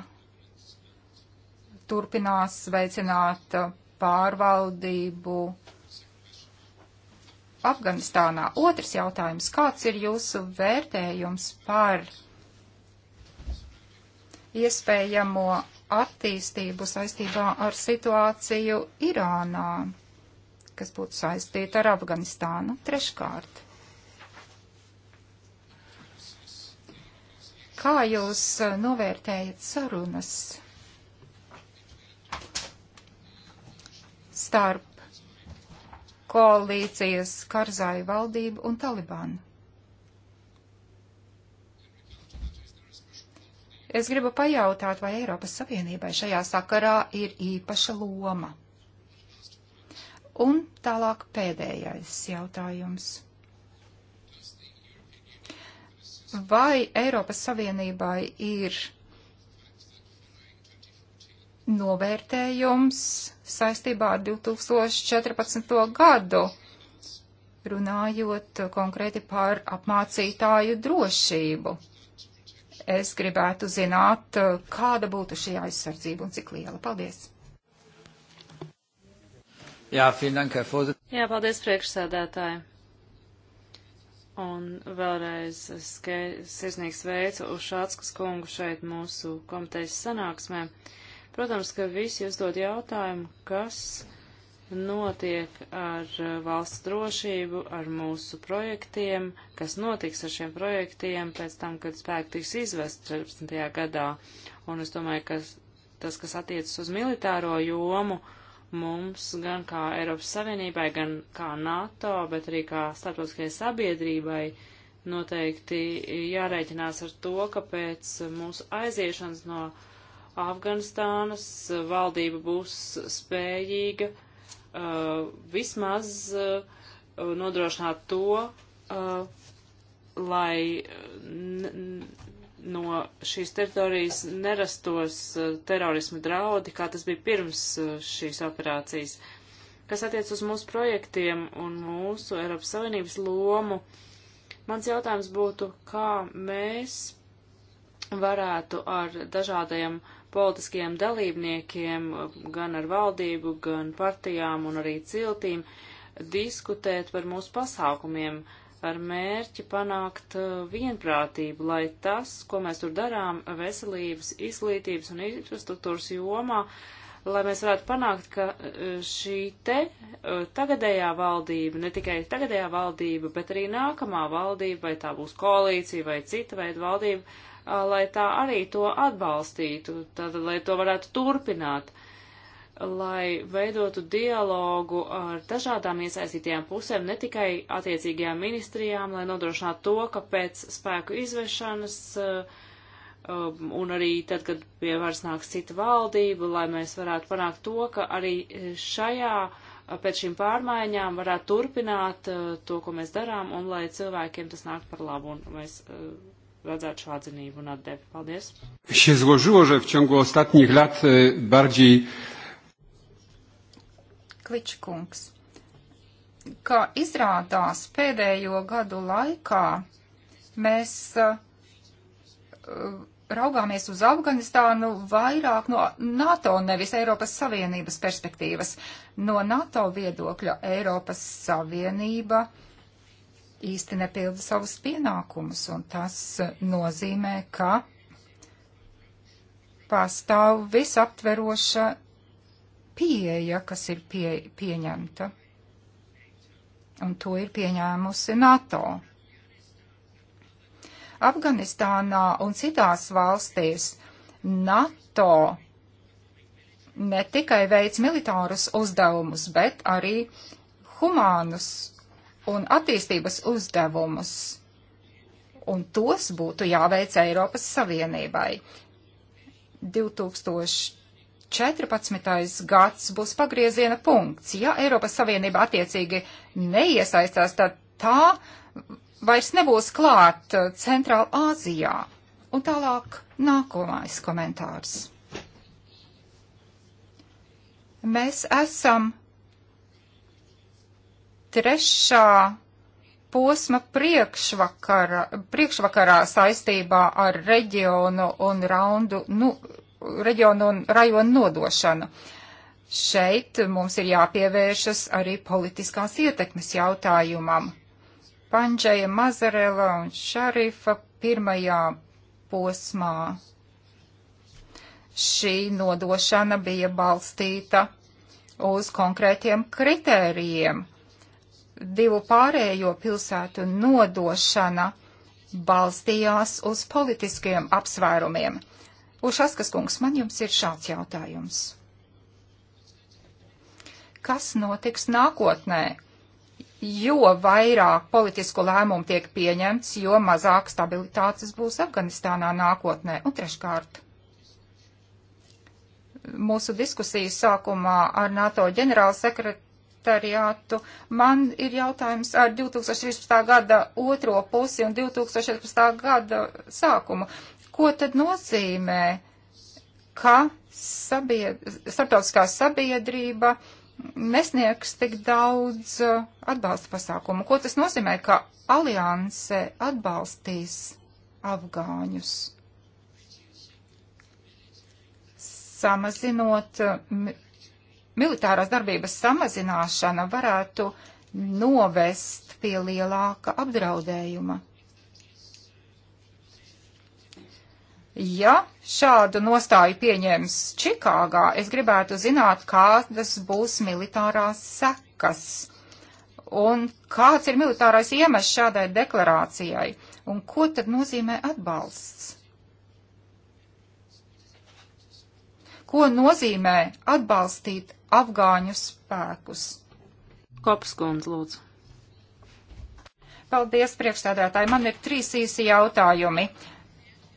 turpinās veicināt eh, pārvaldību Afganistānā. Otrs jautājums. Kāds ir jūsu vērtējums par iespējamo attīstību saistībā ar situāciju Irānā, kas būtu saistīta ar Afganistānu treškārt. Kā jūs eh, novērtējat sarunas starp koalīcijas Karzāju valdību un Talibanu? Es gribu pajautāt, vai Eiropas Savienībai šajā sakarā ir īpaša loma. Un tālāk pēdējais jautājums. Vai Eiropas Savienībai ir novērtējums saistībā ar 2014. gadu, runājot konkrēti par apmācītāju drošību? Es gribētu zināt, uh, kāda būtu šī aizsardzība un cik liela. Paldies! Jā, dank, Jā paldies priekšsēdētāji. Un vēlreiz sirsnīgs veicu uz Šāckas kungu šeit mūsu komitejas sanāksmēm. Protams, ka visi uzdod jautājumu, kas notiek ar uh, valsts drošību, ar mūsu projektiem, kas notiks ar šiem projektiem pēc tam, kad spēki tiks izvest 14. gadā. Un es domāju, ka tas, kas attiecas uz militāro jomu, mums gan kā Eiropas Savienībai, gan kā NATO, bet arī kā starptautiskajai sabiedrībai noteikti jārēķinās ar to, ka pēc mūsu aiziešanas no Afganistānas valdība būs spējīga uh, uh, vismaz uh, nodrošināt to, uh, lai uh, no šīs teritorijas nerastos uh, terorismu draudi, kā tas bija pirms uh, šīs operācijas. Kas attiec uz mūsu projektiem un mūsu Eiropas Savienības lomu, mans jautājums būtu, kā mēs varētu ar dažādajiem uh, politiskajiem dalībniekiem, gan ar valdību, gan partijām un arī ciltīm diskutēt par mūsu pasākumiem ar mērķi panākt uh, vienprātību, lai tas, ko mēs tur darām veselības, izglītības un infrastruktūras jomā, lai mēs varētu panākt, ka uh, šī te uh, tagadējā valdība, ne tikai tagadējā valdība, bet arī nākamā valdība, vai tā būs koalīcija vai cita veida valdība, lai tā arī to atbalstītu, tad, lai to varētu turpināt, lai veidotu dialogu ar dažādām iesaistītajām pusēm, ne tikai attiecīgajām ministrijām, lai nodrošinātu to, ka pēc spēku izvešanas uh, un arī tad, kad pie varas nāks cita valdība, lai mēs varētu panākt to, ka arī šajā, pēc šīm pārmaiņām varētu turpināt to, ko mēs darām, un lai cilvēkiem tas nāk par labu, un mēs vajadzētu šo atzinību un atdevi. Paldies! Się złożyło, że w ciągu ostatnich lat e, bardziej. Kličkungs. Kā izrādās pēdējo gadu laikā, mēs uh, raugāmies uz Afganistānu vairāk no NATO, nevis Eiropas Savienības perspektīvas. No NATO viedokļa Eiropas Savienība uh, īsti nepilda savus pienākumus, un tas eh, nozīmē, ka pastāv visaptveroša pieeja, kas ir pie, pieņemta, un to ir pieņēmusi NATO. Afganistānā un citās valstīs NATO ne tikai veids militārus uzdevumus, bet arī humānus un attīstības uzdevumus, un tos būtu jāveic Eiropas Savienībai. 2014. gads būs pagrieziena punkts. Ja Eiropas Savienība attiecīgi neiesaistās, tad tā vairs nebūs klāt Centrāla Āzijā. Un tālāk nākamais komentārs. Mēs esam trešā posma priekšvakara, priekšvakarā saistībā ar reģionu un raundu, nu, reģionu un rajonu nodošanu. Šeit mums ir jāpievēršas arī politiskās ietekmes jautājumam. Pandžeja Mazarela un Šarifa pirmajā posmā šī nodošana bija balstīta uz konkrētiem kritērijiem divu pārējo pilsētu nodošana balstījās uz politiskiem apsvērumiem. Ušaskas kungs, man jums ir šāds jautājums. Kas notiks nākotnē? Jo vairāk politisku lēmumu tiek pieņemts, jo mazāk stabilitātes būs Afganistānā nākotnē. Un treškārt, mūsu diskusijas sākumā ar NATO ģenerālsekretāru sekretariātu. Man ir jautājums ar 2016. gada otro pusi un 2014. gada sākumu. Ko tad nozīmē, ka sabied... starptautiskā sabiedrība nesniegs tik daudz uh, atbalsta pasākumu? Ko tas nozīmē, ka alianse atbalstīs afgāņus? Samazinot uh, militārās darbības samazināšana varētu novest pie lielāka apdraudējuma. Ja šādu nostāju pieņems Čikāgā, es gribētu zināt, kādas būs militārās sekas un kāds ir militārais iemesls šādai deklarācijai un ko tad nozīmē atbalsts. Ko nozīmē atbalstīt afgāņu spēkus. Kopas kundze, lūdzu. Paldies, priekšstādātāji. Man ir trīs īsi jautājumi.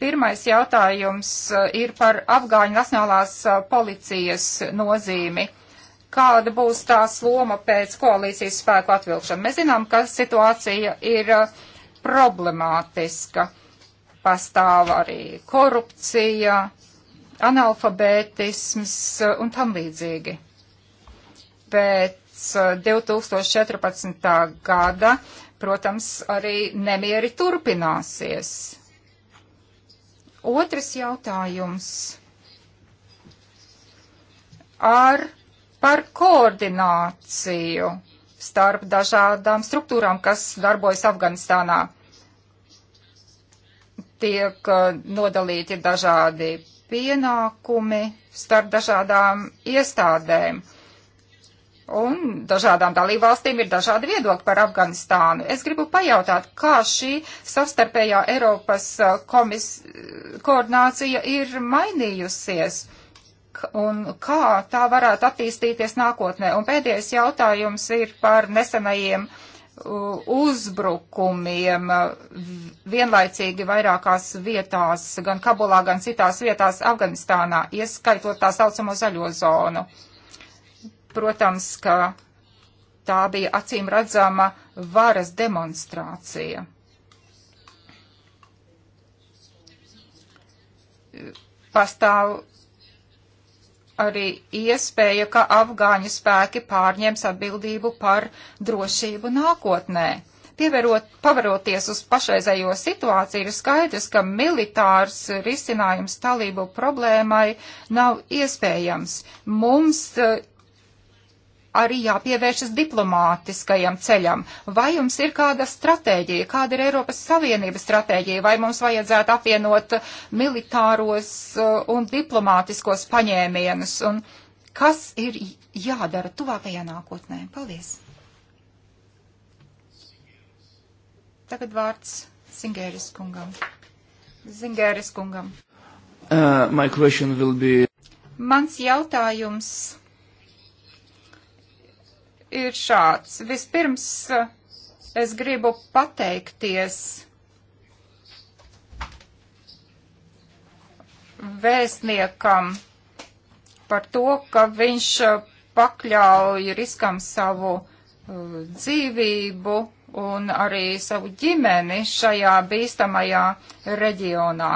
Pirmais jautājums eh, ir par afgāņu nacionālās eh, policijas nozīmi. Kāda būs tās loma pēc koalīcijas spēku atvilkšana? Mēs zinām, ka situācija ir eh, problemātiska. Pastāv arī korupcija, analfabētisms un tam līdzīgi pēc 2014. Eh, gada, protams, arī nemieri turpināsies. Otrs jautājums ar, par koordināciju starp dažādām struktūrām, kas darbojas Afganistānā. Tiek eh, nodalīti dažādi pienākumi starp dažādām iestādēm. Un dažādām dalībvalstīm ir dažādi viedokļi par Afganistānu. Es gribu pajautāt, kā šī savstarpējā Eiropas uh, komis, uh, koordinācija ir mainījusies un kā tā varētu attīstīties nākotnē. Un pēdējais jautājums ir par nesenajiem uh, uzbrukumiem vienlaicīgi vairākās vietās, gan Kabulā, gan citās vietās Afganistānā, ieskaitot tā saucamo zaļo zonu. Uh, Protams, ka tā bija acīm redzama varas demonstrācija. Pastāv arī iespēja, ka afgāņu spēki pārņems atbildību par drošību nākotnē. Pieverot, pavaroties uz pašreizējo situāciju, ir skaidrs, ka militārs risinājums talību problēmai nav iespējams. Mums eh, arī jāpievēršas diplomātiskajam ceļam. Vai jums ir kāda stratēģija, kāda ir Eiropas Savienības stratēģija, vai mums vajadzētu apvienot militāros uh, un diplomātiskos paņēmienus, un kas ir jādara tuvākajā nākotnē? Paldies! Tagad vārds Singēris kungam. Zingēris kungam. Uh, be... Mans jautājums ir šāds. Vispirms eh, es gribu pateikties vēstniekam par to, ka viņš eh, pakļauj riskam savu uh, dzīvību un arī savu ģimeni šajā bīstamajā reģionā.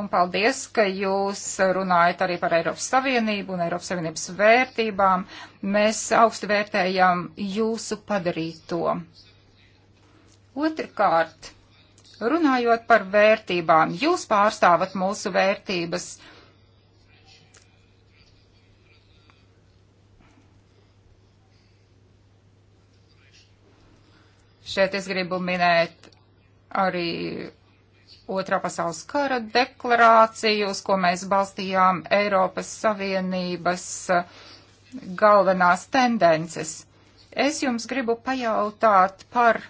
Un paldies, ka jūs runājat arī par Eiropas Savienību un Eiropas Savienības vērtībām. Mēs augstu vērtējam jūsu padarīto. Otrkārt, runājot par vērtībām, jūs pārstāvat mūsu vērtības. Šeit es gribu minēt arī otrā pasaules kara deklarāciju, uz ko mēs balstījām Eiropas Savienības eh, galvenās tendences. Es jums gribu pajautāt par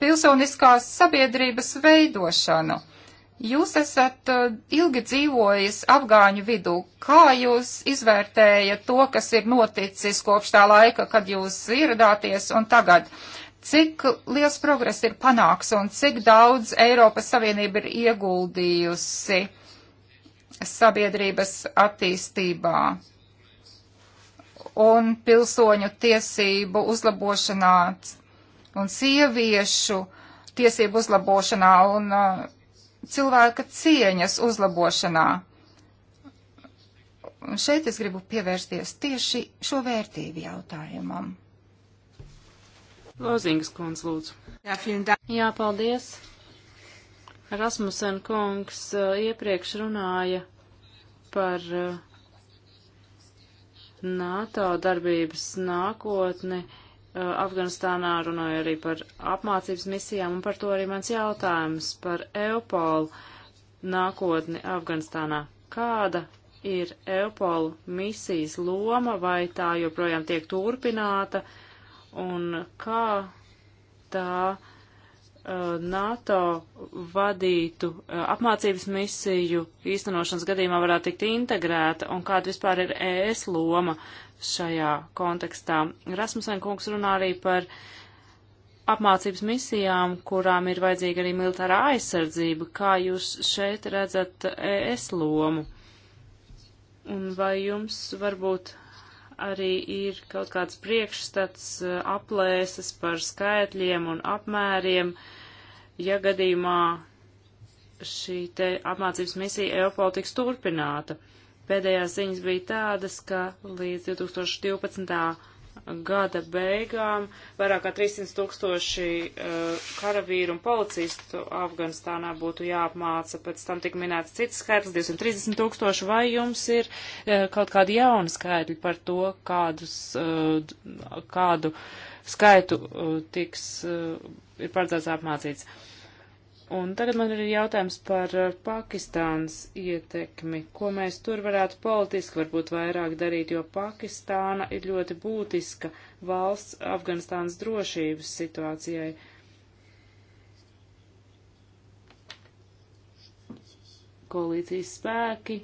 pilsoniskās sabiedrības veidošanu. Jūs esat uh, ilgi dzīvojis afgāņu vidū. Kā jūs izvērtējat to, kas ir noticis kopš tā laika, kad jūs ieradāties un tagad? Cik liels progress ir panāks un cik daudz Eiropas Savienība ir ieguldījusi sabiedrības attīstībā un pilsoņu tiesību uzlabošanā un sieviešu tiesību uzlabošanā un uh, cilvēka cieņas uzlabošanā. Un šeit es gribu pievērsties tieši šo vērtību jautājumam. Lozingas kundz, lūdzu. Jā, Jā paldies. Rasmusen kungs eh, iepriekš runāja par eh, NATO darbības nākotni Eh, Afganistānā, runāju arī par apmācības misijām un par to arī mans jautājums par Eupolu nākotni Afganistānā. Kāda ir Eupolu misijas loma, vai tā joprojām tiek turpināta, un kā tā uh, NATO vadītu uh, apmācības misiju īstenošanas gadījumā varētu tikt integrēta, un kāda vispār ir ES loma šajā kontekstā. Rasmusen kungs runā arī par apmācības misijām, kurām ir vajadzīga arī militārā aizsardzība. Kā jūs šeit redzat es lomu? Un vai jums varbūt arī ir kaut kāds priekšstats eh, aplēses par skaitļiem un apmēriem, ja gadījumā šī te apmācības misija Eopol tiks turpināta. Pēdējās ziņas bija tādas, ka līdz 2012. gada beigām vairāk kā 300 tūkstoši uh, karavīru un policistu Afganistānā būtu jāapmāca. Pēc tam tika minēts cits skaitlis - 230 tūkstoši. Vai jums ir uh, kaut kādi jauni skaitļi par to, kādus, uh, kādu skaitu tiks, ir paredzēts apmācīts? Un tagad man ir jautājums par eh, Pakistānas ietekmi. Ko mēs tur varētu politiski varbūt vairāk darīt, jo Pakistāna ir ļoti būtiska valsts Afganistānas drošības situācijai. Koalīcijas spēki.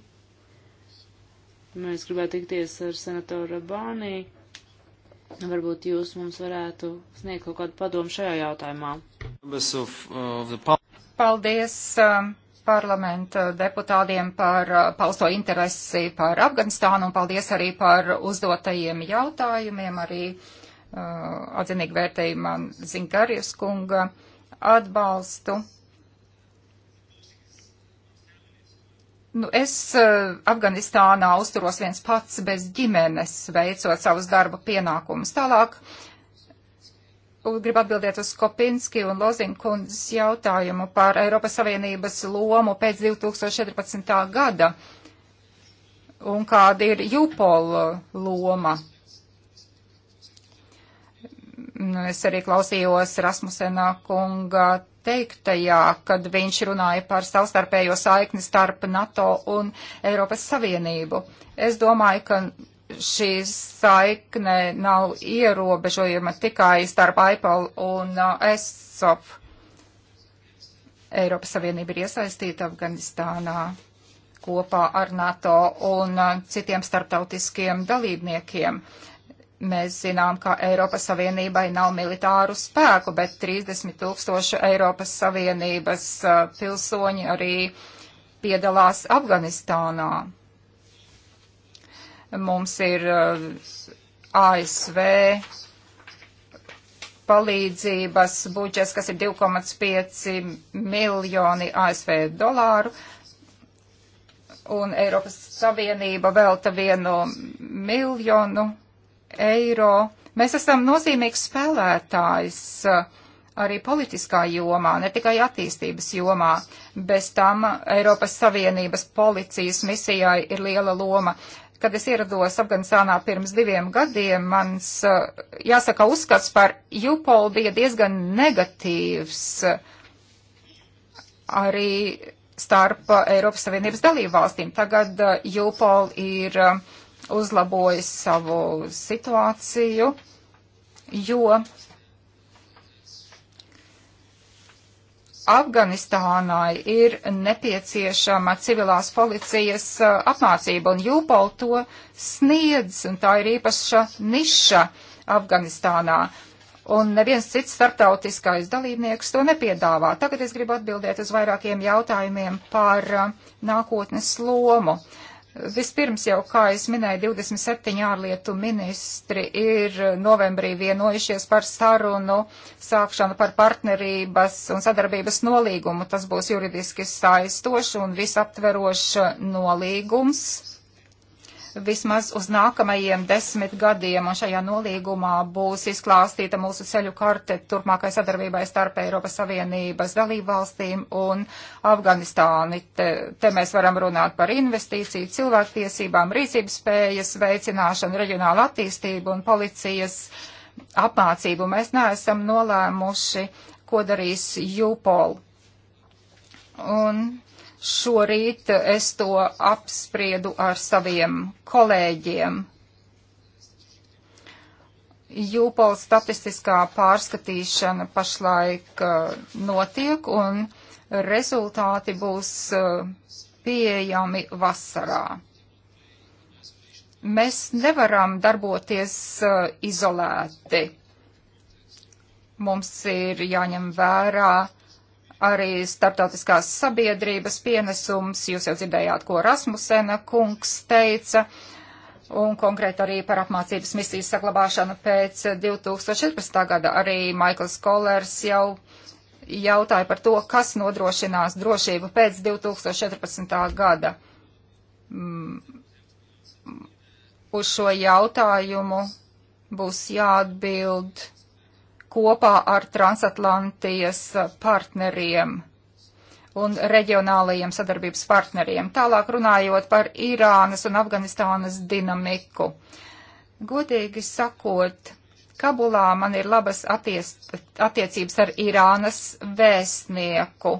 Mēs gribētu tikties ar senatoru Rabānī. Varbūt jūs mums varētu sniegt kaut kādu padomu šajā jautājumā. Paldies um, parlamenta deputātiem par uh, pausto interesi par Afganistānu un paldies arī par uzdotajiem jautājumiem. Arī uh, atzinīgi vērtēju man Zinkarijas kunga atbalstu. Nu, es uh, Afganistānā uzturos viens pats bez ģimenes, veicot savus darba pienākumus. Tālāk Gribu atbildēt uz Kopinski un Lozina kundzes jautājumu par Eiropas Savienības lomu pēc 2014. gada un kāda ir Jupola loma. Nu, es arī klausījos Rasmusenā kunga teiktajā, kad viņš runāja par savstarpējo saikni starp NATO un Eiropas Savienību. Es domāju, ka šī saikne nav ierobežojama tikai starp IPL un uh, ESOP. Eiropas Savienība ir iesaistīta Afganistānā kopā ar NATO un uh, citiem starptautiskiem dalībniekiem. Mēs zinām, ka Eiropas Savienībai nav militāru spēku, bet 30 tūkstoši Eiropas Savienības uh, pilsoņi arī piedalās Afganistānā. Mums ir uh, ASV palīdzības budžets, kas ir 2,5 miljoni ASV dolāru, un Eiropas Savienība velta vienu miljonu eiro. Mēs esam nozīmīgs spēlētājs uh, arī politiskā jomā, ne tikai attīstības jomā. Bez tam Eiropas Savienības policijas misijai ir liela loma. Uh, Kad es ierados Afganistānā pirms diviem gadiem, mans, eh, jāsaka, uzskats par Jupolu bija diezgan negatīvs eh, arī starp eh, Eiropas Savienības dalību valstīm. Tagad Jupol ir uzlabojis savu situāciju, jo Afganistānai ir nepieciešama civilās policijas uh, apmācība, un Jūpol to sniedz, un tā ir īpaša niša Afganistānā. Un neviens cits starptautiskais dalībnieks to nepiedāvā. Tagad es gribu atbildēt uz vairākiem jautājumiem par uh, nākotnes lomu. Uh, Vispirms jau, kā es minēju, 27 ārlietu ministri ir novembrī vienojušies par sarunu sākšanu par partnerības un sadarbības nolīgumu. Tas būs juridiski saistošs un visaptverošs nolīgums vismaz uz nākamajiem desmit gadiem, un šajā nolīgumā būs izklāstīta mūsu ceļu karte turpmākai sadarbībai starp Eiropas Savienības dalībvalstīm un Afganistāni. Te, te mēs varam runāt par investīciju, cilvēktiesībām, rīcības spējas, veicināšanu, reģionālu attīstību un policijas apmācību. Mēs neesam nolēmuši, ko darīs Jūpol. Un Šorīt es to apspriedu ar saviem kolēģiem. Jūpola statistiskā pārskatīšana pašlaik uh, notiek un rezultāti būs uh, pieejami vasarā. Mēs nevaram darboties uh, izolēti. Mums ir jāņem vērā arī starptautiskās sabiedrības pienesums. Jūs jau dzirdējāt, ko Rasmusena kungs teica. Un konkrēti arī par apmācības misijas saglabāšanu pēc 2014. gada arī Maikls Kolers jau jautāja par to, kas nodrošinās drošību pēc 2014. gada. Mm. Uz šo jautājumu būs jāatbild kopā ar transatlantijas partneriem un reģionālajiem sadarbības partneriem. Tālāk runājot par Irānas un Afganistānas dinamiku. Godīgi sakot, Kabulā man ir labas attiec attiecības ar Irānas vēstnieku,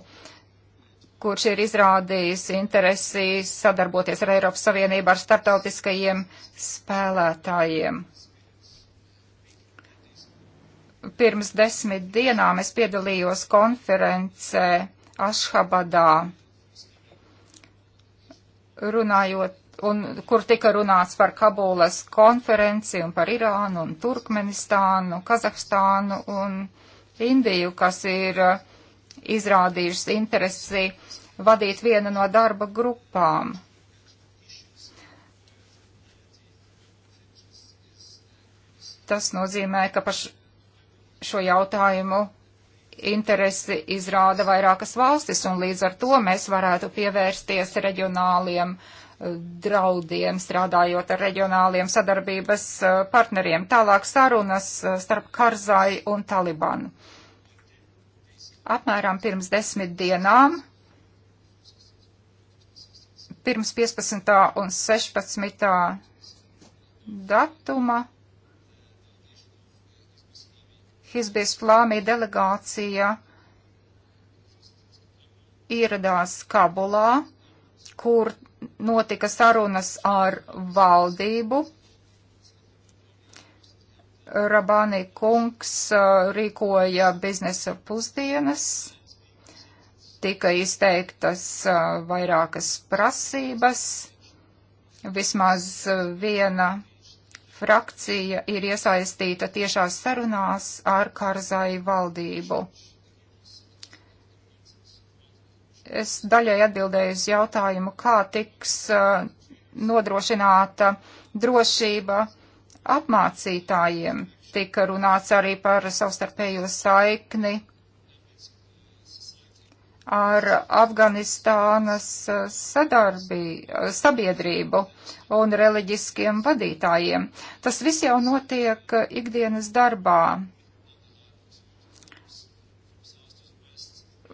kurš ir izrādījis interesi sadarboties ar Eiropas Savienību ar starptautiskajiem spēlētājiem pirms desmit dienām es piedalījos konferencē Ašhabadā, runājot, un, kur tika runāts par Kabulas konferenci un par Irānu un Turkmenistānu, Kazahstānu un Indiju, kas ir uh, izrādījušas interesi vadīt vienu no darba grupām. Tas nozīmē, ka paš, šo jautājumu interesi izrāda vairākas valstis, un līdz ar to mēs varētu pievērsties reģionāliem eh, draudiem, strādājot ar reģionāliem sadarbības eh, partneriem. Tālāk sarunas eh, starp Karzai un Talibanu. Apmēram pirms desmit dienām, pirms 15. un 16. datuma Hizbislāmī delegācija ieradās Kabulā, kur notika sarunas ar valdību. Rabani kungs uh, rīkoja biznesa pusdienas, tika izteiktas uh, vairākas prasības, vismaz viena frakcija ir iesaistīta tiešās sarunās ar Karzai valdību. Es daļai atbildēju uz jautājumu, kā tiks uh, nodrošināta drošība apmācītājiem. Tika runāts arī par savstarpējo saikni ar Afganistānas eh, sadarbī, eh, sabiedrību un reliģiskiem vadītājiem. Tas viss jau notiek eh, ikdienas darbā.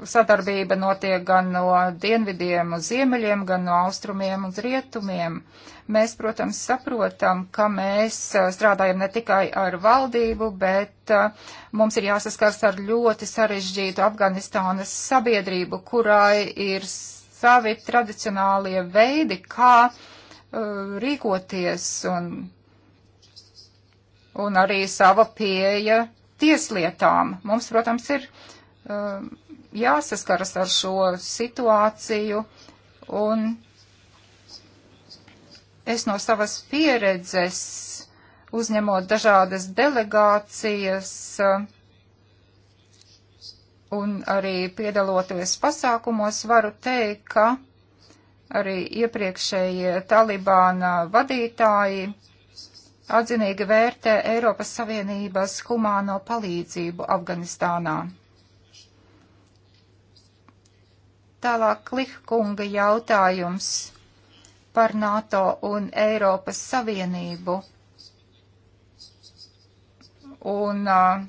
Sadarbība notiek gan no dienvidiem uz ziemeļiem, gan no austrumiem uz rietumiem. Uh, Mēs, protams, saprotam, ka mēs uh, strādājam ne tikai ar valdību, bet uh, mums ir jāsaskars ar ļoti sarežģītu Afganistānas sabiedrību, kurai ir savi tradicionālie veidi, kā uh, rīkoties un, un arī sava pieeja tieslietām. Mums, protams, ir uh, jāsaskaras ar šo situāciju un Es no savas pieredzes, uzņemot dažādas delegācijas eh, un arī piedaloties pasākumos, varu teikt, ka arī iepriekšējie Talibāna vadītāji atzinīgi vērtē Eiropas Savienības humāno palīdzību Afganistānā. Tālāk Lihkunga jautājums par NATO un Eiropas Savienību. Un uh,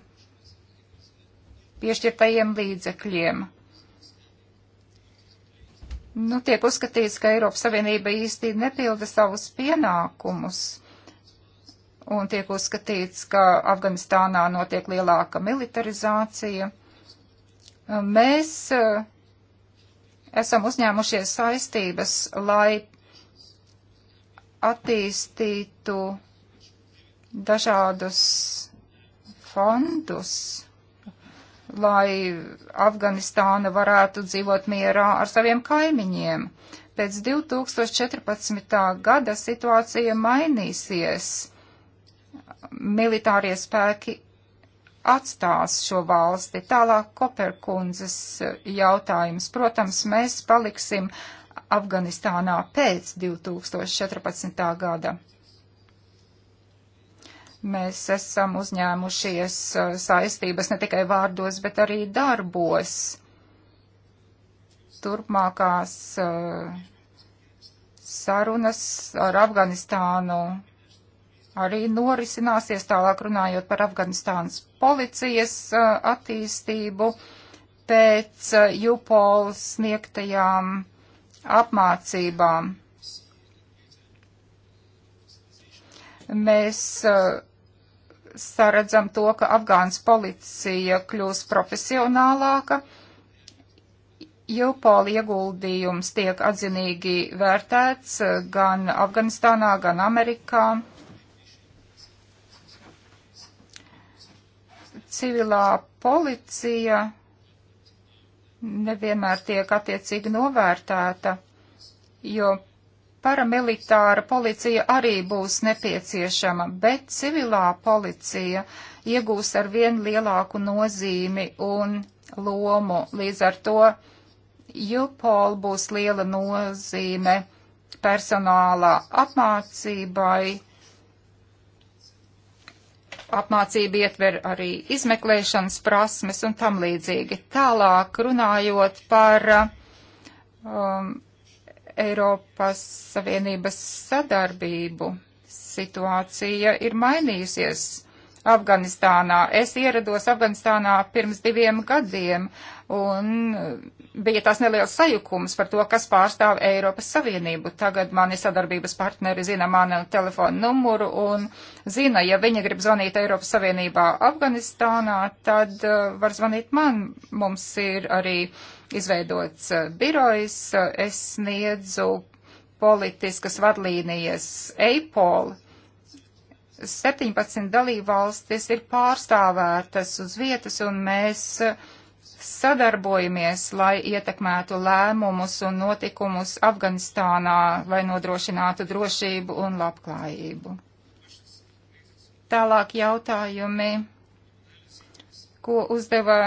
piešķirtajiem līdzekļiem. Nu, tiek uzskatīts, ka Eiropas Savienība īsti nepilda savus pienākumus, un tiek uzskatīts, ka Afganistānā notiek lielāka militarizācija. Mēs uh, esam uzņēmušies saistības, lai attīstītu dažādus fondus, lai Afganistāna varētu dzīvot mierā ar saviem kaimiņiem. Pēc 2014. gada situācija mainīsies. Militārie spēki atstās šo valsti. Tālāk Koperkundzes jautājums. Protams, mēs paliksim Afganistānā pēc 2014. gada. Mēs esam uzņēmušies uh, saistības ne tikai vārdos, bet arī darbos. Turpmākās uh, sarunas ar Afganistānu arī norisināsies tālāk runājot par Afganistānas policijas uh, attīstību pēc Jupols sniegtajām apmācībām. Mēs uh, saredzam to, ka Afgānas policija kļūs profesionālāka. Jūpola ieguldījums tiek atzinīgi vērtēts uh, gan Afganistānā, gan Amerikā. Civilā policija nevienmēr tiek attiecīgi novērtēta, jo paramilitāra policija arī būs nepieciešama, bet civilā policija iegūs ar vien lielāku nozīmi un lomu. Līdz ar to Jupol būs liela nozīme personālā apmācībai apmācība ietver arī izmeklēšanas prasmes un tam līdzīgi. Tālāk runājot par um, Eiropas Savienības sadarbību, situācija ir mainījusies. Afganistānā. Es ierados Afganistānā pirms diviem gadiem Un bija tās neliels sajukums par to, kas pārstāv Eiropas Savienību. Tagad mani sadarbības partneri zina manu telefonu numuru un zina, ja viņi grib zvanīt Eiropas Savienībā Afganistānā, tad uh, var zvanīt man. Mums ir arī izveidots uh, birojs, uh, es sniedzu politiskas vadlīnijas EIPOL. 17 dalībvalstis ir pārstāvētas uz vietas un mēs uh, sadarbojamies, lai ietekmētu lēmumus un notikumus Afganistānā, lai nodrošinātu drošību un labklājību. Tālāk jautājumi, ko uzdeva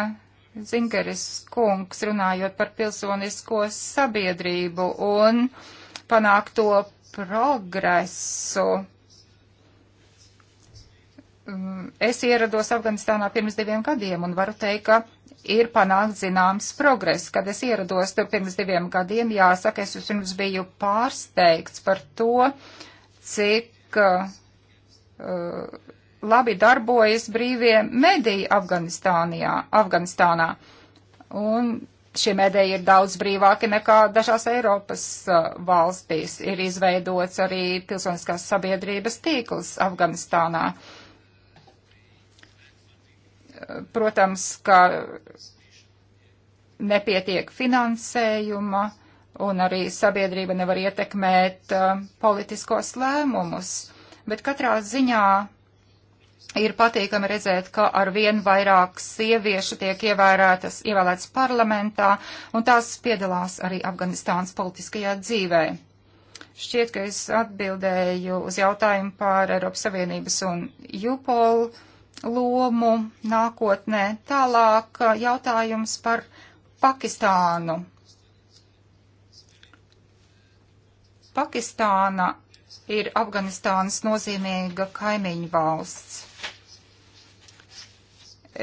Zingeris kungs, runājot par pilsonisko sabiedrību un panākto progresu. Mm, es ierados Afganistānā pirms diviem gadiem un varu teikt, ka ir panākt zināms progress. Kad es ierados tur pirms diviem gadiem, jāsaka, es vispirms biju pārsteigts par to, cik uh, labi darbojas brīvie mediji Afganistānā. Un šie mediji ir daudz brīvāki nekā dažās Eiropas uh, valstīs. Ir izveidots arī pilsoniskās sabiedrības tīkls Afganistānā. Uh, protams, ka nepietiek finansējuma un arī sabiedrība nevar ietekmēt uh, politiskos lēmumus. Bet katrā ziņā ir patīkami redzēt, ka ar vien vairāk sieviešu tiek ievērētas, ievēlētas parlamentā, un tās piedalās arī Afganistānas politiskajā dzīvē. Šķiet, ka es atbildēju uz jautājumu par Eiropas Savienības un Jupolu lomu nākotnē. Tālāk eh, jautājums par Pakistānu. Pakistāna ir Afganistānas nozīmīga kaimiņu valsts.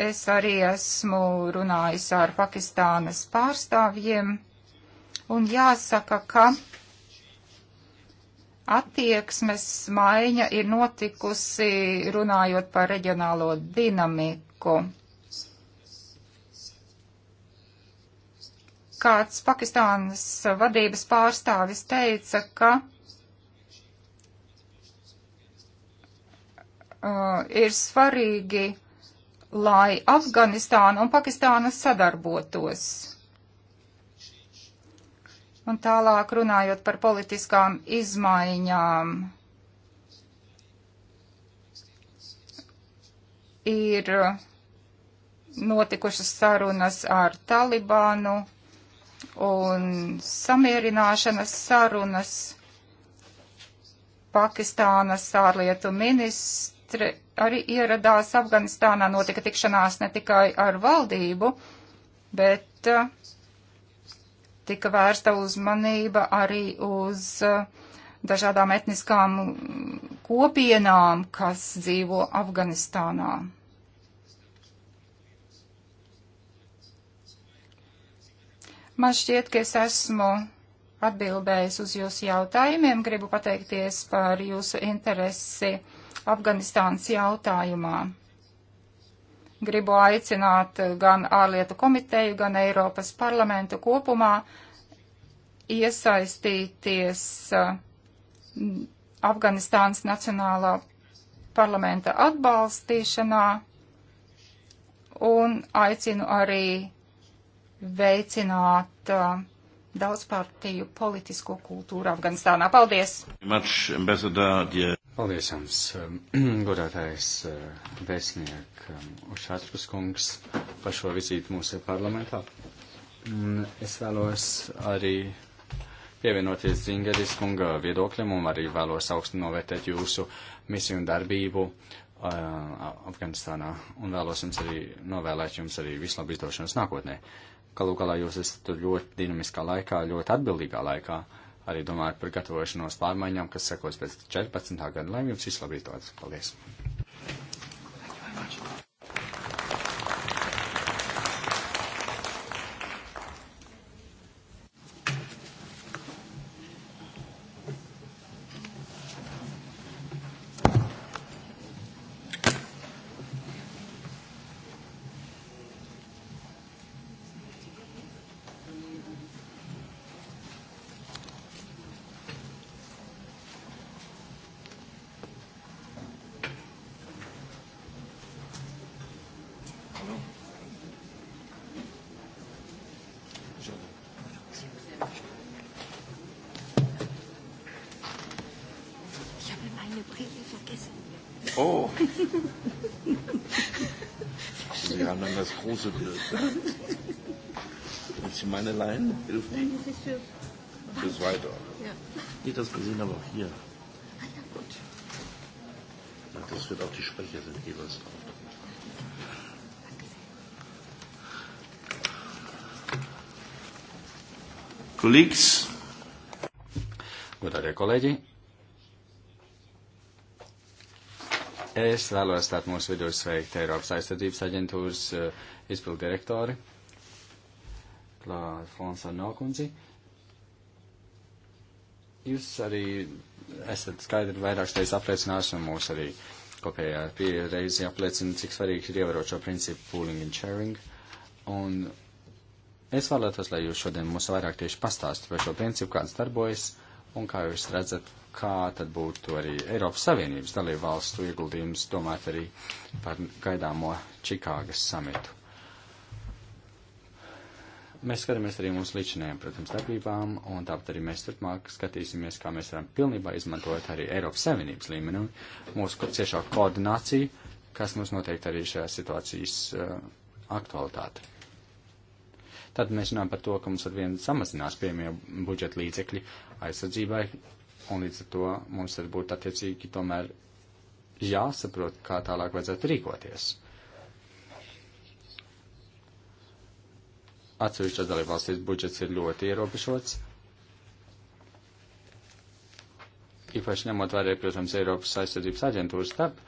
Es arī esmu runājis ar Pakistānas pārstāvjiem, un jāsaka, ka attieksmes maiņa ir notikusi runājot par reģionālo dinamiku. Kāds Pakistānas vadības pārstāvis teica, ka uh, ir svarīgi, lai Afganistāna un Pakistāna sadarbotos. Un tālāk runājot par politiskām izmaiņām, ir notikušas sarunas ar Talibānu un samierināšanas sarunas. Pakistānas ārlietu ministri arī ieradās Afganistānā, notika tikšanās ne tikai ar valdību, bet uh, tika vērsta uzmanība arī uz eh, dažādām etniskām kopienām, kas dzīvo Afganistānā. Man šķiet, ka es esmu atbildējis uz jūsu jautājumiem. Gribu pateikties par jūsu interesi Afganistānas jautājumā. Gribu aicināt gan ārlietu komiteju, gan Eiropas parlamentu kopumā iesaistīties uh, Afganistānas nacionālā parlamenta atbalstīšanā un aicinu arī veicināt uh, daudzpartiju politisko kultūru Afganistānā. Paldies! Much, Paldies jums, um, godātais uh, vēstniek Ušātrus um, kungs, par šo vizīti mūsu parlamentā. Es vēlos arī pievienoties Zingaris kunga viedokļam un arī vēlos augstu novērtēt jūsu misiju un darbību uh, Afganistānā un vēlos jums arī novēlēt jums arī vislabu izdošanos nākotnē. Kalūkalā jūs esat ļoti dinamiskā laikā, ļoti atbildīgā laikā. Uh, arī domājat par gatavošanos pārmaiņām, kas sekos pēc 14. gada, lai jums viss labi dodas. Paldies! Hose blöd. Willst du meine Leinen? Hilft Nein, das ist für... Fürs Weiter. Ja. Nee, das gesehen, aber auch hier. Ah ja, gut. Ja, das wird auch die Sprecher sind jeweils drauf. Kolīgs. Godātie kolēģi, Es vēlos tātad mūsu vidū sveikt Eiropas aizsardzības aģentūras eh, izpildu direktori Fransu Nokundzi. Jūs arī esat skaidri vairākas reizes apliecinājuši un mūsu arī kopējā piereizi apliecina, cik svarīgi ir ievērot šo principu pooling and sharing. Un es vēlētos, lai jūs šodien mums vairāk tieši pastāstītu par šo principu, kāds darbojas un kā jūs redzat kā tad būtu arī Eiropas Savienības dalību valstu ieguldījums domāt arī par gaidāmo Čikāgas samitu. Mēs skatāmies arī mūsu līdzinējiem, protams, darbībām, un tāpat arī mēs turpmāk skatīsimies, kā mēs varam pilnībā izmantot arī Eiropas Savienības līmeni un mūsu ciešā koordināciju, kas mums noteikti arī šajā situācijas uh, aktualitāte. Tad mēs runājam par to, ka mums ar vienu samazinās piemie budžeta līdzekļi aizsardzībai, un līdz ar to mums tad būtu attiecīgi tomēr jāsaprot, kā tālāk vajadzētu rīkoties. Atsevišķās dalībvalstīs budžets ir ļoti ierobežots. Īpaši ņemot vērā, protams, Eiropas aizsardzības aģentūras starp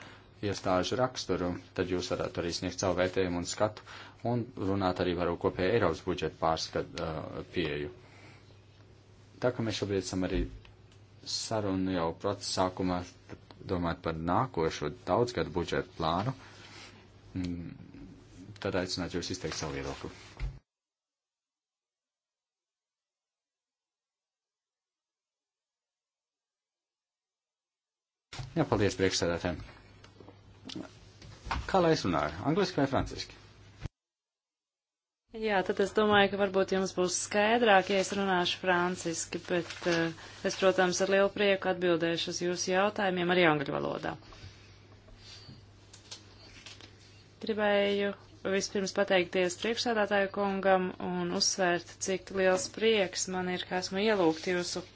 iestāžu raksturu, tad jūs varētu arī sniegt savu vērtējumu un skatu un runāt arī par kopēju Eiropas budžetu pārskatu uh, pieju. Tā kā mēs šobrīd esam arī sarunu jau procesa sākumā domāt par nākošo daudzgadu budžetu plānu, mm, tad aicinātu jūs izteikt savu viedokli. Jā, paldies priekšsēdētājiem. Kā lai es runāju? Angliski vai franciski? Jā, tad es domāju, ka varbūt jums būs skaidrāk, ja es runāšu franciski, bet uh, es, protams, ar lielu prieku atbildēšu uz jūsu jautājumiem arī angļu valodā. Gribēju vispirms pateikties priekšsādātāju kungam un uzsvērt, cik liels prieks man ir, ka esmu ielūgt jūsu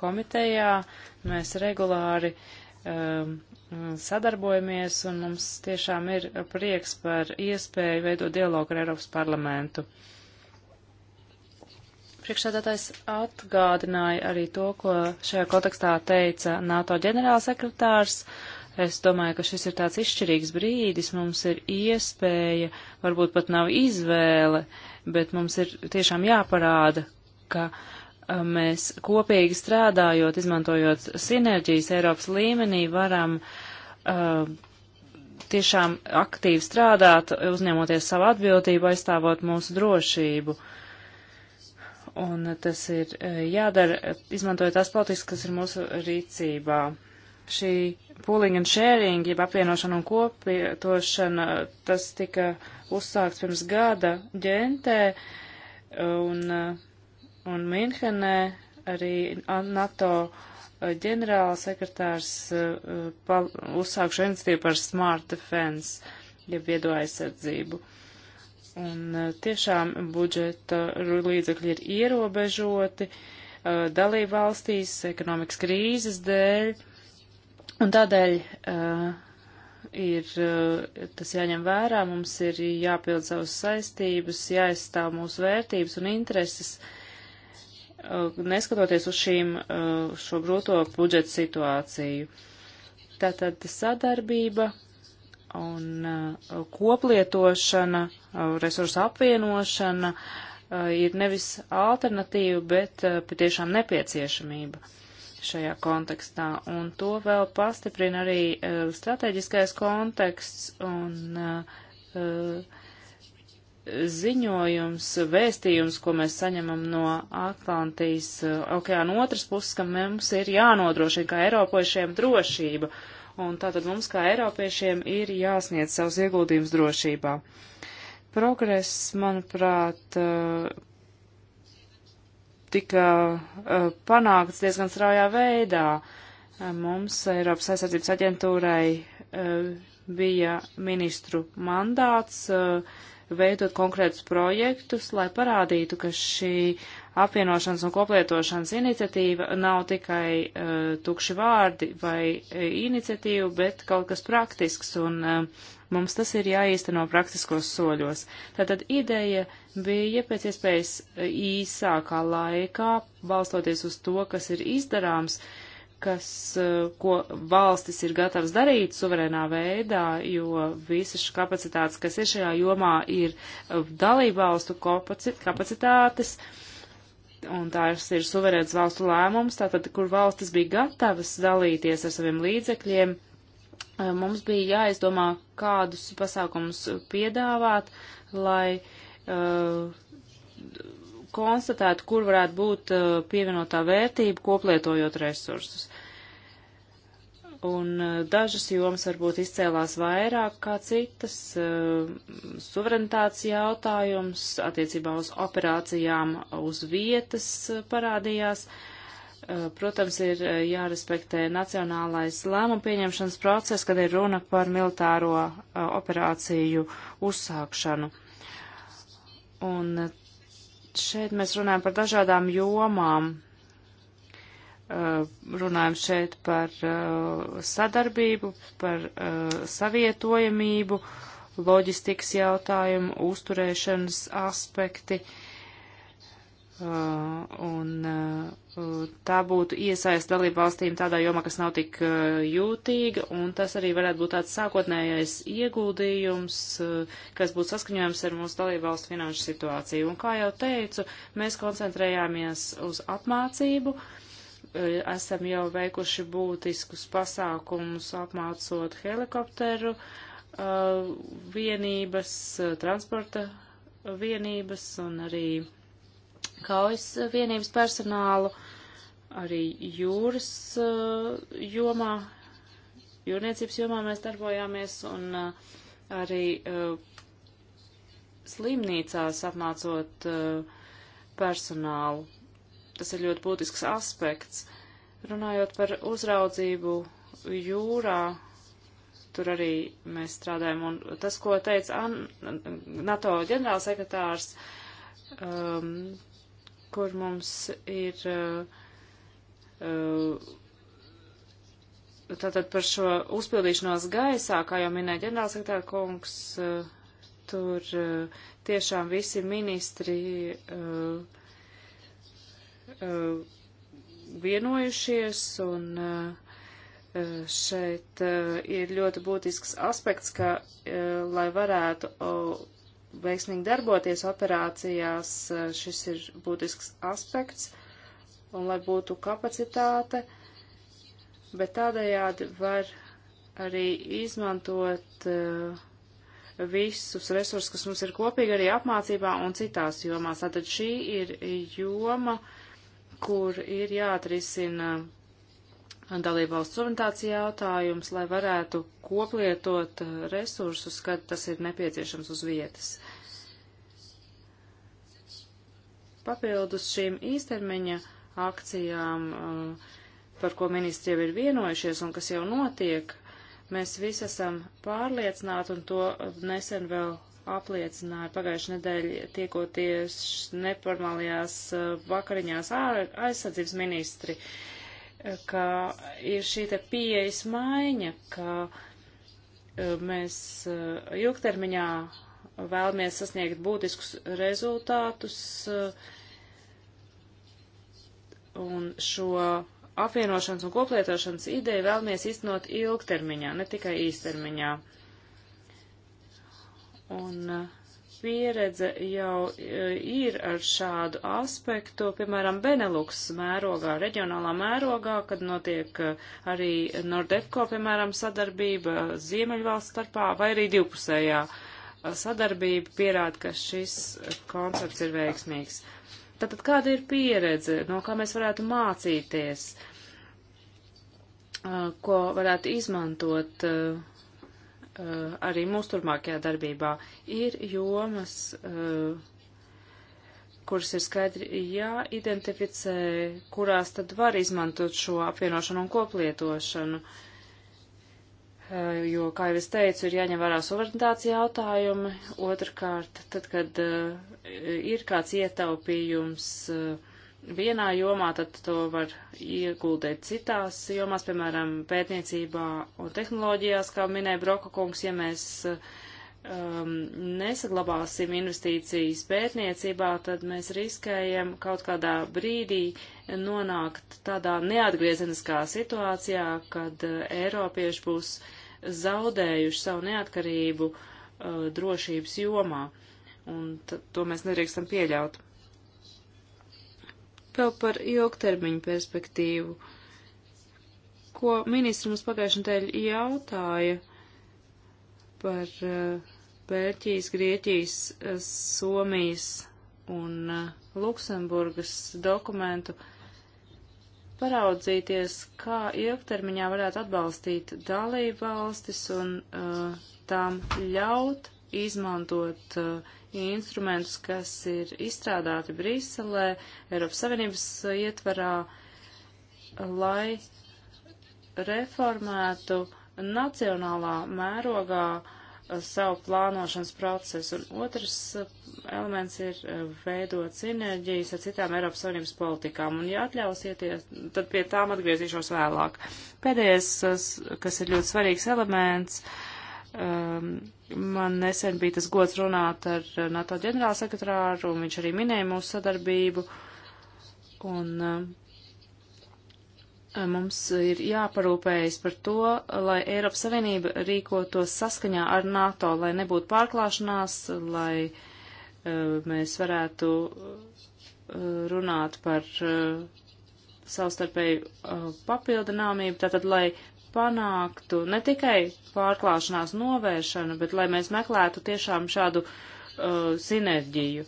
komitejā. Mēs regulāri um, Mm, sadarbojamies, un mums tiešām ir prieks par iespēju veidot dialogu ar Eiropas parlamentu. Priekšsēdētājs atgādināja arī to, ko šajā kontekstā teica NATO ģenerālsekretārs. Es domāju, ka šis ir tāds izšķirīgs brīdis, mums ir iespēja, varbūt pat nav izvēle, bet mums ir tiešām jāparāda, ka mēs kopīgi strādājot, izmantojot sinerģijas Eiropas līmenī, varam uh, uh, tiešām aktīvi strādāt, uzņemoties savu atbildību, aizstāvot mūsu drošību. Un tas ir uh, jādara, izmantojot tās politikas, kas ir mūsu rīcībā. Šī pooling and sharing, jeb apvienošana un kopietošana, tas tika uzsākts pirms gada ģentē un, uh, un Minhenē, arī NATO uh, ģenerāla sekretārs eh, uzsākšu iniciatīvu par Smart Defense, jeb viedo aizsardzību. Un eh, tiešām budžeta līdzekļi ir ierobežoti eh, dalību valstīs ekonomikas krīzes dēļ, un tādēļ ir tas jāņem vērā, mums ir jāpild savas saistības, jāizstāv mūsu vērtības un intereses. Uh, Uh, neskatoties uz šīm, uh, šo grūto budžeta situāciju. Tātad sadarbība un uh, koplietošana, resursu apvienošana ir nevis alternatīva, bet patiešām nepieciešamība šajā kontekstā. Un to vēl pastiprina arī strateģiskais konteksts un uh, ziņojums, vēstījums, ko mēs saņemam no Atlantijas uh, okeāna otras puses, ka mums ir jānodrošina kā Eiropiešiem drošība. Un tātad mums kā Eiropiešiem ir jāsniedz savus ieguldījumus drošībā. Progress, manuprāt, uh, tika uh, panākts diezgan straujā veidā. Mums Eiropas aizsardzības aģentūrai bija ministru mandāts, uh, veidot konkrētus projektus, lai parādītu, ka šī apvienošanas un koplietošanas iniciatīva nav tikai uh, tukši vārdi vai uh, iniciatīva, bet kaut kas praktisks, un uh, mums tas ir jāīsteno praktiskos soļos. Tātad ideja bija pēc iespējas īsākā laikā, balstoties uz to, kas ir izdarāms, uh, kas, eh, ko valstis ir gatavs darīt suverēnā veidā, jo visas šīs kapacitātes, kas ir šajā jomā, ir eh, dalībvalstu kapacitātes, un tās ir suverēnas valstu lēmums, tātad, kur valstis bija gatavas dalīties ar saviem līdzekļiem, eh, mums bija jāizdomā, kādus pasākumus piedāvāt, lai uh, konstatētu, kur varētu būt uh, pievienotā vērtība, koplietojot resursus un e, dažas jomas varbūt izcēlās vairāk kā citas. E, suverenitātes jautājums attiecībā uz operācijām uz vietas e, parādījās. Protams, ir jārespektē nacionālais lēmuma pieņemšanas process, kad ir runa par militāro operāciju uzsākšanu. Un šeit mēs runājam par dažādām jomām Eh, runājam šeit par eh, sadarbību, par eh, savietojamību, loģistikas jautājumu, uzturēšanas aspekti. Un tā būtu iesaist dalību valstīm tādā jomā, kas nav tik jūtīga, un tas arī varētu būt tāds sākotnējais ieguldījums, kas būtu saskaņojams ar mūsu dalību valstu finanšu situāciju. Un kā jau teicu, mēs koncentrējāmies uz apmācību. Uh, E, esam jau veikuši būtiskus pasākumus, apmācot helikopteru uh, vienības, e, transporta vienības un arī kaujas vienības personālu, arī jūras uh, jomā, jūrniecības jomā mēs darbojāmies un uh, arī slimnīcās apmācot personālu Tas ir ļoti būtisks aspekts. Runājot par uzraudzību jūrā, tur arī mēs strādājam. Un tas, ko teica An NATO ģenerālsekretārs, um, kur mums ir uh, uh tātad par šo uzpildīšanos gaisā, kā jau minēja ģenerālsekretāra kungs, uh, tur uh, tiešām visi ministri. Uh, Uh, vienojušies un uh, šeit uh, ir ļoti būtisks aspekts, ka, lai varētu veiksmīgi darboties operācijās, šis ir būtisks aspekts, un lai būtu kapacitāte, bet tādējādi var arī izmantot visus resursus, kas mums ir kopīgi arī apmācībā un citās jomās. Tātad šī ir joma, uh, kur ir jāatrisina dalībvalsts suverenitātes jautājums, lai varētu koplietot uh, resursus, kad tas ir nepieciešams uz vietas. Papildus šīm īstermiņa akcijām, uh, par ko ministri jau ir vienojušies un kas jau notiek, mēs visi esam pārliecināti, un to nesen vēl apliecināja pagājušajā nedēļā tiekoties neformālajās eh, vakariņās aizsardzības ministri, eh, ka ir šī te pieejas maiņa, ka eh, mēs ilgtermiņā vēlamies sasniegt būtiskus rezultātus un šo apvienošanas un koplietošanas ideju vēlamies iznot ilgtermiņā, ne tikai īstermiņā. Un uh, pieredze jau uh, ir ar šādu aspektu, piemēram, Benelux mērogā, reģionālā mērogā, kad notiek uh, arī Nordefko, piemēram, sadarbība Ziemeļvalsts starpā vai arī divpusējā sadarbība pierāda, ka šis koncepts ir veiksmīgs. Tātad kāda ir pieredze, no kā mēs varētu mācīties, ko varētu izmantot uh, Uh, arī mūsu turpmākajā darbībā. Ir jomas, uh, kuras ir skaidri jāidentificē, kurās tad var izmantot šo apvienošanu un koplietošanu. Uh, jo, kā jau es teicu, ir jāņem vērā suverenitātes jautājumi. Otrkārt, tad, kad ir kāds ietaupījums, uh, vienā jomā, tad to var ieguldīt citās jomās, piemēram, pētniecībā un tehnoloģijās, kā minēja Broka kungs, ja mēs um, nesaglabāsim investīcijas pētniecībā, tad mēs riskējam kaut kādā brīdī nonākt tādā neatgriezeniskā situācijā, kad uh, Eiropieši būs zaudējuši savu neatkarību uh, drošības jomā. Un to mēs nedrīkstam pieļaut. Vēl par ilgtermiņu perspektīvu, ko ministri mums pagājušajā nedēļā jautāja par eh, Bēļķijas, Grieķijas, eh, Somijas un eh, Luksemburgas dokumentu paraudzīties, kā ilgtermiņā varētu atbalstīt dalību valstis un uh, tām ļaut izmantot uh, instrumentus, kas ir izstrādāti Briselē, Eiropas Savienības uh, ietvarā, lai reformētu nacionālā mērogā uh, savu plānošanas procesu. Un otrs uh, elements ir veidot sinerģijas ar citām Eiropas Savienības politikām. Un, ja atļausieties, tad pie tām atgriezīšos vēlāk. Pēdējais, kas ir ļoti svarīgs elements, uh, Um, man nesen bija tas gods runāt ar NATO ģenerālsekretāru, un viņš arī minēja mūsu sadarbību. Un, um, Mums ir jāparūpējas par to, lai Eiropas Savienība rīkotos saskaņā ar NATO, lai nebūtu pārklāšanās, lai uh, mēs varētu uh, runāt par uh, savstarpēju uh, papildināmību, tātad, lai panāktu ne tikai pārklāšanās novēršanu, bet lai mēs meklētu tiešām šādu uh, sinerģiju.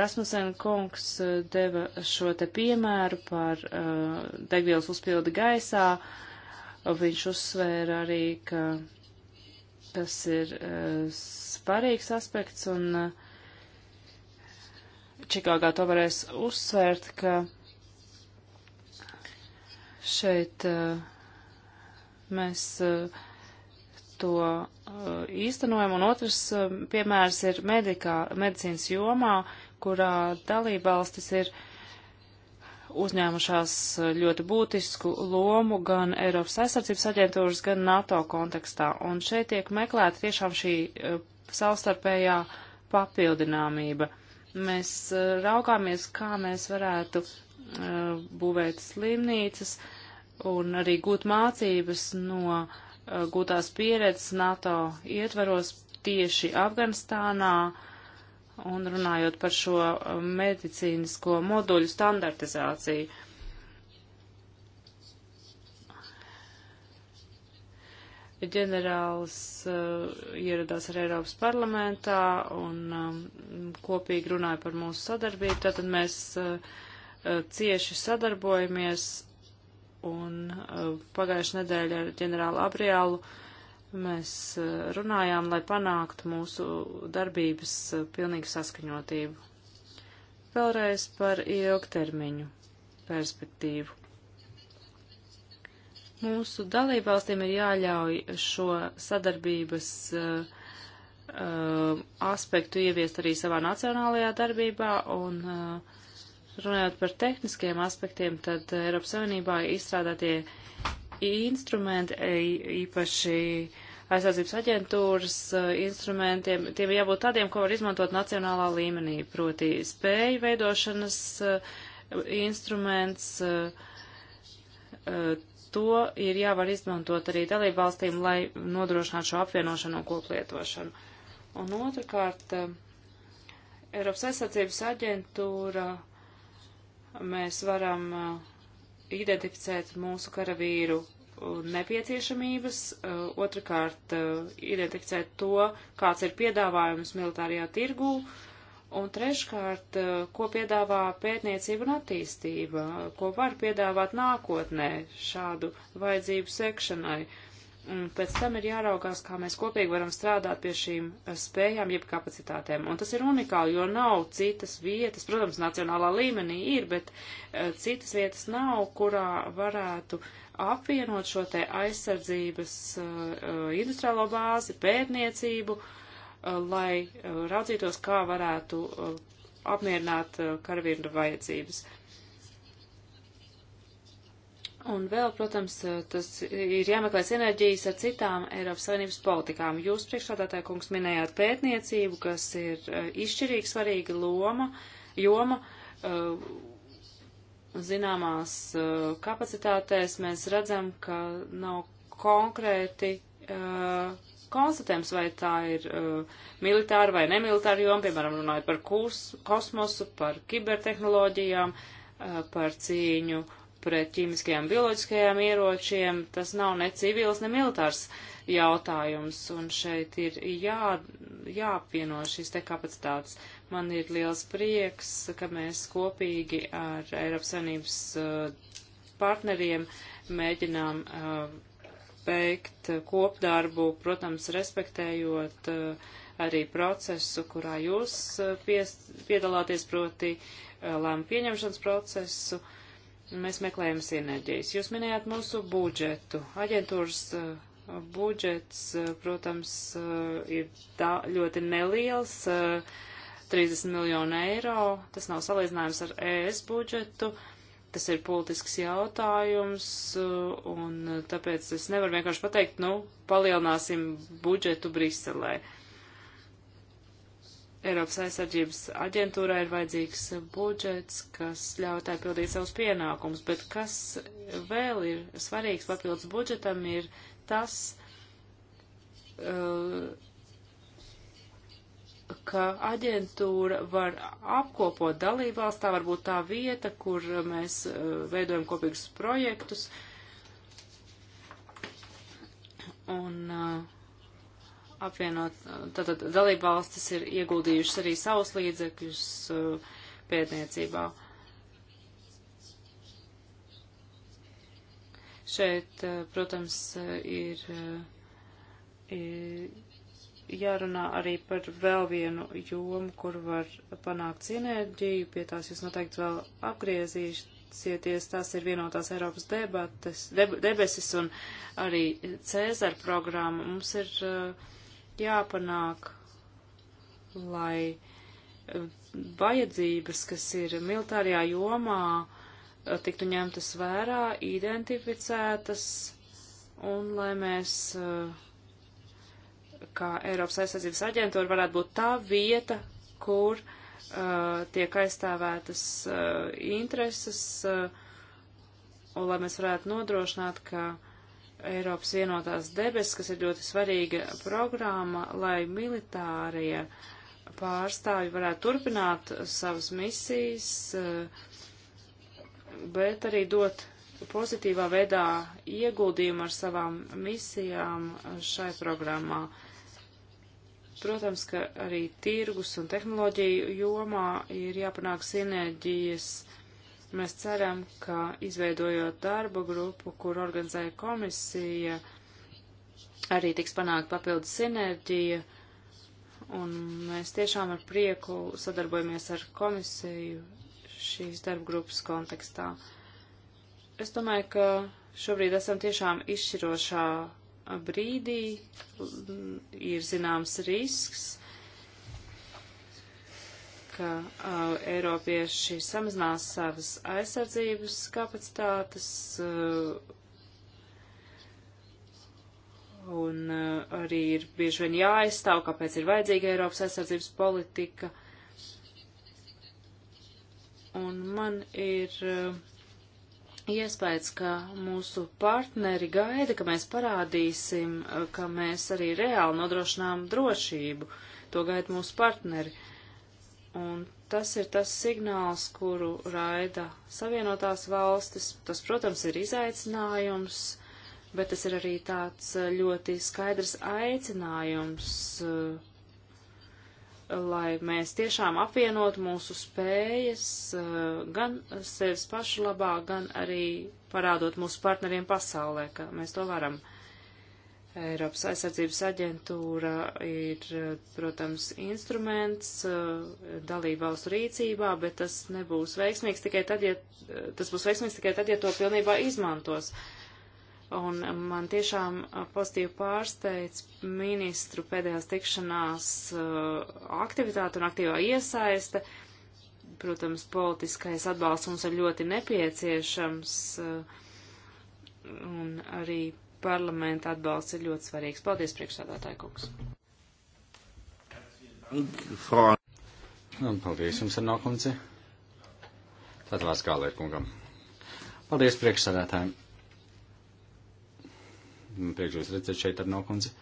Rasmussen kungs uh, deva šo te piemēru par uh, degvielas uzpildi gaisā. Viņš uzsvēra arī, ka tas ir uh, svarīgs aspekts un uh, Čikāgā to varēs uzsvērt, ka šeit uh, mēs eh, to eh, īstenojam. Un otrs eh, piemērs ir medikā, medicīnas jomā, kurā dalībvalstis ir uzņēmušās ļoti būtisku lomu gan Eiropas aizsardzības aģentūras, gan NATO kontekstā. Un šeit tiek meklēta tiešām šī savstarpējā papildināmība. Mēs raugāmies, kā mēs varētu būvēt slimnīcas, uh, un arī gūt mācības no uh, gūtās pieredzes NATO ietvaros tieši Afganistānā un runājot par šo uh, medicīnisko moduļu standartizāciju. ģenerālis uh, ieradās ar Eiropas parlamentā un um, kopīgi runāja par mūsu sadarbību. Tātad mēs uh, uh cieši sadarbojamies un uh, pagājušajā nedēļā ar ģenerālu Abriālu mēs uh, runājām, lai panāktu mūsu darbības uh, pilnīgu saskaņotību. Vēlreiz par ilgtermiņu perspektīvu. Mūsu dalībvalstīm ir jāļauj šo sadarbības uh, aspektu ieviest arī savā nacionālajā darbībā, un uh, Runājot par tehniskiem aspektiem, tad eh, Eiropas Savienībā izstrādātie instrumenti, eh, īpaši aizsardzības aģentūras eh, instrumentiem, tiem jābūt tādiem, ko var izmantot nacionālā līmenī, proti spēju veidošanas instruments, to ir jāvar izmantot arī dalību valstīm, lai nodrošinātu šo apvienošanu un koplietošanu. Un otrkārt, Eiropas aizsardzības aģentūra mēs varam uh, identificēt mūsu karavīru uh, nepieciešamības, uh, otrkārt identificēt to, kāds ir piedāvājums militārajā tirgū, un treškārt, ko piedāvā pētniecība un attīstība, ko var piedāvāt nākotnē šādu vajadzību sekšanai. Uh, pēc tam ir jāraugās, kā mēs kopīgi varam strādāt pie šīm eh, spējām, jeb kapacitātēm. Un tas ir unikāli, jo nav citas vietas, protams, nacionālā līmenī ir, bet eh, citas vietas nav, kurā varētu apvienot šo te aizsardzības eh, industriālo bāzi, pētniecību, lai raudzītos, kā varētu apmierināt karavīru vajadzības un vēl, protams, tas ir jāmeklē sinerģijas ar citām Eiropas Savienības politikām. Jūs priekšstādātāja kungs minējāt pētniecību, kas ir eh, izšķirīgi svarīga loma, joma. Eh, zināmās eh, kapacitātēs mēs redzam, ka nav konkrēti konstatējums, vai tā ir uh, militāra vai nemilitāra joma, piemēram, runājot par kurs, kosmosu, par kibertehnoloģijām, uh, par cīņu pret ķīmiskajiem bioloģiskajiem ieročiem, tas nav ne civils, ne militārs jautājums, un šeit ir jā, jāapvieno šīs te kapacitātes. Man ir liels prieks, ka mēs kopīgi ar Eiropas Savienības uh, partneriem mēģinām veikt uh, kopdarbu, protams, respektējot uh, arī procesu, kurā jūs piedalāties, proti lēmu pieņemšanas procesu. Uh, mēs meklējam sinerģijas. Jūs minējāt mūsu budžetu. Aģentūras uh, budžets, uh, protams, uh, ir tā, ļoti neliels, 30 miljonu eiro. Tas nav salīdzinājums ar ES budžetu. Tas ir politisks jautājums, un tāpēc es nevaru vienkārši pateikt, nu, palielināsim budžetu Briselē. Uh, Eiropas aizsardzības aģentūrā ir vajadzīgs budžets, kas ļauj tai pildīt savus pienākumus, bet kas vēl ir svarīgs papildus budžetam ir tas, uh, ka aģentūra var apkopot dalībvalsts, tā varbūt tā vieta, kur mēs uh, veidojam kopīgus projektus. Un uh, apvienot, eh, tātad dalība valstis ir ieguldījušas arī savus līdzekļus eh, pētniecībā. Šeit, eh, protams, ir, ir jārunā arī par vēl vienu jomu, kur var panākt sinerģiju, pie tās jūs noteikti vēl apgriezīšu, klausieties, tās ir vienotās Eiropas debates, deb, debesis un arī Cēzara programma. Mums ir uh, jāpanāk, lai eh, vajadzības, kas ir militārajā jomā, eh, tiktu ņemtas vērā, identificētas, un lai mēs, eh, kā Eiropas aizsardzības aģentūra, varētu būt tā vieta, kur uh, tiek aizstāvētas uh, intereses, uh, un lai mēs varētu nodrošināt, ka uh, Eiropas vienotās debes, kas ir ļoti svarīga programma, lai militārie pārstāvi varētu turpināt savas misijas, eh, bet arī dot pozitīvā veidā ieguldījumu ar savām misijām eh, šai programmā. Protams, ka arī tirgus un tehnoloģiju jomā ir jāpanāk sinerģijas Mēs ceram, ka izveidojot darba grupu, kur organizēja komisija, arī tiks panākt papildus sinerģija, un mēs tiešām ar prieku sadarbojamies ar komisiju šīs darba grupas kontekstā. Es domāju, ka šobrīd esam tiešām izšķirošā brīdī, ir zināms risks, ka uh, Eiropieši samazinās savas aizsardzības kapacitātes uh, un uh, arī ir bieži vien jāaizstāv, kāpēc ir vajadzīga Eiropas aizsardzības politika. Un man ir uh, iespējas, ka mūsu partneri gaida, ka mēs parādīsim, ka mēs arī reāli nodrošinām drošību. To gaida mūsu partneri. Uh, Un tas ir tas signāls, kuru raida Savienotās valstis. Tas, protams, ir izaicinājums, bet tas ir arī tāds eh, ļoti skaidrs aicinājums, eh, lai mēs tiešām apvienot mūsu spējas eh, gan sevis pašu labā, gan arī parādot mūsu partneriem pasaulē, ka mēs to varam. Eiropas aizsardzības aģentūra ir, protams, instruments eh, dalību valstu rīcībā, bet tas nebūs veiksmīgs tikai tad, ja eh, tas būs veiksmīgs tikai tad, ja to pilnībā izmantos. Un man tiešām eh, pozitīvi pārsteidz ministru pēdējās tikšanās aktivitāte un aktīvā iesaiste. Protams, politiskais atbalsts mums ir ļoti nepieciešams un arī parlamenta atbalsts ir ļoti svarīgs. Paldies, priekšsādātāji kungs. Paldies jums, Arnokundze. Tad vārds Gālēt kungam. Paldies priekšsādātājiem. Priekš jūs redzat šeit Arnokundze.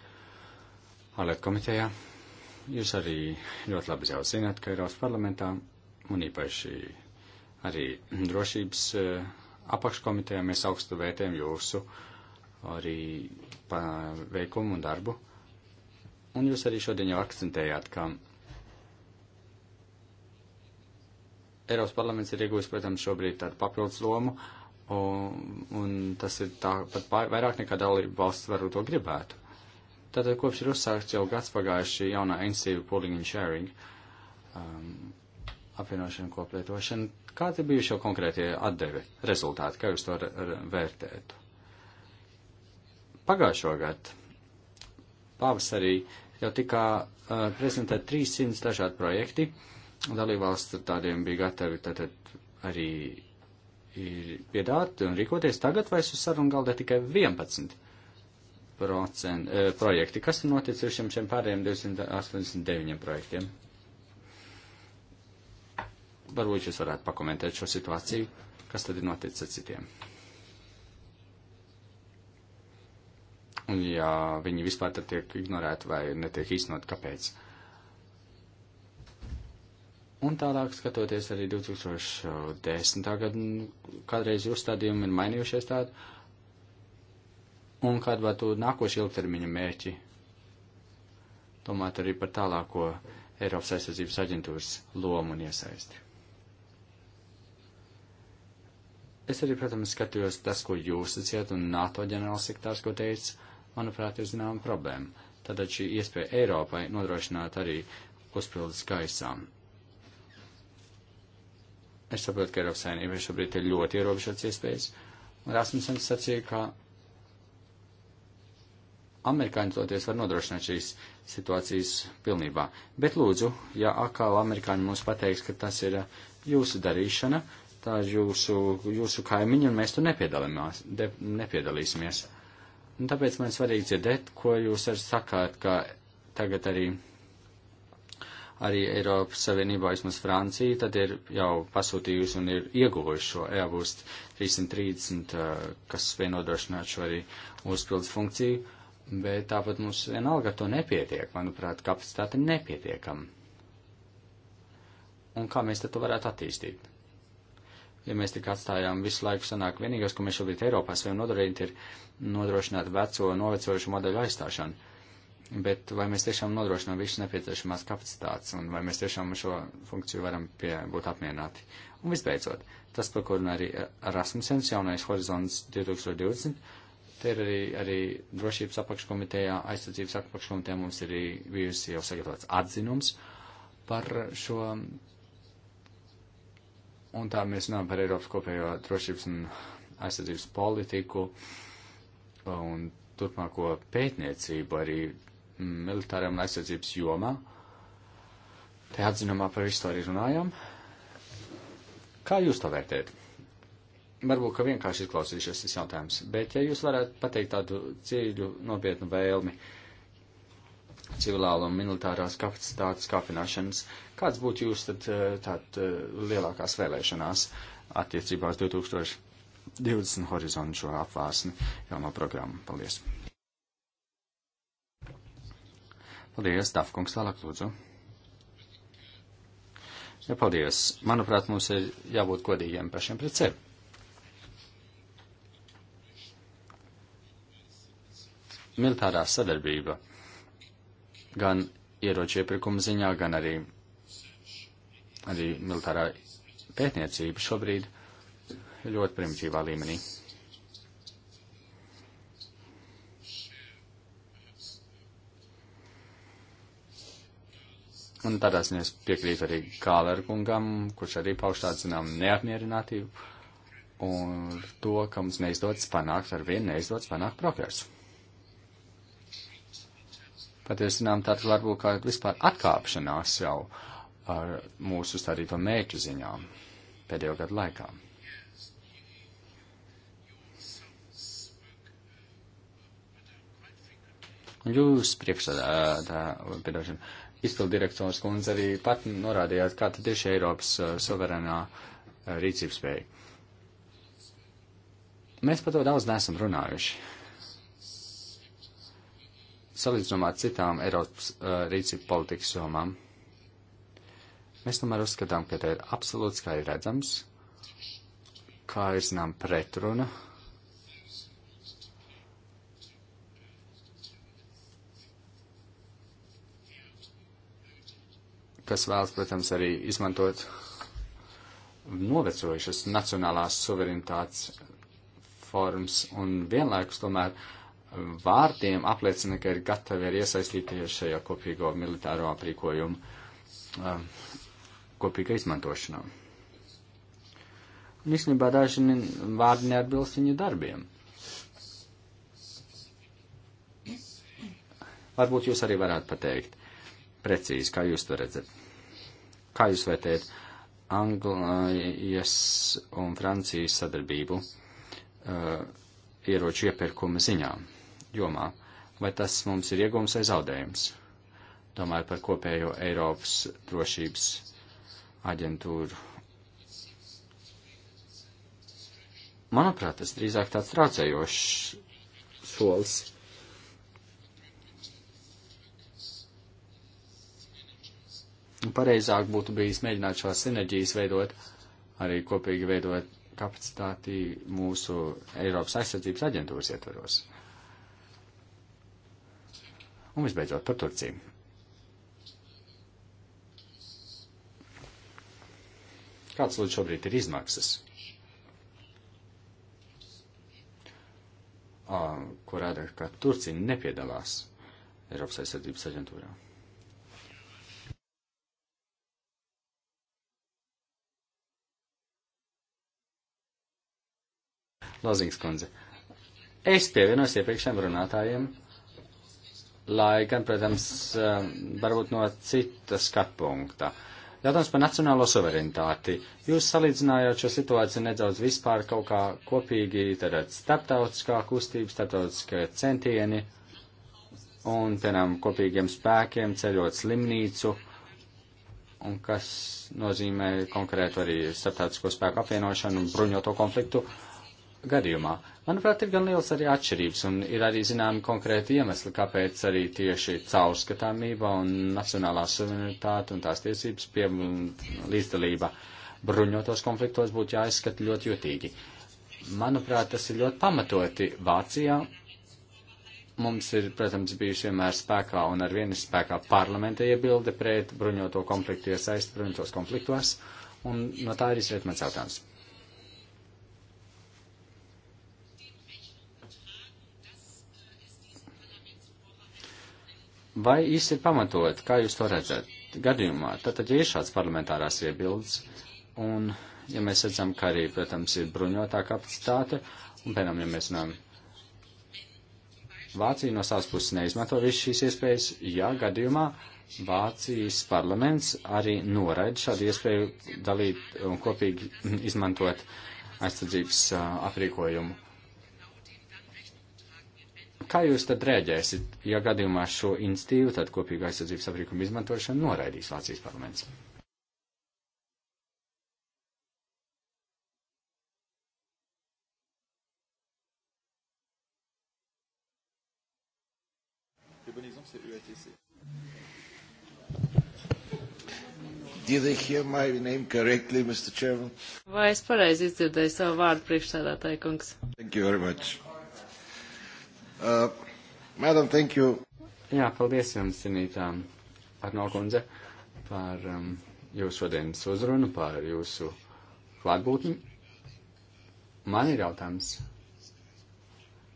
Ārlietu komitejā. Jūs arī ļoti labi jau zināt, ka Eiropas parlamentā un īpaši arī drošības eh, apakškomitejā mēs augstu vērtējam jūsu uh, arī par veikumu un darbu. Un jūs arī šodien jau akcentējāt, ka Eiropas parlaments ir iegūst, protams, šobrīd tādu papildus lomu, un, un tas ir tāpat vairāk nekā dalība valsts varbūt to gribētu. Tātad kopš ir uzsākts jau gads pagājuši jaunā iniciatīva pooling and sharing, um, apvienošana koplietošana, kādi bijuši jau konkrētie atdevi rezultāti, kā jūs to vērtētu? Pagājušo gadu pavasarī jau tikā uh, prezentēt 300 dažādi projekti. Dalībvalsts tādiem bija gatavi tātad arī piedāt un rīkoties. Tagad vairs uz sarunu galda tikai 11 procent, uh, projekti. Kas ir noticis ar šiem, šiem pārējiem 289 projektiem? Varbūt jūs varētu pakomentēt šo situāciju, kas tad ir noticis ar citiem. un ja viņi vispār tad tiek ignorēti vai netiek īstenot, kāpēc. Un tālāk, skatoties arī 2010. gadu, kādreiz uzstādījumi ir mainījušies tādu, un kāda būtu nākošie ilgtermiņa mērķi, domāt arī par tālāko Eiropas aizsardzības aģentūras lomu un iesaisti. Es arī, protams, skatījos tas, ko jūs teicāt, un NATO ģenerālsektārs, ko teica, manuprāt, ir zināma problēma. Tātad šī iespēja Eiropai nodrošināt arī uzpildes gaisām. Es saprotu, ka Eiropas saimnībai šobrīd ir ļoti ierobežotas iespējas. Rasmussens sacīja, ka amerikāņi toties var nodrošināt šīs situācijas pilnībā. Bet lūdzu, ja atkal amerikāņi mums pateiks, ka tas ir jūsu darīšana, tā ir jūsu, jūsu kaimiņa un mēs tur nepiedalīsimies, Un tāpēc man svarīgi dzirdēt, ko jūs ar sakāt, ka tagad arī, arī Eiropas Savienībā, vismaz Francija, tad ir jau pasūtījusi un ir ieguvuši šo e-būst 330, kas vien nodrošinātu šo arī uzpildus funkciju, bet tāpat mums vienalga to nepietiek, manuprāt, kapacitāte nepietiekama. Un kā mēs tad to varētu attīstīt? ja mēs tik atstājām visu laiku sanāk vienīgais, ko mēs šobrīd Eiropā spējam nodarīt, ir nodrošināt veco, novecojušu modeļu aizstāšanu. Bet vai mēs tiešām nodrošinām visas nepieciešamās kapacitātes, un vai mēs tiešām šo funkciju varam pie, būt apmierināti? Un visbeidzot, tas, par ko runā arī Rasmusens, jaunais horizons 2020, te ir arī, arī drošības apakškomitejā, aizsardzības apakškomitejā mums ir bijusi jau sagatavots atzinums par šo Un tā mēs runājam par Eiropas kopējo drošības un aizsardzības politiku un turpmāko pētniecību arī mm, militāram un aizsardzības jomā. Te atzinumā par visu to arī runājam. Kā jūs to vērtējat? Varbūt, ka vienkārši izklausīšos šis jautājums, bet ja jūs varētu pateikt tādu dziļu, nopietnu vēlmi, uh, civilā un militārās kapacitātes kāpināšanas. Kāds būtu jūs tad eh, tād eh, lielākās vēlēšanās attiecībās 2020 horizontu šo apvārsni jauno programmu? Paldies! Paldies, Dafkungs, tālāk lūdzu. Ja, paldies. Manuprāt, mums ir jābūt godīgiem pašiem pret sevi. Militārā sadarbība gan ieroču iepirkuma ziņā, gan arī, arī militārā pētniecība šobrīd ļoti primitīvā līmenī. Un tādā ziņā es piekrītu arī Kāleru kungam, kurš arī pauž tādu, zinām, neapmierinātību un to, ka mums neizdodas panākt, ar vienu neizdodas panākt progresu pat ir zinām tāda varbūt kā vispār atkāpšanās jau ar mūsu stādīto mērķu ziņā pēdējo gadu laikā. Un jūs priekšsēdētājiem, izpildu direktors kundze arī pat norādījāt, kā tad ir šī Eiropas uh, suverenā uh, rīcības spēja. Mēs par to daudz nesam runājuši salīdzinām ar citām Eiropas uh, rīcību politikas jomām. Mēs tomēr uzskatām, ka te ir absolūts kā ir redzams, kā ir zinām pretruna. kas vēlas, protams, arī izmantot novecojušas nacionālās suverenitātes formas un vienlaikus tomēr uh, vārdiem apliecina, ka ir gatavi arī iesaistīties šajā kopīgo militāro aprīkojumu um, kopīga izmantošanā. Un īstenībā daži vārdi neatbilst viņu darbiem. Varbūt jūs arī varētu pateikt precīzi, kā jūs to redzat. Kā jūs vērtējat Anglijas un Francijas sadarbību uh, ieroču iepirkuma ziņām? jomā. Vai tas mums ir iegums vai zaudējums? Domāju par kopējo Eiropas drošības aģentūru. Manuprāt, tas drīzāk tāds traucējošs solis. Pareizāk būtu bijis mēģināt šās sinerģijas veidot, arī kopīgi veidot kapacitāti mūsu Eiropas aizsardzības aģentūras ietvaros. Un visbeidzot par Turciju. Kāds lūdzu šobrīd ir izmaksas, ko rāda, ka Turcija nepiedalās Eiropas aizsardzības aģentūrā? Lozīgs kundze. Es pievienojos iepriekšējiem runātājiem lai gan, protams, eh, varbūt no cita skatpunkta. Jautājums par nacionālo suverenitāti. Jūs salīdzinājāt šo situāciju nedaudz vispār kaut kā kopīgi, tad starptautiskā kustība, starptautiskie centieni un, piemēram, kopīgiem spēkiem ceļot slimnīcu, un kas nozīmē konkrētu arī starptautisko spēku apvienošanu un bruņoto konfliktu gadījumā. Manuprāt, ir gan liels arī atšķirības un ir arī zināmi konkrēti iemesli, kāpēc arī tieši caurskatāmība un nacionālā suverenitāte un tās tiesības pie līdzdalība bruņotos konfliktos būtu jāizskata ļoti jutīgi. Manuprāt, tas ir ļoti pamatoti Vācijā. Mums ir, protams, bijuši vienmēr spēkā un ar vienu spēkā parlamenta iebilde pret bruņoto konfliktu iesaisti bruņotos konfliktos, un no tā ir izriet mans jautājums. Vai īsti ir pamatot, kā jūs to redzat? Gadījumā, tātad, ja ir šāds parlamentārās iebildes, un ja mēs redzam, ka arī, protams, ir bruņotā kapacitāte, un, piemēram, ja mēs runājam, Vācija no savas puses neizmanto visu šīs iespējas, ja gadījumā Vācijas parlaments arī noraida šādu iespēju dalīt un kopīgi izmantot aizsardzības aprīkojumu. Kā jūs tad rēģēsiet, ja gadījumā šo institīvu, tad kopīgu aizsardzības aprīkumu izmantošanu noraidīs Vācijas parlaments? Vai es pareizi izdzirdēju savu vārdu priekšsēdētāju kungs? Thank you very much. Uh, madam, thank you. Jā, paldies jums, cienītām Arnolkundze, par um, jūsu šodienas uzrunu, par jūsu klātbūtni. Man ir jautājums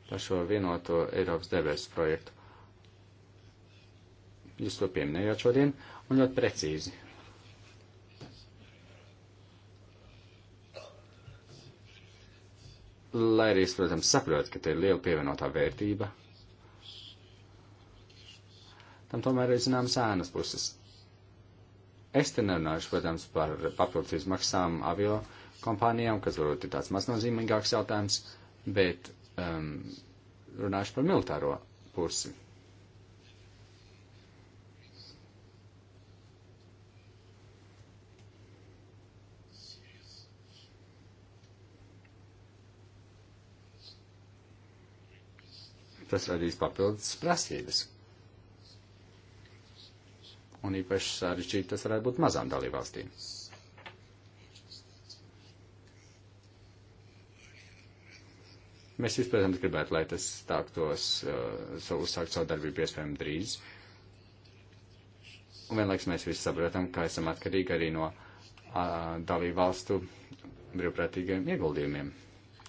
par šo vienoto Eiropas debesu projektu. Jūs to pieminējāt šodien un ļoti precīzi lai arī es, protams, saprotu, ka te ir liela pievienotā vērtība, tam tomēr ir zināmas ēnas puses. Es te nerunāšu, protams, par papildus izmaksām avio kompānijām, kas varbūt ir tāds maznozīmīgāks jautājums, bet um, runāšu par militāro pusi. tas radīs papildus prasības. Un īpaši sarežģīti tas varētu būt mazām dalībvalstīm. Mēs vispār gribētu, lai tas stāktos, uh, savu uzsākt savu darbību iespējami drīz. Un vienlaiks mēs visi saprotam, ka esam atkarīgi arī no uh, dalību valstu brīvprātīgiem ieguldījumiem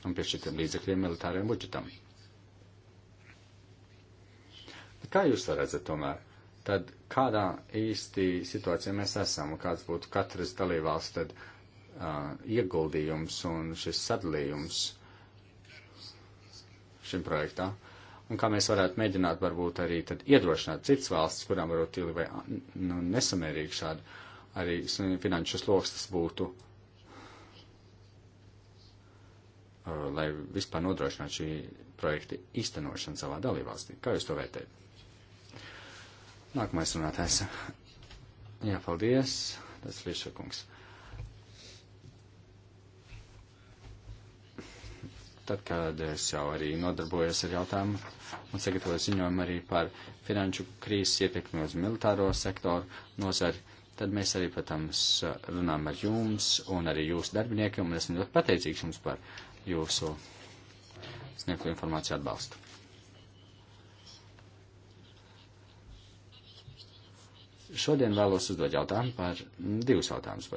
un piešķirtiem līdzekļiem militāriem budžetam. kā jūs to redzat tomēr? Tad kādā īsti situācijā mēs esam un kāds būtu katras dalībvalsts tad uh, ieguldījums un šis sadalījums šim projektā? Un kā mēs varētu mēģināt varbūt arī tad iedrošināt citas valsts, kurām varbūt ir vai nu, nesamērīgi šādi arī finanšu slokstas būtu lai vispār nodrošinātu šī projekta īstenošanu savā dalībvalstī. Kā jūs to vērtējat? Nākamais runātājs. Jā, paldies. Tas ir Liešakungs. Tad, kad es jau arī nodarbojos ar jautājumu un sagatavoju ziņojumu arī par finanšu krīzes ietekmi uz militāro sektoru nozari, tad mēs arī, protams, runājam ar jums un arī jūsu darbiniekiem, un esmu ļoti pateicīgs jums par jūsu sniegto informāciju atbalstu. Šodien vēlos uzdot jautājumu par divus jautājumus.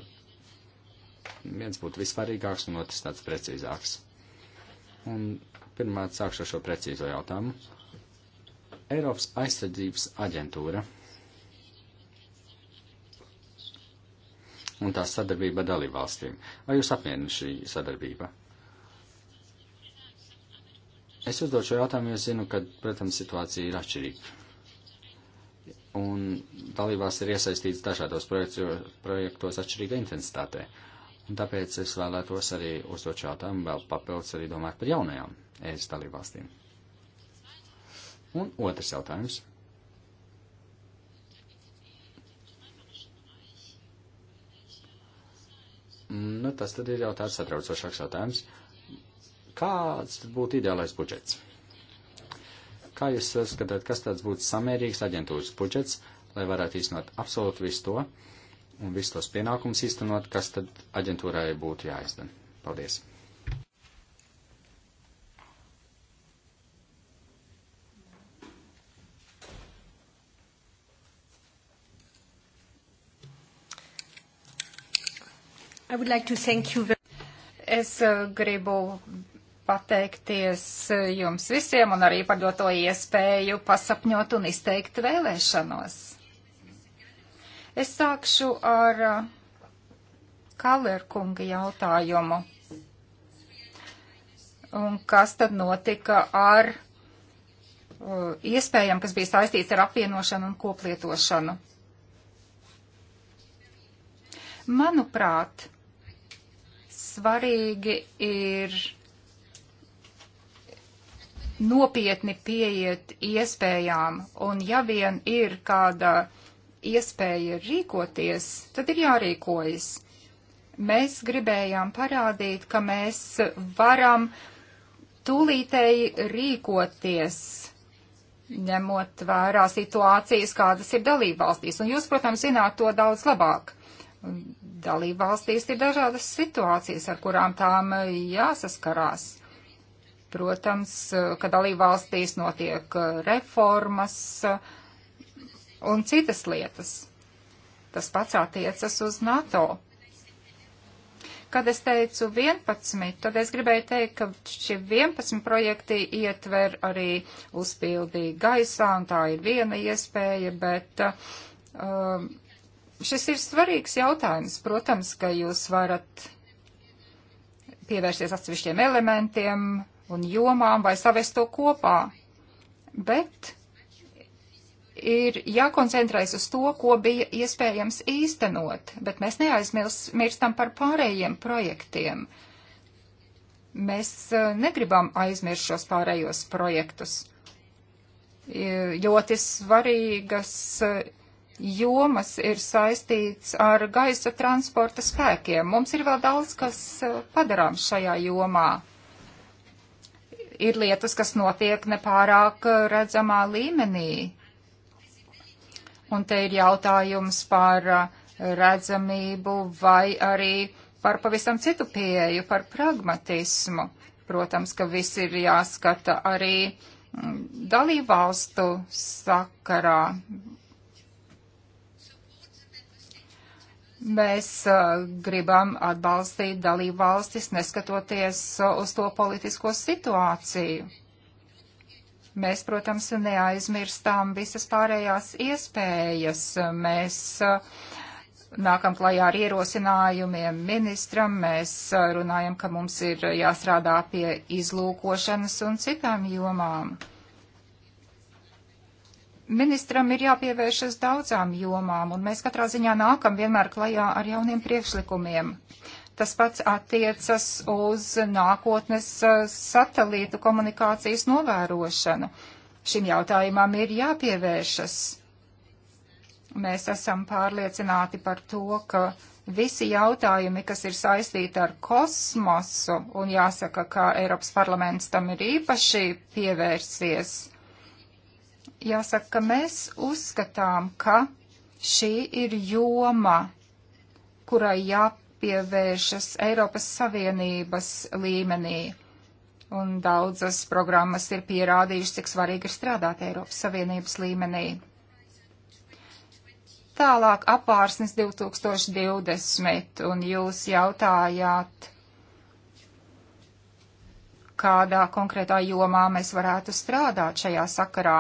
Viens būtu vispārīgāks un otrs tāds precīzāks. Un pirmā sākšu ar šo precīzo jautājumu. Eiropas aizsardzības aģentūra un tā sadarbība dalībvalstīm. Vai jūs apmierina šī sadarbība? Es uzdošu jautājumu, jo zinu, ka, protams, situācija ir atšķirīga un dalībās ir iesaistīts dažādos projektos, projektos atšķirīga intensitātē. Un tāpēc es vēlētos arī uzdot jautājumu vēl papildus arī domāt par jaunajām ES dalībvalstīm. Un otrs jautājums. Nu, tas tad ir jau tāds satraucošāks jautājums. Kāds tad būtu ideālais budžets? Kā jūs skatāt, kas tāds būtu samērīgs aģentūras budžets, lai varētu īstenot absolūti visu to un visus tos pienākumus īstenot, kas tad aģentūrai būtu jāizdara? Paldies! Like es eh, gribu pateikties jums visiem un arī par doto iespēju pasapņot un izteikt vēlēšanos. Es sākšu ar uh, Kalerkunga jautājumu. Un kas tad notika ar uh, iespējām, kas bija saistīts ar apvienošanu un koplietošanu? Manuprāt, svarīgi ir nopietni pieiet iespējām, un ja vien ir kāda iespēja rīkoties, tad ir jārīkojas. Mēs gribējām parādīt, ka mēs varam tūlītēji rīkoties, ņemot vērā situācijas, kādas ir dalībvalstīs. Un jūs, protams, zināt to daudz labāk. Dalībvalstīs ir dažādas situācijas, ar kurām tām jāsaskarās Protams, ka dalība valstīs notiek uh, reformas uh, un citas lietas. Tas pats attiecas uz NATO. Kad es teicu 11, tad es gribēju teikt, ka šie 11 projekti ietver arī uzpildī gaisā, un tā ir viena iespēja, bet um, šis ir svarīgs jautājums. Protams, ka jūs varat pievērsties atsevišķiem elementiem, un jomām vai savest to kopā. Bet ir jākoncentrējas uz to, ko bija iespējams īstenot, bet mēs neaizmirstam par pārējiem projektiem. Mēs e, negribam aizmirst šos pārējos projektus. E, ļoti svarīgas e, jomas ir saistīts ar gaisa transporta spēkiem. Mums ir vēl daudz, kas padarām šajā jomā ir lietas, kas notiek nepārāk uh, redzamā līmenī. Un te ir jautājums par uh, redzamību vai arī par pavisam citu pieeju, par pragmatismu. Protams, ka viss ir jāskata arī mm, dalībvalstu sakarā. Mēs uh, gribam atbalstīt dalību valstis, neskatoties uh, uz to politisko situāciju. Mēs, protams, neaizmirstām visas pārējās iespējas. Mēs uh, nākam klajā ar ierosinājumiem ministram, mēs uh, runājam, ka mums ir jāstrādā pie izlūkošanas un citām jomām. Ministram ir jāpievēršas daudzām jomām, un mēs katrā ziņā nākam vienmēr klajā ar jauniem priekšlikumiem. Tas pats attiecas uz nākotnes satelītu komunikācijas novērošanu. Šim jautājumam ir jāpievēršas. Mēs esam pārliecināti par to, ka visi jautājumi, kas ir saistīti ar kosmosu, un jāsaka, ka Eiropas parlaments tam ir īpaši pievērsies jāsaka, ka mēs uzskatām, ka šī ir joma, kurai jāpievēršas Eiropas Savienības līmenī. Un daudzas programmas ir pierādījušas, cik svarīgi ir strādāt Eiropas Savienības līmenī. Tālāk apvārsnes 2020, un jūs jautājāt, kādā konkrētā jomā mēs varētu strādāt šajā sakarā.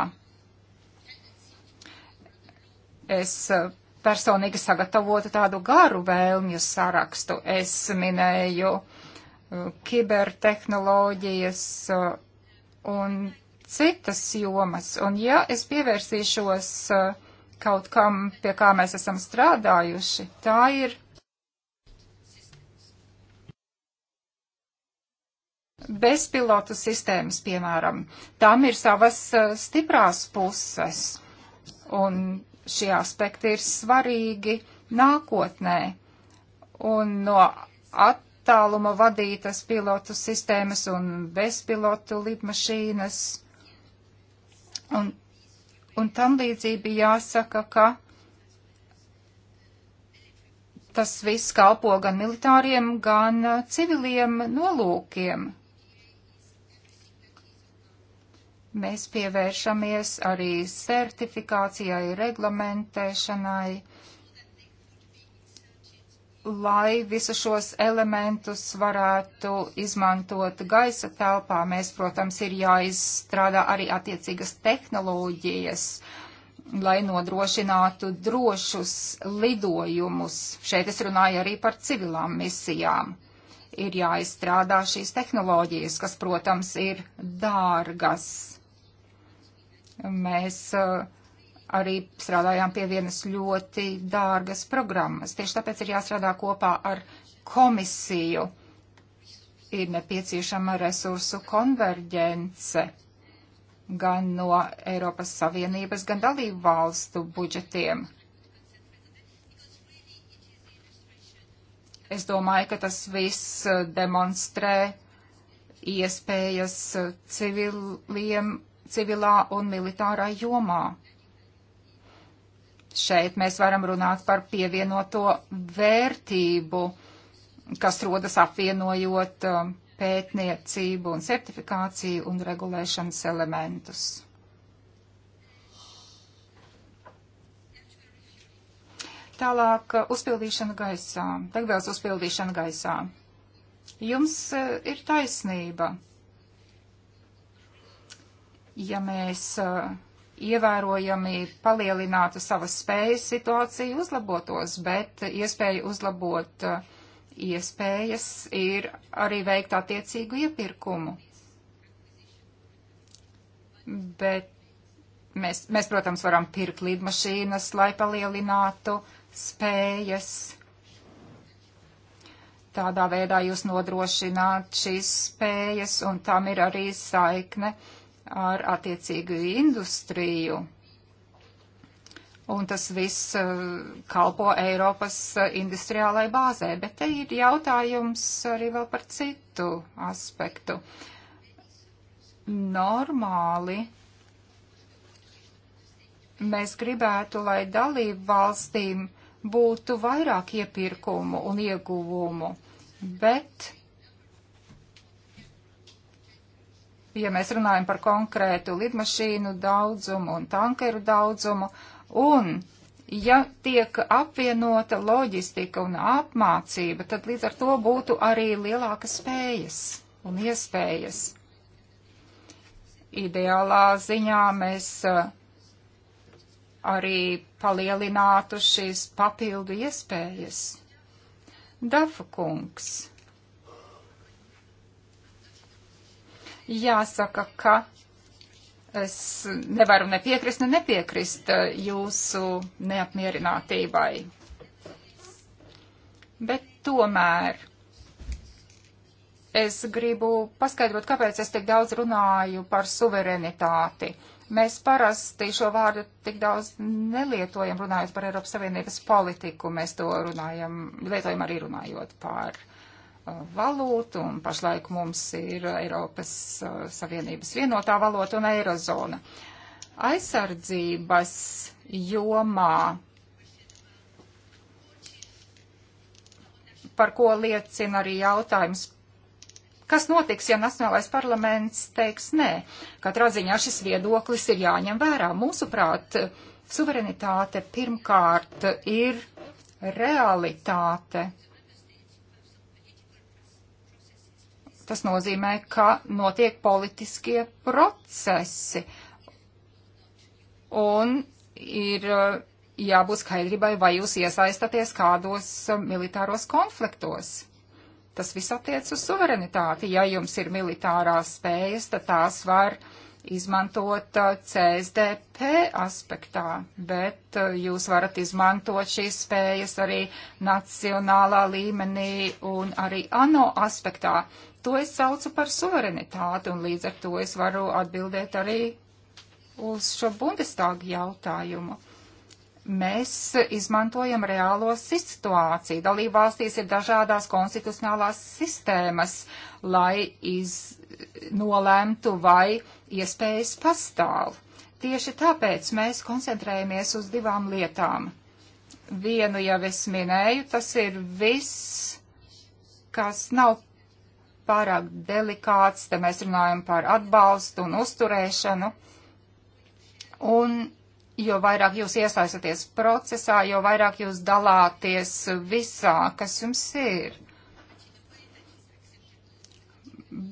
Es eh, personīgi sagatavotu tādu garu vēlmju sarakstu. Es minēju eh, kibertehnoloģijas eh, un citas jomas. Un ja es pievērsīšos kaut kam, pie kā mēs esam strādājuši, tā ir bezpilotu sistēmas, piemēram, tam ir savas stiprās puses. Un šie aspekti ir svarīgi nākotnē. Un no attāluma vadītas pilotu sistēmas un bezpilotu lidmašīnas un, un tam līdzīgi jāsaka, ka tas viss kalpo gan militāriem, gan civiliem nolūkiem. Mēs pievēršamies arī certifikācijai, reglamentēšanai, lai visus šos elementus varētu izmantot gaisa telpā. Mēs, protams, ir jāizstrādā arī attiecīgas tehnoloģijas, lai nodrošinātu drošus lidojumus. Šeit es runāju arī par civilām misijām. Ir jāizstrādā šīs tehnoloģijas, kas, protams, ir dārgas mēs eh, arī strādājām pie vienas ļoti dārgas programmas. Tieši tāpēc ir jāstrādā kopā ar komisiju. Ir nepieciešama resursu konverģence gan no Eiropas Savienības, gan dalību valstu budžetiem. Es domāju, ka tas viss eh, demonstrē iespējas eh, civiliem civilā un militārā jomā. Šeit mēs varam runāt par pievienoto vērtību, kas rodas apvienojot um, pētniecību un certifikāciju un regulēšanas elementus. Tālāk uh, uzpildīšana gaisā, degvielas uzpildīšana gaisā. Jums uh, ir taisnība ja mēs ievērojami palielinātu savas spējas situāciju uzlabotos, bet iespēja uzlabot iespējas ir arī veikt attiecīgu iepirkumu. Bet mēs, mēs, protams, varam pirkt lidmašīnas, lai palielinātu spējas. Tādā veidā jūs nodrošināt šīs spējas, un tam ir arī saikne ar attiecīgu industriju. Un tas viss eh, kalpo Eiropas eh, industriālai bāzē, bet te ir jautājums arī vēl par citu aspektu. Normāli mēs gribētu, lai dalību valstīm būtu vairāk iepirkumu un ieguvumu, bet ja mēs runājam par konkrētu lidmašīnu daudzumu un tankeru daudzumu, un ja tiek apvienota loģistika un apmācība, tad līdz ar to būtu arī lielākas spējas un iespējas. Ideālā ziņā mēs eh, arī palielinātu šīs papildu iespējas. Dafa kungs Jāsaka, ka es nevaru nepiekrist, ne nepiekrist eh, jūsu neapmierinātībai. Bet tomēr es gribu paskaidrot, kāpēc es tik daudz runāju par suverenitāti. Mēs parasti šo vārdu tik daudz nelietojam runājot par Eiropas Savienības politiku, mēs to runājam, lietojam arī runājot par valūtu, un pašlaik mums ir Eiropas uh, Savienības vienotā valūta un eirozona. Aizsardzības jomā, par ko liecina arī jautājums, kas notiks, ja Nacionālais parlaments teiks nē. Katrā ziņā šis viedoklis ir jāņem vērā. Mūsuprāt, suverenitāte pirmkārt ir realitāte Tas nozīmē, ka notiek politiskie procesi un ir uh, jābūt skaidrībai, vai jūs iesaistaties kādos uh, militāros konfliktos. Tas viss attiec uz suverenitāti. Ja jums ir militārās spējas, tad tās var izmantot uh, CSDP aspektā, bet jūs varat izmantot šīs spējas arī nacionālā līmenī un arī ANO aspektā to es saucu par suverenitāti, un līdz ar to es varu atbildēt arī uz šo bundestāgu jautājumu. Mēs izmantojam reālo situāciju. Dalībvalstīs ir dažādās konstitucionālās sistēmas, lai iz, nolēmtu, vai iespējas pastāv. Tieši tāpēc mēs koncentrējamies uz divām lietām. Vienu jau es minēju, tas ir viss, kas nav pārāk delikāts, te mēs runājam par atbalstu un uzturēšanu. Un jo vairāk jūs iesaistaties procesā, jo vairāk jūs dalāties visā, kas jums ir.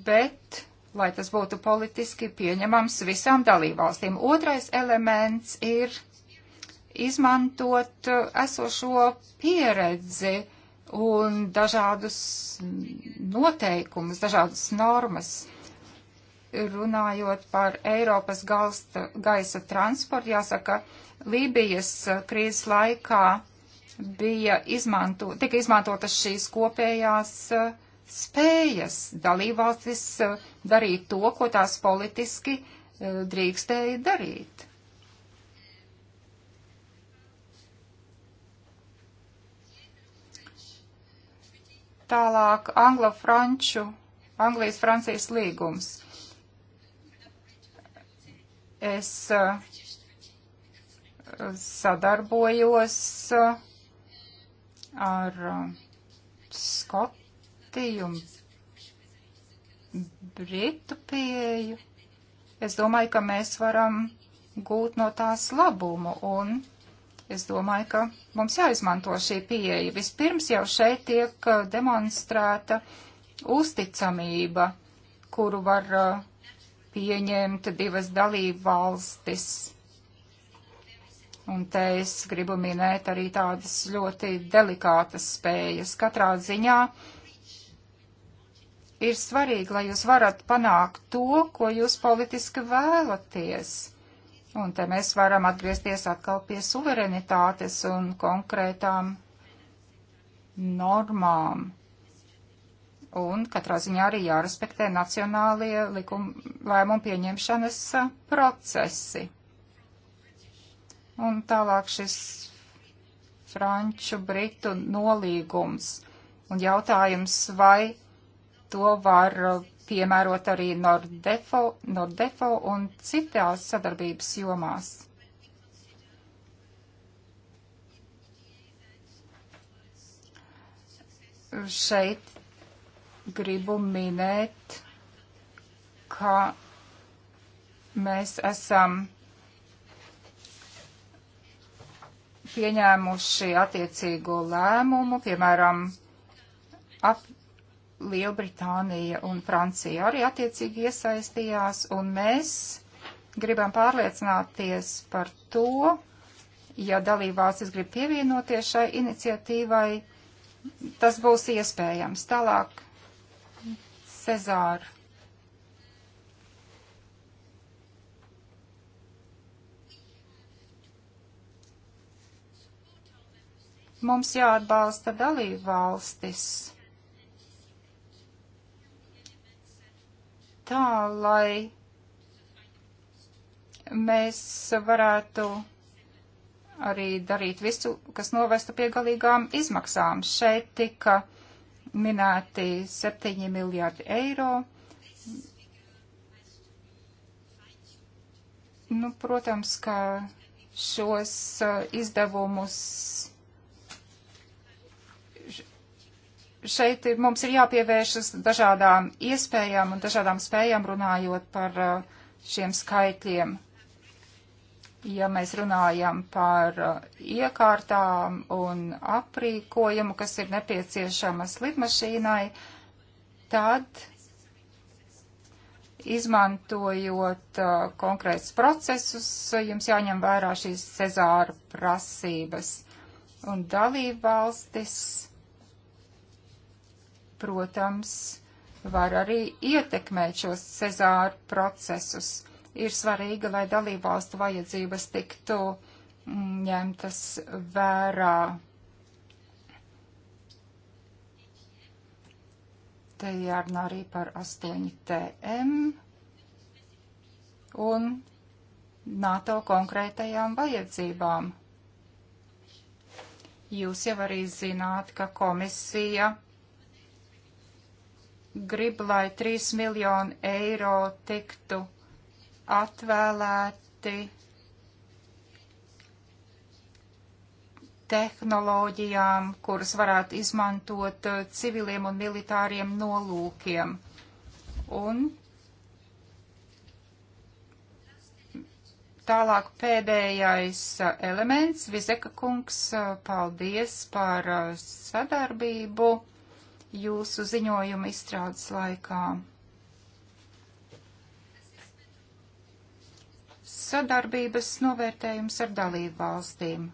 Bet, lai tas būtu politiski pieņemams visām dalībvalstīm, otrais elements ir izmantot esošo pieredzi un dažādus noteikumus, dažādas normas. Runājot par Eiropas galsta, gaisa transportu, jāsaka, Lībijas eh, krīzes laikā bija izmanto, tika izmantotas šīs kopējās eh, spējas dalībvalstis eh, darīt to, ko tās politiski drīkstēja darīt. Tālāk Anglo-Franču, Anglijas-Francijas līgums. Es uh, sadarbojos uh, ar uh, Skotiju un Britu pieeju. Es domāju, ka mēs varam gūt no tās labumu un Es domāju, ka mums jāizmanto šī pieeja. Vispirms jau šeit tiek uh, demonstrēta uzticamība, kuru var uh, pieņemt divas dalību valstis. Un te es gribu minēt arī tādas ļoti delikātas spējas. Katrā ziņā ir svarīgi, lai jūs varat panākt to, ko jūs politiski vēlaties Un te mēs varam atgriezties atkal pie suverenitātes un konkrētām normām. Un katrā ziņā arī jārespektē nacionālie likuma lēmumu pieņemšanas procesi. Un tālāk šis franču britu nolīgums. Un jautājums, vai to var tiek piemērot arī Nordefo, Nordefo un citās sadarbības jomās. Šeit gribu minēt, ka mēs esam pieņēmuši attiecīgo lēmumu, piemēram, ap, Lielbritānija un Francija arī attiecīgi iesaistījās, un mēs gribam pārliecināties par to, ja dalībvalstis grib pievienoties šai iniciatīvai, tas būs iespējams. Tālāk, Cezāra. Mums jāatbalsta dalībvalstis tā, lai mēs varētu arī darīt visu, kas novestu pie galīgām izmaksām. Šeit tika minēti 7 miljārdi eiro. Nu, protams, ka šos uh, izdevumus šeit mums ir jāpievēršas dažādām iespējām un dažādām spējām runājot par uh, šiem skaitļiem. Ja mēs runājam par uh, iekārtām un aprīkojumu, kas ir nepieciešamas lidmašīnai, tad izmantojot uh, konkrētus procesus, jums jāņem vērā šīs Cezāra prasības. Un dalībvalstis protams, var arī ietekmēt šos cezāru procesus. Ir svarīgi, lai dalībvalstu vajadzības tiktu mm, ņemtas vērā. Te jārunā arī par 8TM un NATO konkrētajām vajadzībām. Jūs jau arī zināt, ka komisija grib, lai 3 miljoni eiro tiktu atvēlēti tehnoloģijām, kuras varētu izmantot uh, civiliem un militāriem nolūkiem. Un tālāk pēdējais uh, elements. Vizeka kungs, uh, paldies par sadarbību jūsu ziņojuma izstrādes laikā. Sadarbības novērtējums ar dalību valstīm.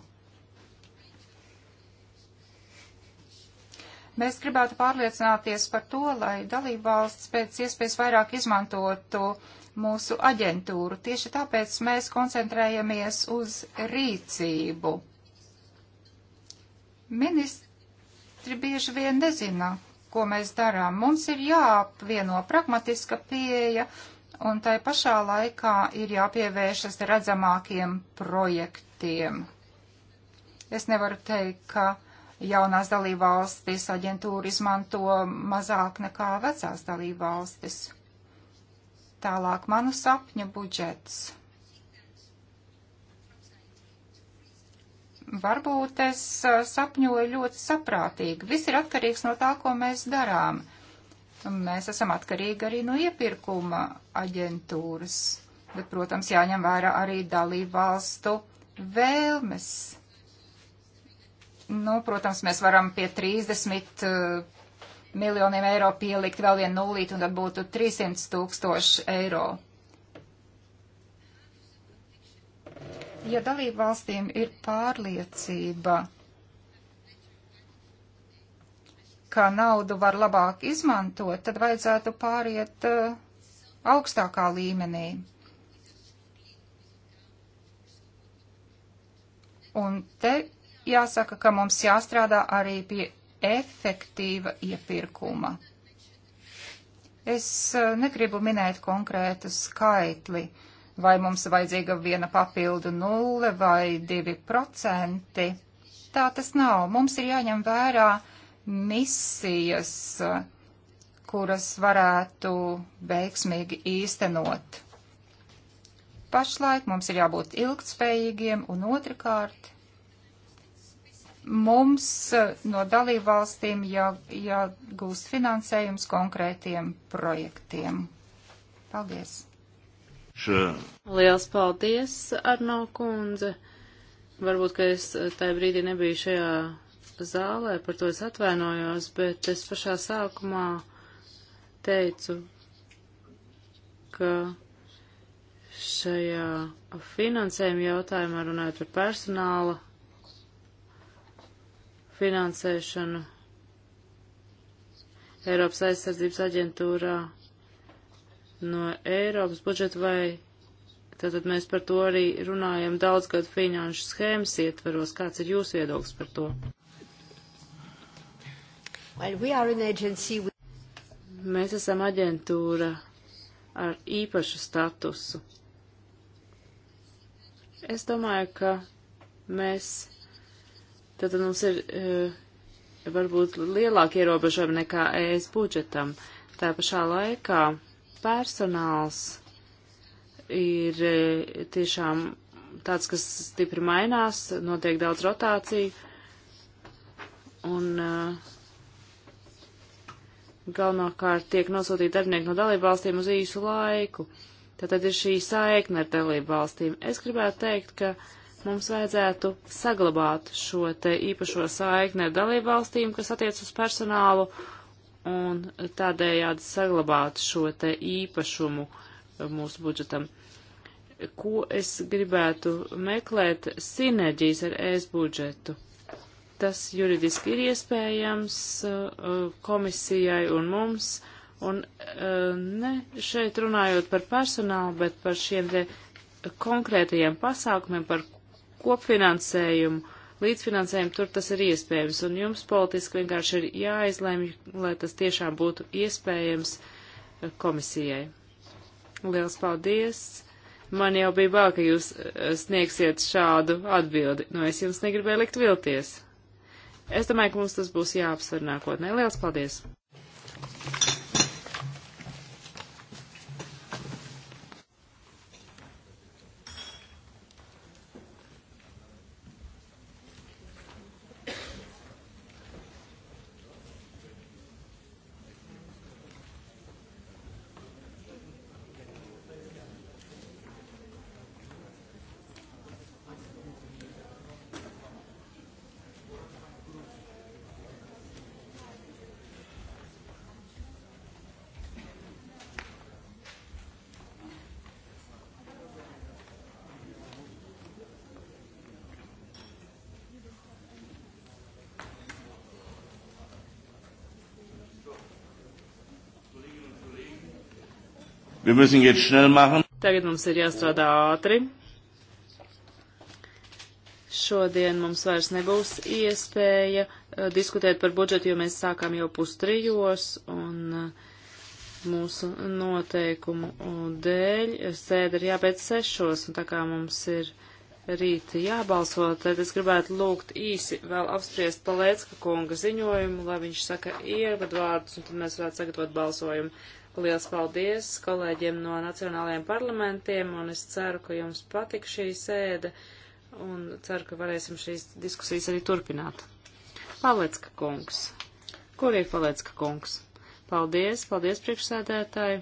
Mēs gribētu pārliecināties par to, lai dalību valsts pēc iespējas vairāk izmantotu mūsu aģentūru. Tieši tāpēc mēs koncentrējamies uz rīcību. Ministri bieži vien nezina, ko mēs darām. Mums ir jāapvieno pragmatiska pieeja un tai pašā laikā ir jāpievēršas redzamākiem projektiem. Es nevaru teikt, ka jaunās dalībvalstis aģentūra izmanto mazāk nekā vecās dalībvalstis. Tālāk manu sapņu budžets. Varbūt es sapņoju ļoti saprātīgi. Viss ir atkarīgs no tā, ko mēs darām. Mēs esam atkarīgi arī no iepirkuma aģentūras, bet, protams, jāņem vērā arī dalību valstu vēlmes. Nu, protams, mēs varam pie 30 miljoniem eiro pielikt vēl vienu nulīti, un tad būtu 300 tūkstoši eiro. ja dalību valstīm ir pārliecība, ka naudu var labāk izmantot, tad vajadzētu pāriet uh, augstākā līmenī. Un te jāsaka, ka mums jāstrādā arī pie efektīva iepirkuma. Es eh, negribu minēt konkrētu skaitli. Uh, vai mums vajadzīga viena papildu nulle vai divi procenti. Tā tas nav. Mums ir jāņem vērā misijas, kuras varētu veiksmīgi īstenot. Pašlaik mums ir jābūt ilgtspējīgiem un otrkārt mums no dalībvalstīm jā, jāgūst finansējums konkrētiem projektiem. Paldies! Še... Liels paldies, Arno kundze. Varbūt, ka es tajā brīdī nebiju šajā zālē, par to es atvainojos, bet es pašā sākumā teicu, ka šajā finansējuma jautājumā runājot par personāla finansēšanu Eiropas aizsardzības aģentūrā no Eiropas budžeta vai tātad mēs par to arī runājam daudzgadu finanšu schēmas ietveros. Kāds ir jūsu viedoklis par to? Well, we agency... Mēs esam aģentūra ar īpašu statusu. Es domāju, ka mēs, tad mums ir eh, varbūt lielāki ierobežojumi nekā ES budžetam. Tā pašā laikā personāls ir e, tiešām tāds, kas stipri mainās, notiek daudz rotāciju, un uh, galvenokārt tiek nosūtīti darbinieki no dalību valstīm uz īsu laiku. Tātad ir šī saikne ar dalību valstīm. Es gribētu teikt, ka mums vajadzētu saglabāt šo te īpašo saikni ar dalību valstīm, kas attiec uz personālu, uh, un tādējādi saglabāt šo te īpašumu uh, mūsu budžetam. Ko es gribētu meklēt sinerģijas ar ES budžetu? Tas juridiski ir iespējams uh, komisijai un mums, un uh, ne šeit runājot par personālu, bet par šiem te konkrētajiem pasākumiem, par kopfinansējumu līdzfinansējumu, tur tas ir iespējams, un jums politiski vienkārši ir jāizlemj, lai tas tiešām būtu iespējams eh, komisijai. Liels paldies! Man jau bija bail, ka jūs eh, sniegsiet šādu atbildi, nu es jums negribēju likt vilties. Es domāju, ka mums tas būs jāapsver nākotnē. Liels paldies! Wir müssen jetzt schnell machen. Tagad mums ir jāstrādā ātri. Šodien mums vairs nebūs iespēja uh, diskutēt par budžetu, jo mēs sākām jau pustrijos un uh, mūsu noteikumu uh, dēļ sēde ir jāpēc sešos, un tā kā mums ir rīt jābalso, tad es gribētu lūgt īsi vēl apspriest Palēcka kunga ziņojumu, lai viņš saka ievadvārdus, un tad mēs varētu sagatavot balsojumu. Liels paldies kolēģiem no nacionālajiem parlamentiem, un es ceru, ka jums patika šī sēde, un ceru, ka varēsim šīs diskusijas arī turpināt. Palecka kungs. Kur ir Palecka kungs? Paldies, paldies priekšsēdētāji.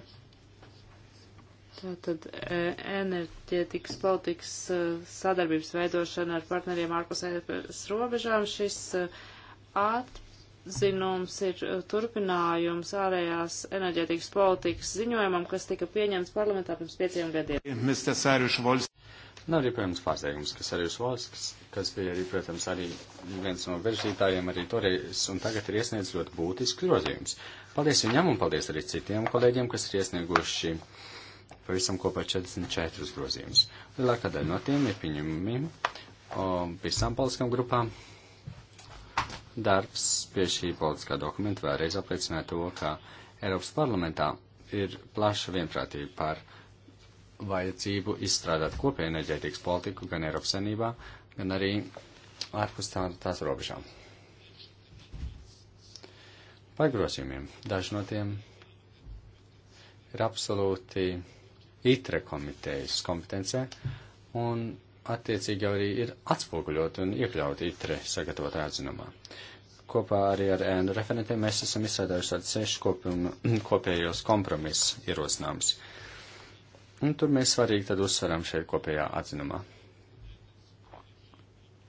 Tātad e, enerģētikas politikas e, sadarbības veidošana ar partneriem ārpus Eiropas robežām šis e, atpakaļ atzinums ir eh, turpinājums ārējās enerģētikas politikas ziņojumam, kas tika pieņemts parlamentā pirms pieciem gadiem. Nav arī, protams, pārsteigums, ka Sarijus Volsks, kas bija arī, protams, arī viens no virzītājiem, arī toreiz un tagad ir iesniedz ļoti būtisks grozījums. Paldies viņam un paldies arī citiem kolēģiem, kas ir iesnieguši pavisam kopā 44 grozījumus. Lielākā daļa no tiem ir pieņemami visām politiskām grupām, Darbs pie šī politiskā dokumenta vēlreiz apliecināja to, ka Eiropas parlamentā ir plaša vienprātība par vajadzību izstrādāt kopēju enerģētikas politiku gan Eiropas senībā, gan arī ārpus tā, tās robežām. Par grozījumiem. Daži no tiem ir absolūti itre komitejas kompetencē, un attiecīgi arī ir atspoguļot un iekļaut itre sagatavotā atzinumā. Kopā arī ar ēnu referentiem mēs esam izsādājuši tādu sešu kopumu, kopējos kompromisu ierosinājumus. Un tur mēs svarīgi tad uzsveram šeit kopējā atzinumā.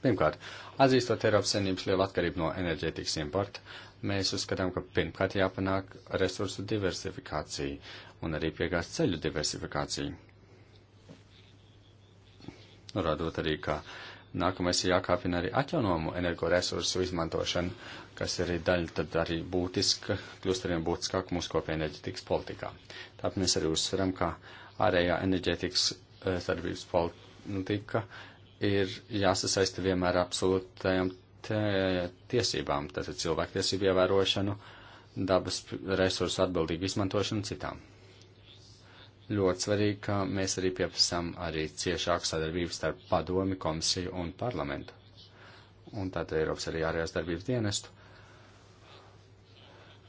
Pirmkārt, atzīstot Eiropas Savienības lielu atkarību no enerģētikas importa, mēs uzskatām, ka pirmkārt jāpanāk resursu diversifikācija un arī piegāst ceļu diversifikāciju norādot arī, ka nākamais ir jākāpina arī atjaunojumu energoresursu izmantošana, kas ir daļa tad arī būtiska, kļūst arvien būtiskāk mūsu kopējā enerģetikas politikā. Tāpēc mēs arī uzsveram, ka ārējā enerģetikas eh, sadarbības politika ir jāsasaista vienmēr absolūtajām tiesībām, tātad cilvēktiesību ievērošanu, dabas resursu atbildīgu izmantošanu citām ļoti svarīgi, ka mēs arī pieprasām arī ciešāku sadarbību starp padomi, komisiju un parlamentu. Un tātad Eiropas arī ārējās darbības dienestu.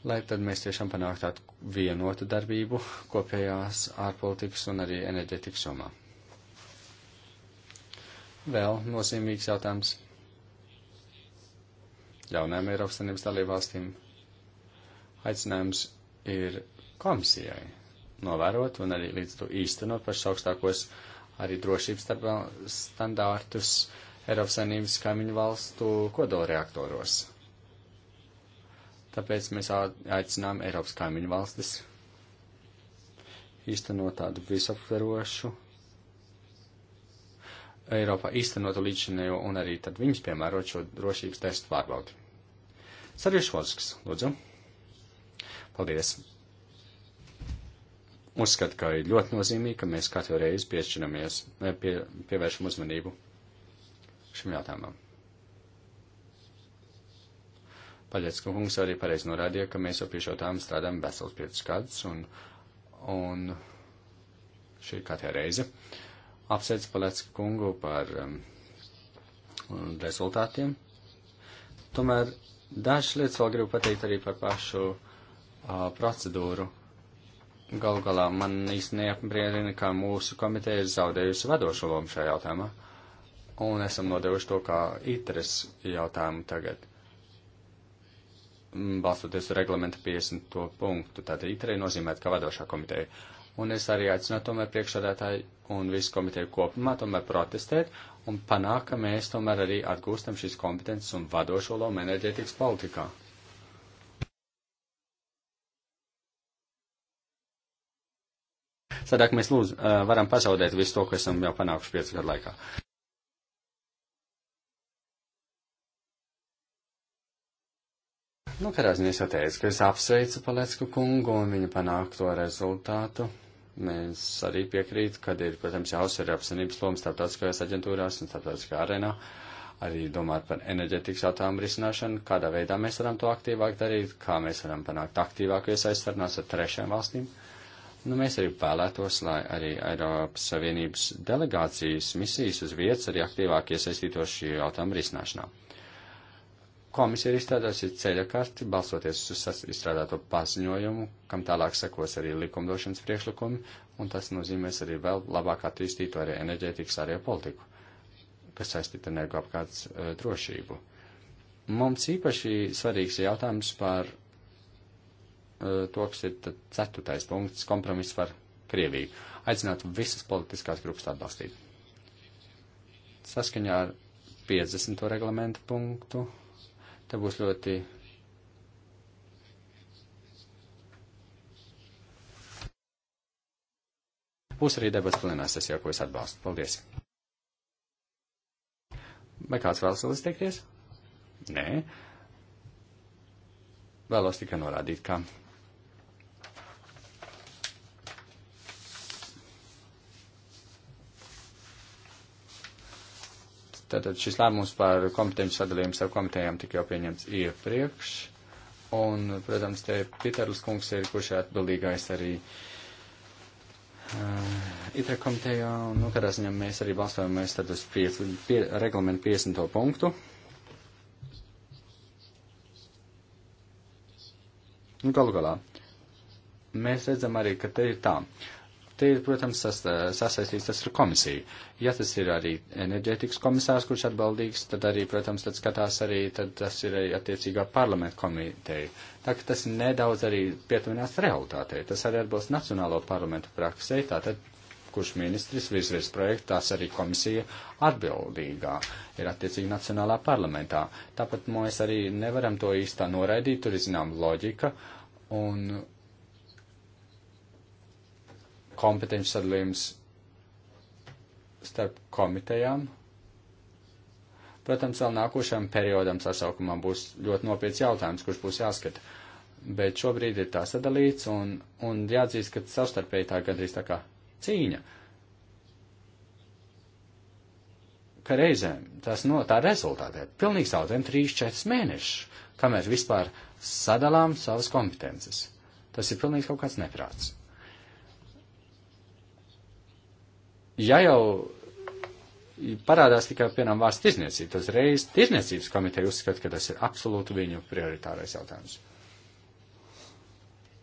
Lai tad mēs tiešām panāktu tādu vienotu darbību kopējās ārpolitikas un arī enerģetikas somā. Vēl nozīmīgs jautājums jaunajām Eiropas Savienības dalībvalstīm. Aicinājums ir komisijai novērot un arī līdz to īstenot pašus augstākos arī drošības standārtus Eiropas Savienības kaimiņu valstu kodolreaktoros. Tāpēc mēs aicinām Eiropas kaimiņu valstis īstenot tādu visaptverošu Eiropā īstenotu līdzinējo un arī tad viņus piemērot šo drošības testu pārbaudi. Sarjušvalsks, lūdzu. Paldies. Uzskatu, ka ir ļoti nozīmīgi, ka mēs katru reizi piešķiramies, pie, pievēršam uzmanību šim jautājumam. Paļecka kungs arī pareizi norādīja, ka mēs jau pie šo tām strādājam vesels 5 gadus, un, un šī ir katrā reize. Apsveic Paļecka kungu par um, rezultātiem. Tomēr dažas lietas vēl gribu pateikt arī par pašu uh, procedūru Galu galā man īsti neapmierina, ka mūsu komiteja ir zaudējusi vadošo lomu šajā jautājumā, un esam nodevuši to kā ITRES jautājumu tagad. Mm, balstoties uz reglamenta 50. punktu, tad ITRE nozīmē kā vadošā komiteja. Un es arī aicinātu tomēr priekšsādātāju un visu komiteju kopumā tomēr protestēt un panākt, ka mēs tomēr arī atgūstam šīs kompetences un vadošo lomu enerģētikas politikā. Sadāk mēs lūdzu, varam pazaudēt visu to, ko esam jau panākuši piecu gadu laikā. Nu, kādā ziņā es jau teicu, ka es apsveicu Palecku kungu un viņa panākto rezultātu. Mēs arī piekrītu, kad ir, protams, jāuzsver apsanības loma starptautiskajās aģentūrās un starptautiskajā arēnā. Arī domāt par enerģetikas jautājumu risināšanu, kādā veidā mēs varam to aktīvāk darīt, kā mēs varam panākt aktīvāku iesaistarnās ar trešajām valstīm. Uh, Nu, mēs arī vēlētos, lai arī Eiropas Savienības delegācijas misijas uz vietas arī aktīvāk iesaistītos šī jautājuma risināšanā. Komisija ir izstrādājusi ceļakarti, balsoties uz izstrādāto paziņojumu, kam tālāk sekos arī likumdošanas priekšlikumi, un tas nozīmēs arī vēl labāk attīstītu arī enerģētikas arī politiku, kas saistīta energoapkārtas eh, drošību. Mums īpaši svarīgs jautājums par Eh, to, kas ir ceturtais punkts, kompromiss par Krieviju. Aicinātu visas politiskās grupas atbalstīt. Saskaņā ar 50. reglamentu punktu, te būs ļoti. Būs arī debats plenāsēs, jau ko es atbalstu. Paldies! Vai kāds vēlas vēl izteikties? Nē. Vēlos tikai norādīt, ka Tātad šis lēmums par kompetenci sadalījumu starp komitejām tika jau pieņemts iepriekš. Un, protams, te Piterlis kungs ir, kurš ir atbildīgais arī uh, ITRE komitejā. Un, nu, kādā ziņā mēs arī balstojamies tad uz pie, pie, reglamentu 50. punktu. Nu, galu galā, mēs redzam arī, ka te ir tā. Uh, Te ir, protams, sas, sasaistīts tas ar komisiju. Ja tas ir arī enerģētikas komisārs, kurš atbaldīgs, tad arī, protams, tad skatās arī, tad tas ir arī attiecīgā parlamenta komiteja. Tā ka tas nedaudz arī pietuvinās realitātei. Tas arī atbilst Nacionālo parlamentu praksē, tātad kurš ministrs virzies projektu, tās arī komisija atbildīgā ir attiecīgi Nacionālā parlamentā. Tāpat mēs arī nevaram to īstā noraidīt, tur ir zinām loģika. Un kompetenci sadalījums starp komitejām. Protams, vēl nākošajam periodam sasaukumā būs ļoti nopietns jautājums, kurš būs jāskata. Bet šobrīd ir tā sadalīts un, un jāatzīst, ka savstarpēji tā gandrīz tā kā cīņa. ka reizēm tas no tā rezultātē pilnīgi zaudējam 3-4 mēnešus, kamēr vispār sadalām savas kompetences. Tas ir pilnīgi kaut kāds neprāts. ja jau parādās tikai, piemēram, vārds tirzniecība, uzreiz tirzniecības komiteja uzskata, ka tas ir absolūti viņu prioritārais jautājums.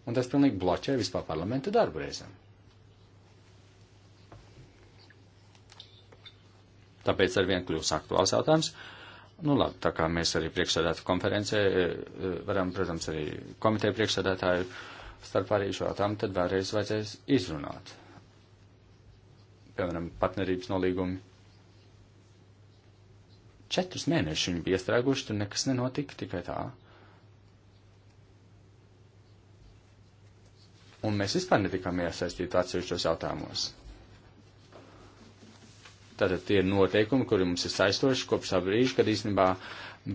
Un tas pilnīgi bloķē vispār parlamentu darbu reizēm. Tāpēc ar vien kļūst aktuāls jautājums. Nu labi, tā kā mēs arī priekšsēdētu konferencē e, e, varam, protams, arī komiteja priekšsēdētāju starp arī šo jautājumu, tad vēlreiz vajadzēs izrunāt piemēram, partnerības nolīgumi. Četrus mēnešus viņi bija iestrēguši, tur nekas nenotika tikai tā. Un mēs vispār netikām iesaistīti atsevišķos jautājumos. Tātad tie ir noteikumi, kuri mums ir saistoši kopš tā brīža, kad īstenībā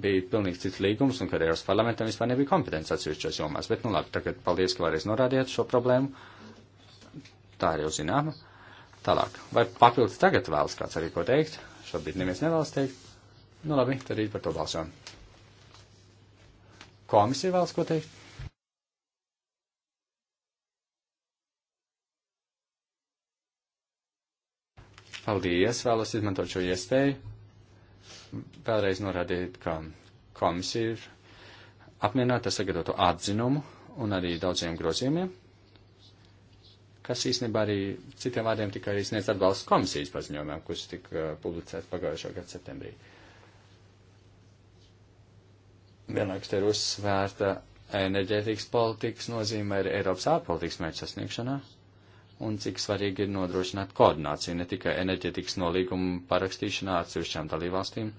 bija pilnīgi cits līgums un kad Eiropas parlamentam vispār nebija kompetence atsevišķos jomās. Bet, nu labi, tagad paldies, ka vēlreiz norādījāt šo problēmu. Tā ir jau zināma. Uh, Tālāk, vai papildus tagad vēlas kāds arī ko teikt? Šobrīd neviens nevēlas teikt. Nu labi, tad rīt par to balsojam. Komisija vēlas ko teikt? Paldies, vēlos izmantot šo iespēju. Vēlreiz norādīt, ka komisija ir apmierināta sagatavotu atzinumu un arī daudziem grozījumiem kas īstenībā arī citiem vārdiem tikai sniedz atbalstu komisijas paziņojumam, kurš tika uh, publicēts pagājušā gada septembrī. Vienlaikus te ir uzsvērta enerģētikas politikas nozīme ir Eiropas ārpolitikas mērķa sasniegšanā un cik svarīgi ir nodrošināt koordināciju ne tikai enerģētikas nolīgumu parakstīšanā ar sevišķām dalībvalstīm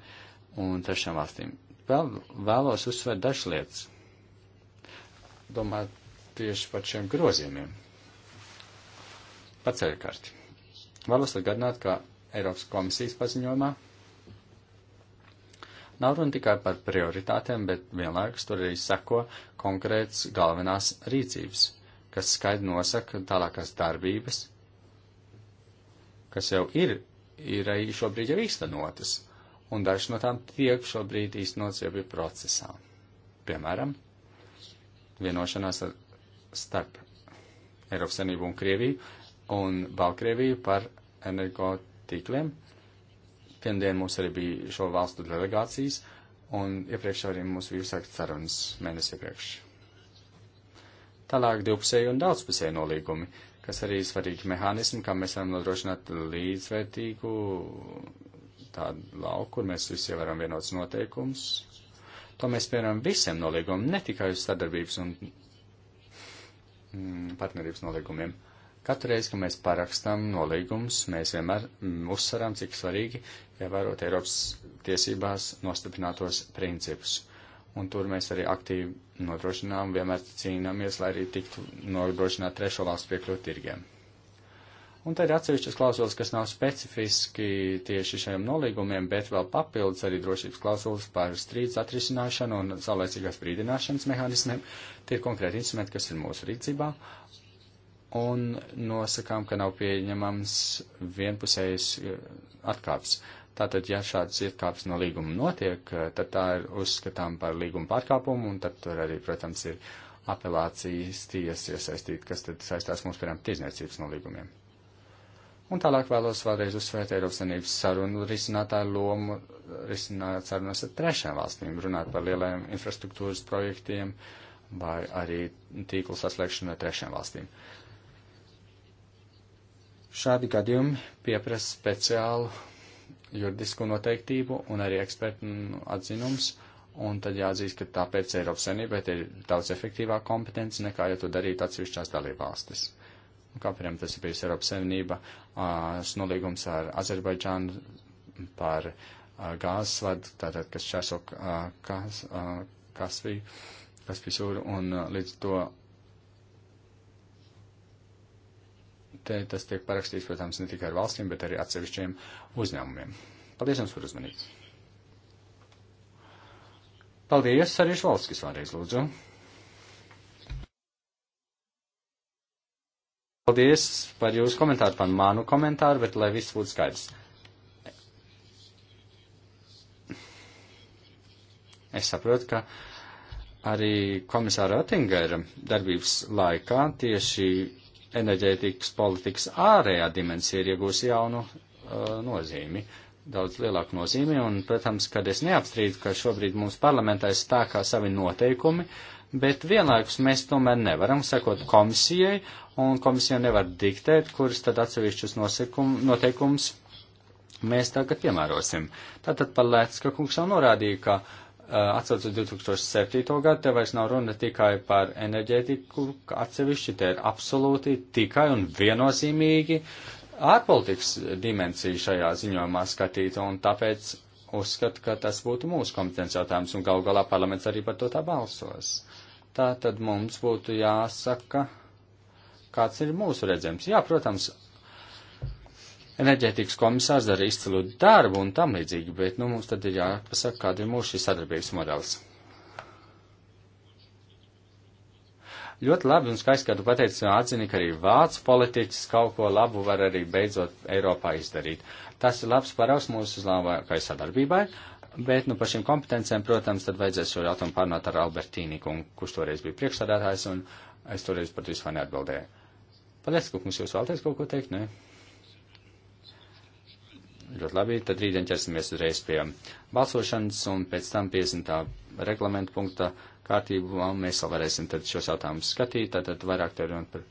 un trešām valstīm. Vēl, vēlos uzsvērt dažas lietas. Domāju tieši par šiem grozījumiem Pa ceļkarti. Vēlos atgādināt, ka Eiropas komisijas paziņojumā nav runa tikai par prioritātēm, bet vienlaikus tur arī seko konkrēts galvenās rīcības, kas skaidri nosaka tālākās darbības, kas jau ir, ir arī šobrīd jau īstenotas, un dažas no tām tiek šobrīd īstenotas jau ir procesā. Piemēram, vienošanās ar starp Eiropas Savienību un Krieviju un Baltkrieviju par energotīkliem. Pirmdien mums arī bija šo valstu delegācijas, un iepriekš arī mums bija uzsākts sarunas mēnesi iepriekš. Tālāk divpusēji un daudzpusēji nolīgumi, kas arī ir svarīgi mehānismi, kā mēs varam nodrošināt līdzvērtīgu tādu lauku, kur mēs visi varam vienots noteikums. To mēs piemēram visiem nolīgumiem, ne tikai uz sadarbības un mm, partnerības nolīgumiem. Uh, Katru reizi, kad mēs parakstām nolīgumus, mēs vienmēr mm, uzsveram, cik svarīgi ievērot Eiropas tiesībās nostiprinātos principus. Un tur mēs arī aktīvi nodrošinām, vienmēr cīnāmies, lai arī tiktu nodrošināt trešo valstu piekļūt tirgiem. Un tad ir atsevišķas klausulas, kas nav specifiski tieši šiem nolīgumiem, bet vēl papildus arī drošības klausulas par strīdus atrisināšanu un saulēcīgās brīdināšanas mehānismiem. Tie ir konkrēti instrumenti, kas ir mūsu rīcībā, un nosakām, ka nav pieņemams vienpusējs eh, atkāps. Tātad, ja šāds ietkāps no līguma notiek, eh, tad tā ir uzskatām par līguma pārkāpumu, un tad tur arī, protams, ir apelācijas tiesa iesaistīt, kas tad saistās mums, piemēram, tirzniecības nolīgumiem. Un tālāk vēlos vēlreiz uzsvērt Eiropas Savienības sarunu risinātāju lomu, risināt sarunas ar trešām valstīm, runāt par lielajiem infrastruktūras projektiem vai arī tīklu saslēgšanu ar trešām valstīm. Uh, Šādi gadījumi pieprasa speciālu juridisku noteiktību un arī ekspertu atzinums, un tad jāatzīst, ka tāpēc Eiropas Savienībai ir daudz efektīvāk kompetence nekā, ja to darītu atsevišķās dalībvalstis. Kā piemēram, tas ir bijis Eiropas Savienība nolīgums ar Azerbaidžānu par gāzes vadu, tātad, kas šķērso kas, kas bija, kas bija sūru, un līdz to te tas tiek parakstīts, protams, ne tikai ar valstīm, bet arī atsevišķiem uzņēmumiem. Paldies jums par uzmanību. Paldies arī Švalskis vēlreiz lūdzu. Paldies par jūsu komentāru, par manu komentāru, bet lai viss būtu skaidrs. Es saprotu, ka arī komisāra Otingera darbības laikā tieši enerģētikas politikas ārējā dimensija ir iegūsi jaunu uh, nozīmi, daudz lielāku nozīmi, un, protams, kad es neapstrīdu, ka šobrīd mums parlamentā ir stākā savi noteikumi, bet vienlaikus mēs tomēr nevaram sekot komisijai, un komisija nevar diktēt, kuras tad atsevišķus noteikumus mēs tagad piemērosim. Tātad par Lētiska kungs jau norādīja, ka uh, atsauc uz 2007. gadu, te vairs nav runa tikai par enerģētiku atsevišķi, te ir absolūti tikai un viennozīmīgi ārpolitikas dimensija šajā ziņojumā skatīta, un tāpēc uzskatu, ka tas būtu mūsu kompetenci jautājums, un gal galā parlaments arī par to tā balsos. Tā tad mums būtu jāsaka, kāds ir mūsu redzējums. Jā, protams, enerģētikas komisārs dara izcilu darbu un tam līdzīgi, bet nu, mums tad ir jāpasaka, kāda ir mūsu šis sadarbības modelis. Ļoti labi un skaisti, ka tu pateici un atzini, ka arī vācu politiķis kaut ko labu var arī beidzot Eiropā izdarīt. Tas ir labs paraugs mūsu labākai sadarbībai, bet nu, par šīm kompetencēm, protams, tad vajadzēs šo jautājumu pārnāt ar Albertīni, kurš toreiz bija priekšsādātājs, un es toreiz par to vispār neatbildēju. Paldies, ka mums jūs vēlaties kaut ko teikt, ne? Ļoti labi, tad rītdien ķersimies uzreiz pie balsošanas un pēc tam 50. reglamentu punkta kārtību mēs vēl varēsim tad šos jautājumus skatīt, tātad vairāk te runāt par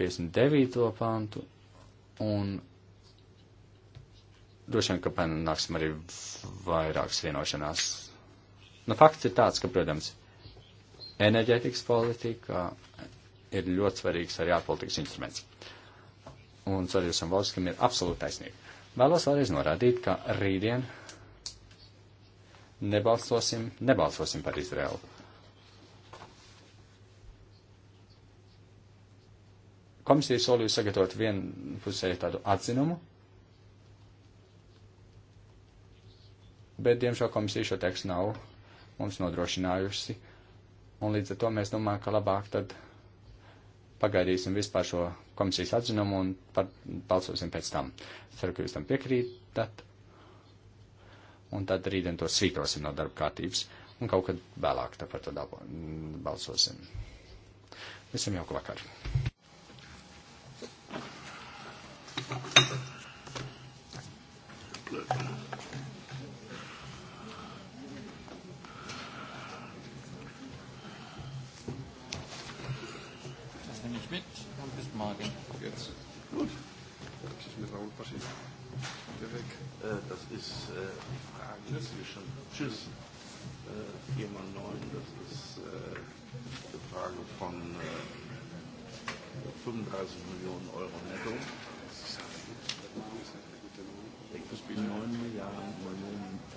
59. pantu un droši vien, ka panāksim arī vairākas vienošanās. Nu, fakts ir tāds, ka, protams, enerģētikas politika ir ļoti svarīgs arī ārpolitikas instruments. Un Svarīgam Valskam ir absolūta taisnība. Vēlos vēlreiz norādīt, ka rītdien nebalsosim, nebalsosim par Izraelu. Komisija solīja sagatavot vienpusēju tādu atzinumu, bet, diemžēl, komisija šo tekstu nav mums nodrošinājusi, un līdz ar to mēs domājam, ka labāk tad pagaidīsim vispār šo komisijas atzinumu un par, balsosim pēc tam. Ceru, ka jūs tam piekrītat. Un tad rītdien to svītrosim no darba kārtības un kaut kad vēlāk par to dabo, balsosim. Visiem jauku vakaru! Look. Morgen. Jetzt. Gut. Was ist mit Raoul passiert? Der weg. Äh, das ist äh, die Frage Tschüss. zwischen Tschüss. Äh, 4 mal 9, das ist äh, die Frage von äh, 35 Millionen Euro netto. Das ist ja gut. Das ist ja gut. 9 Milliarden Millionen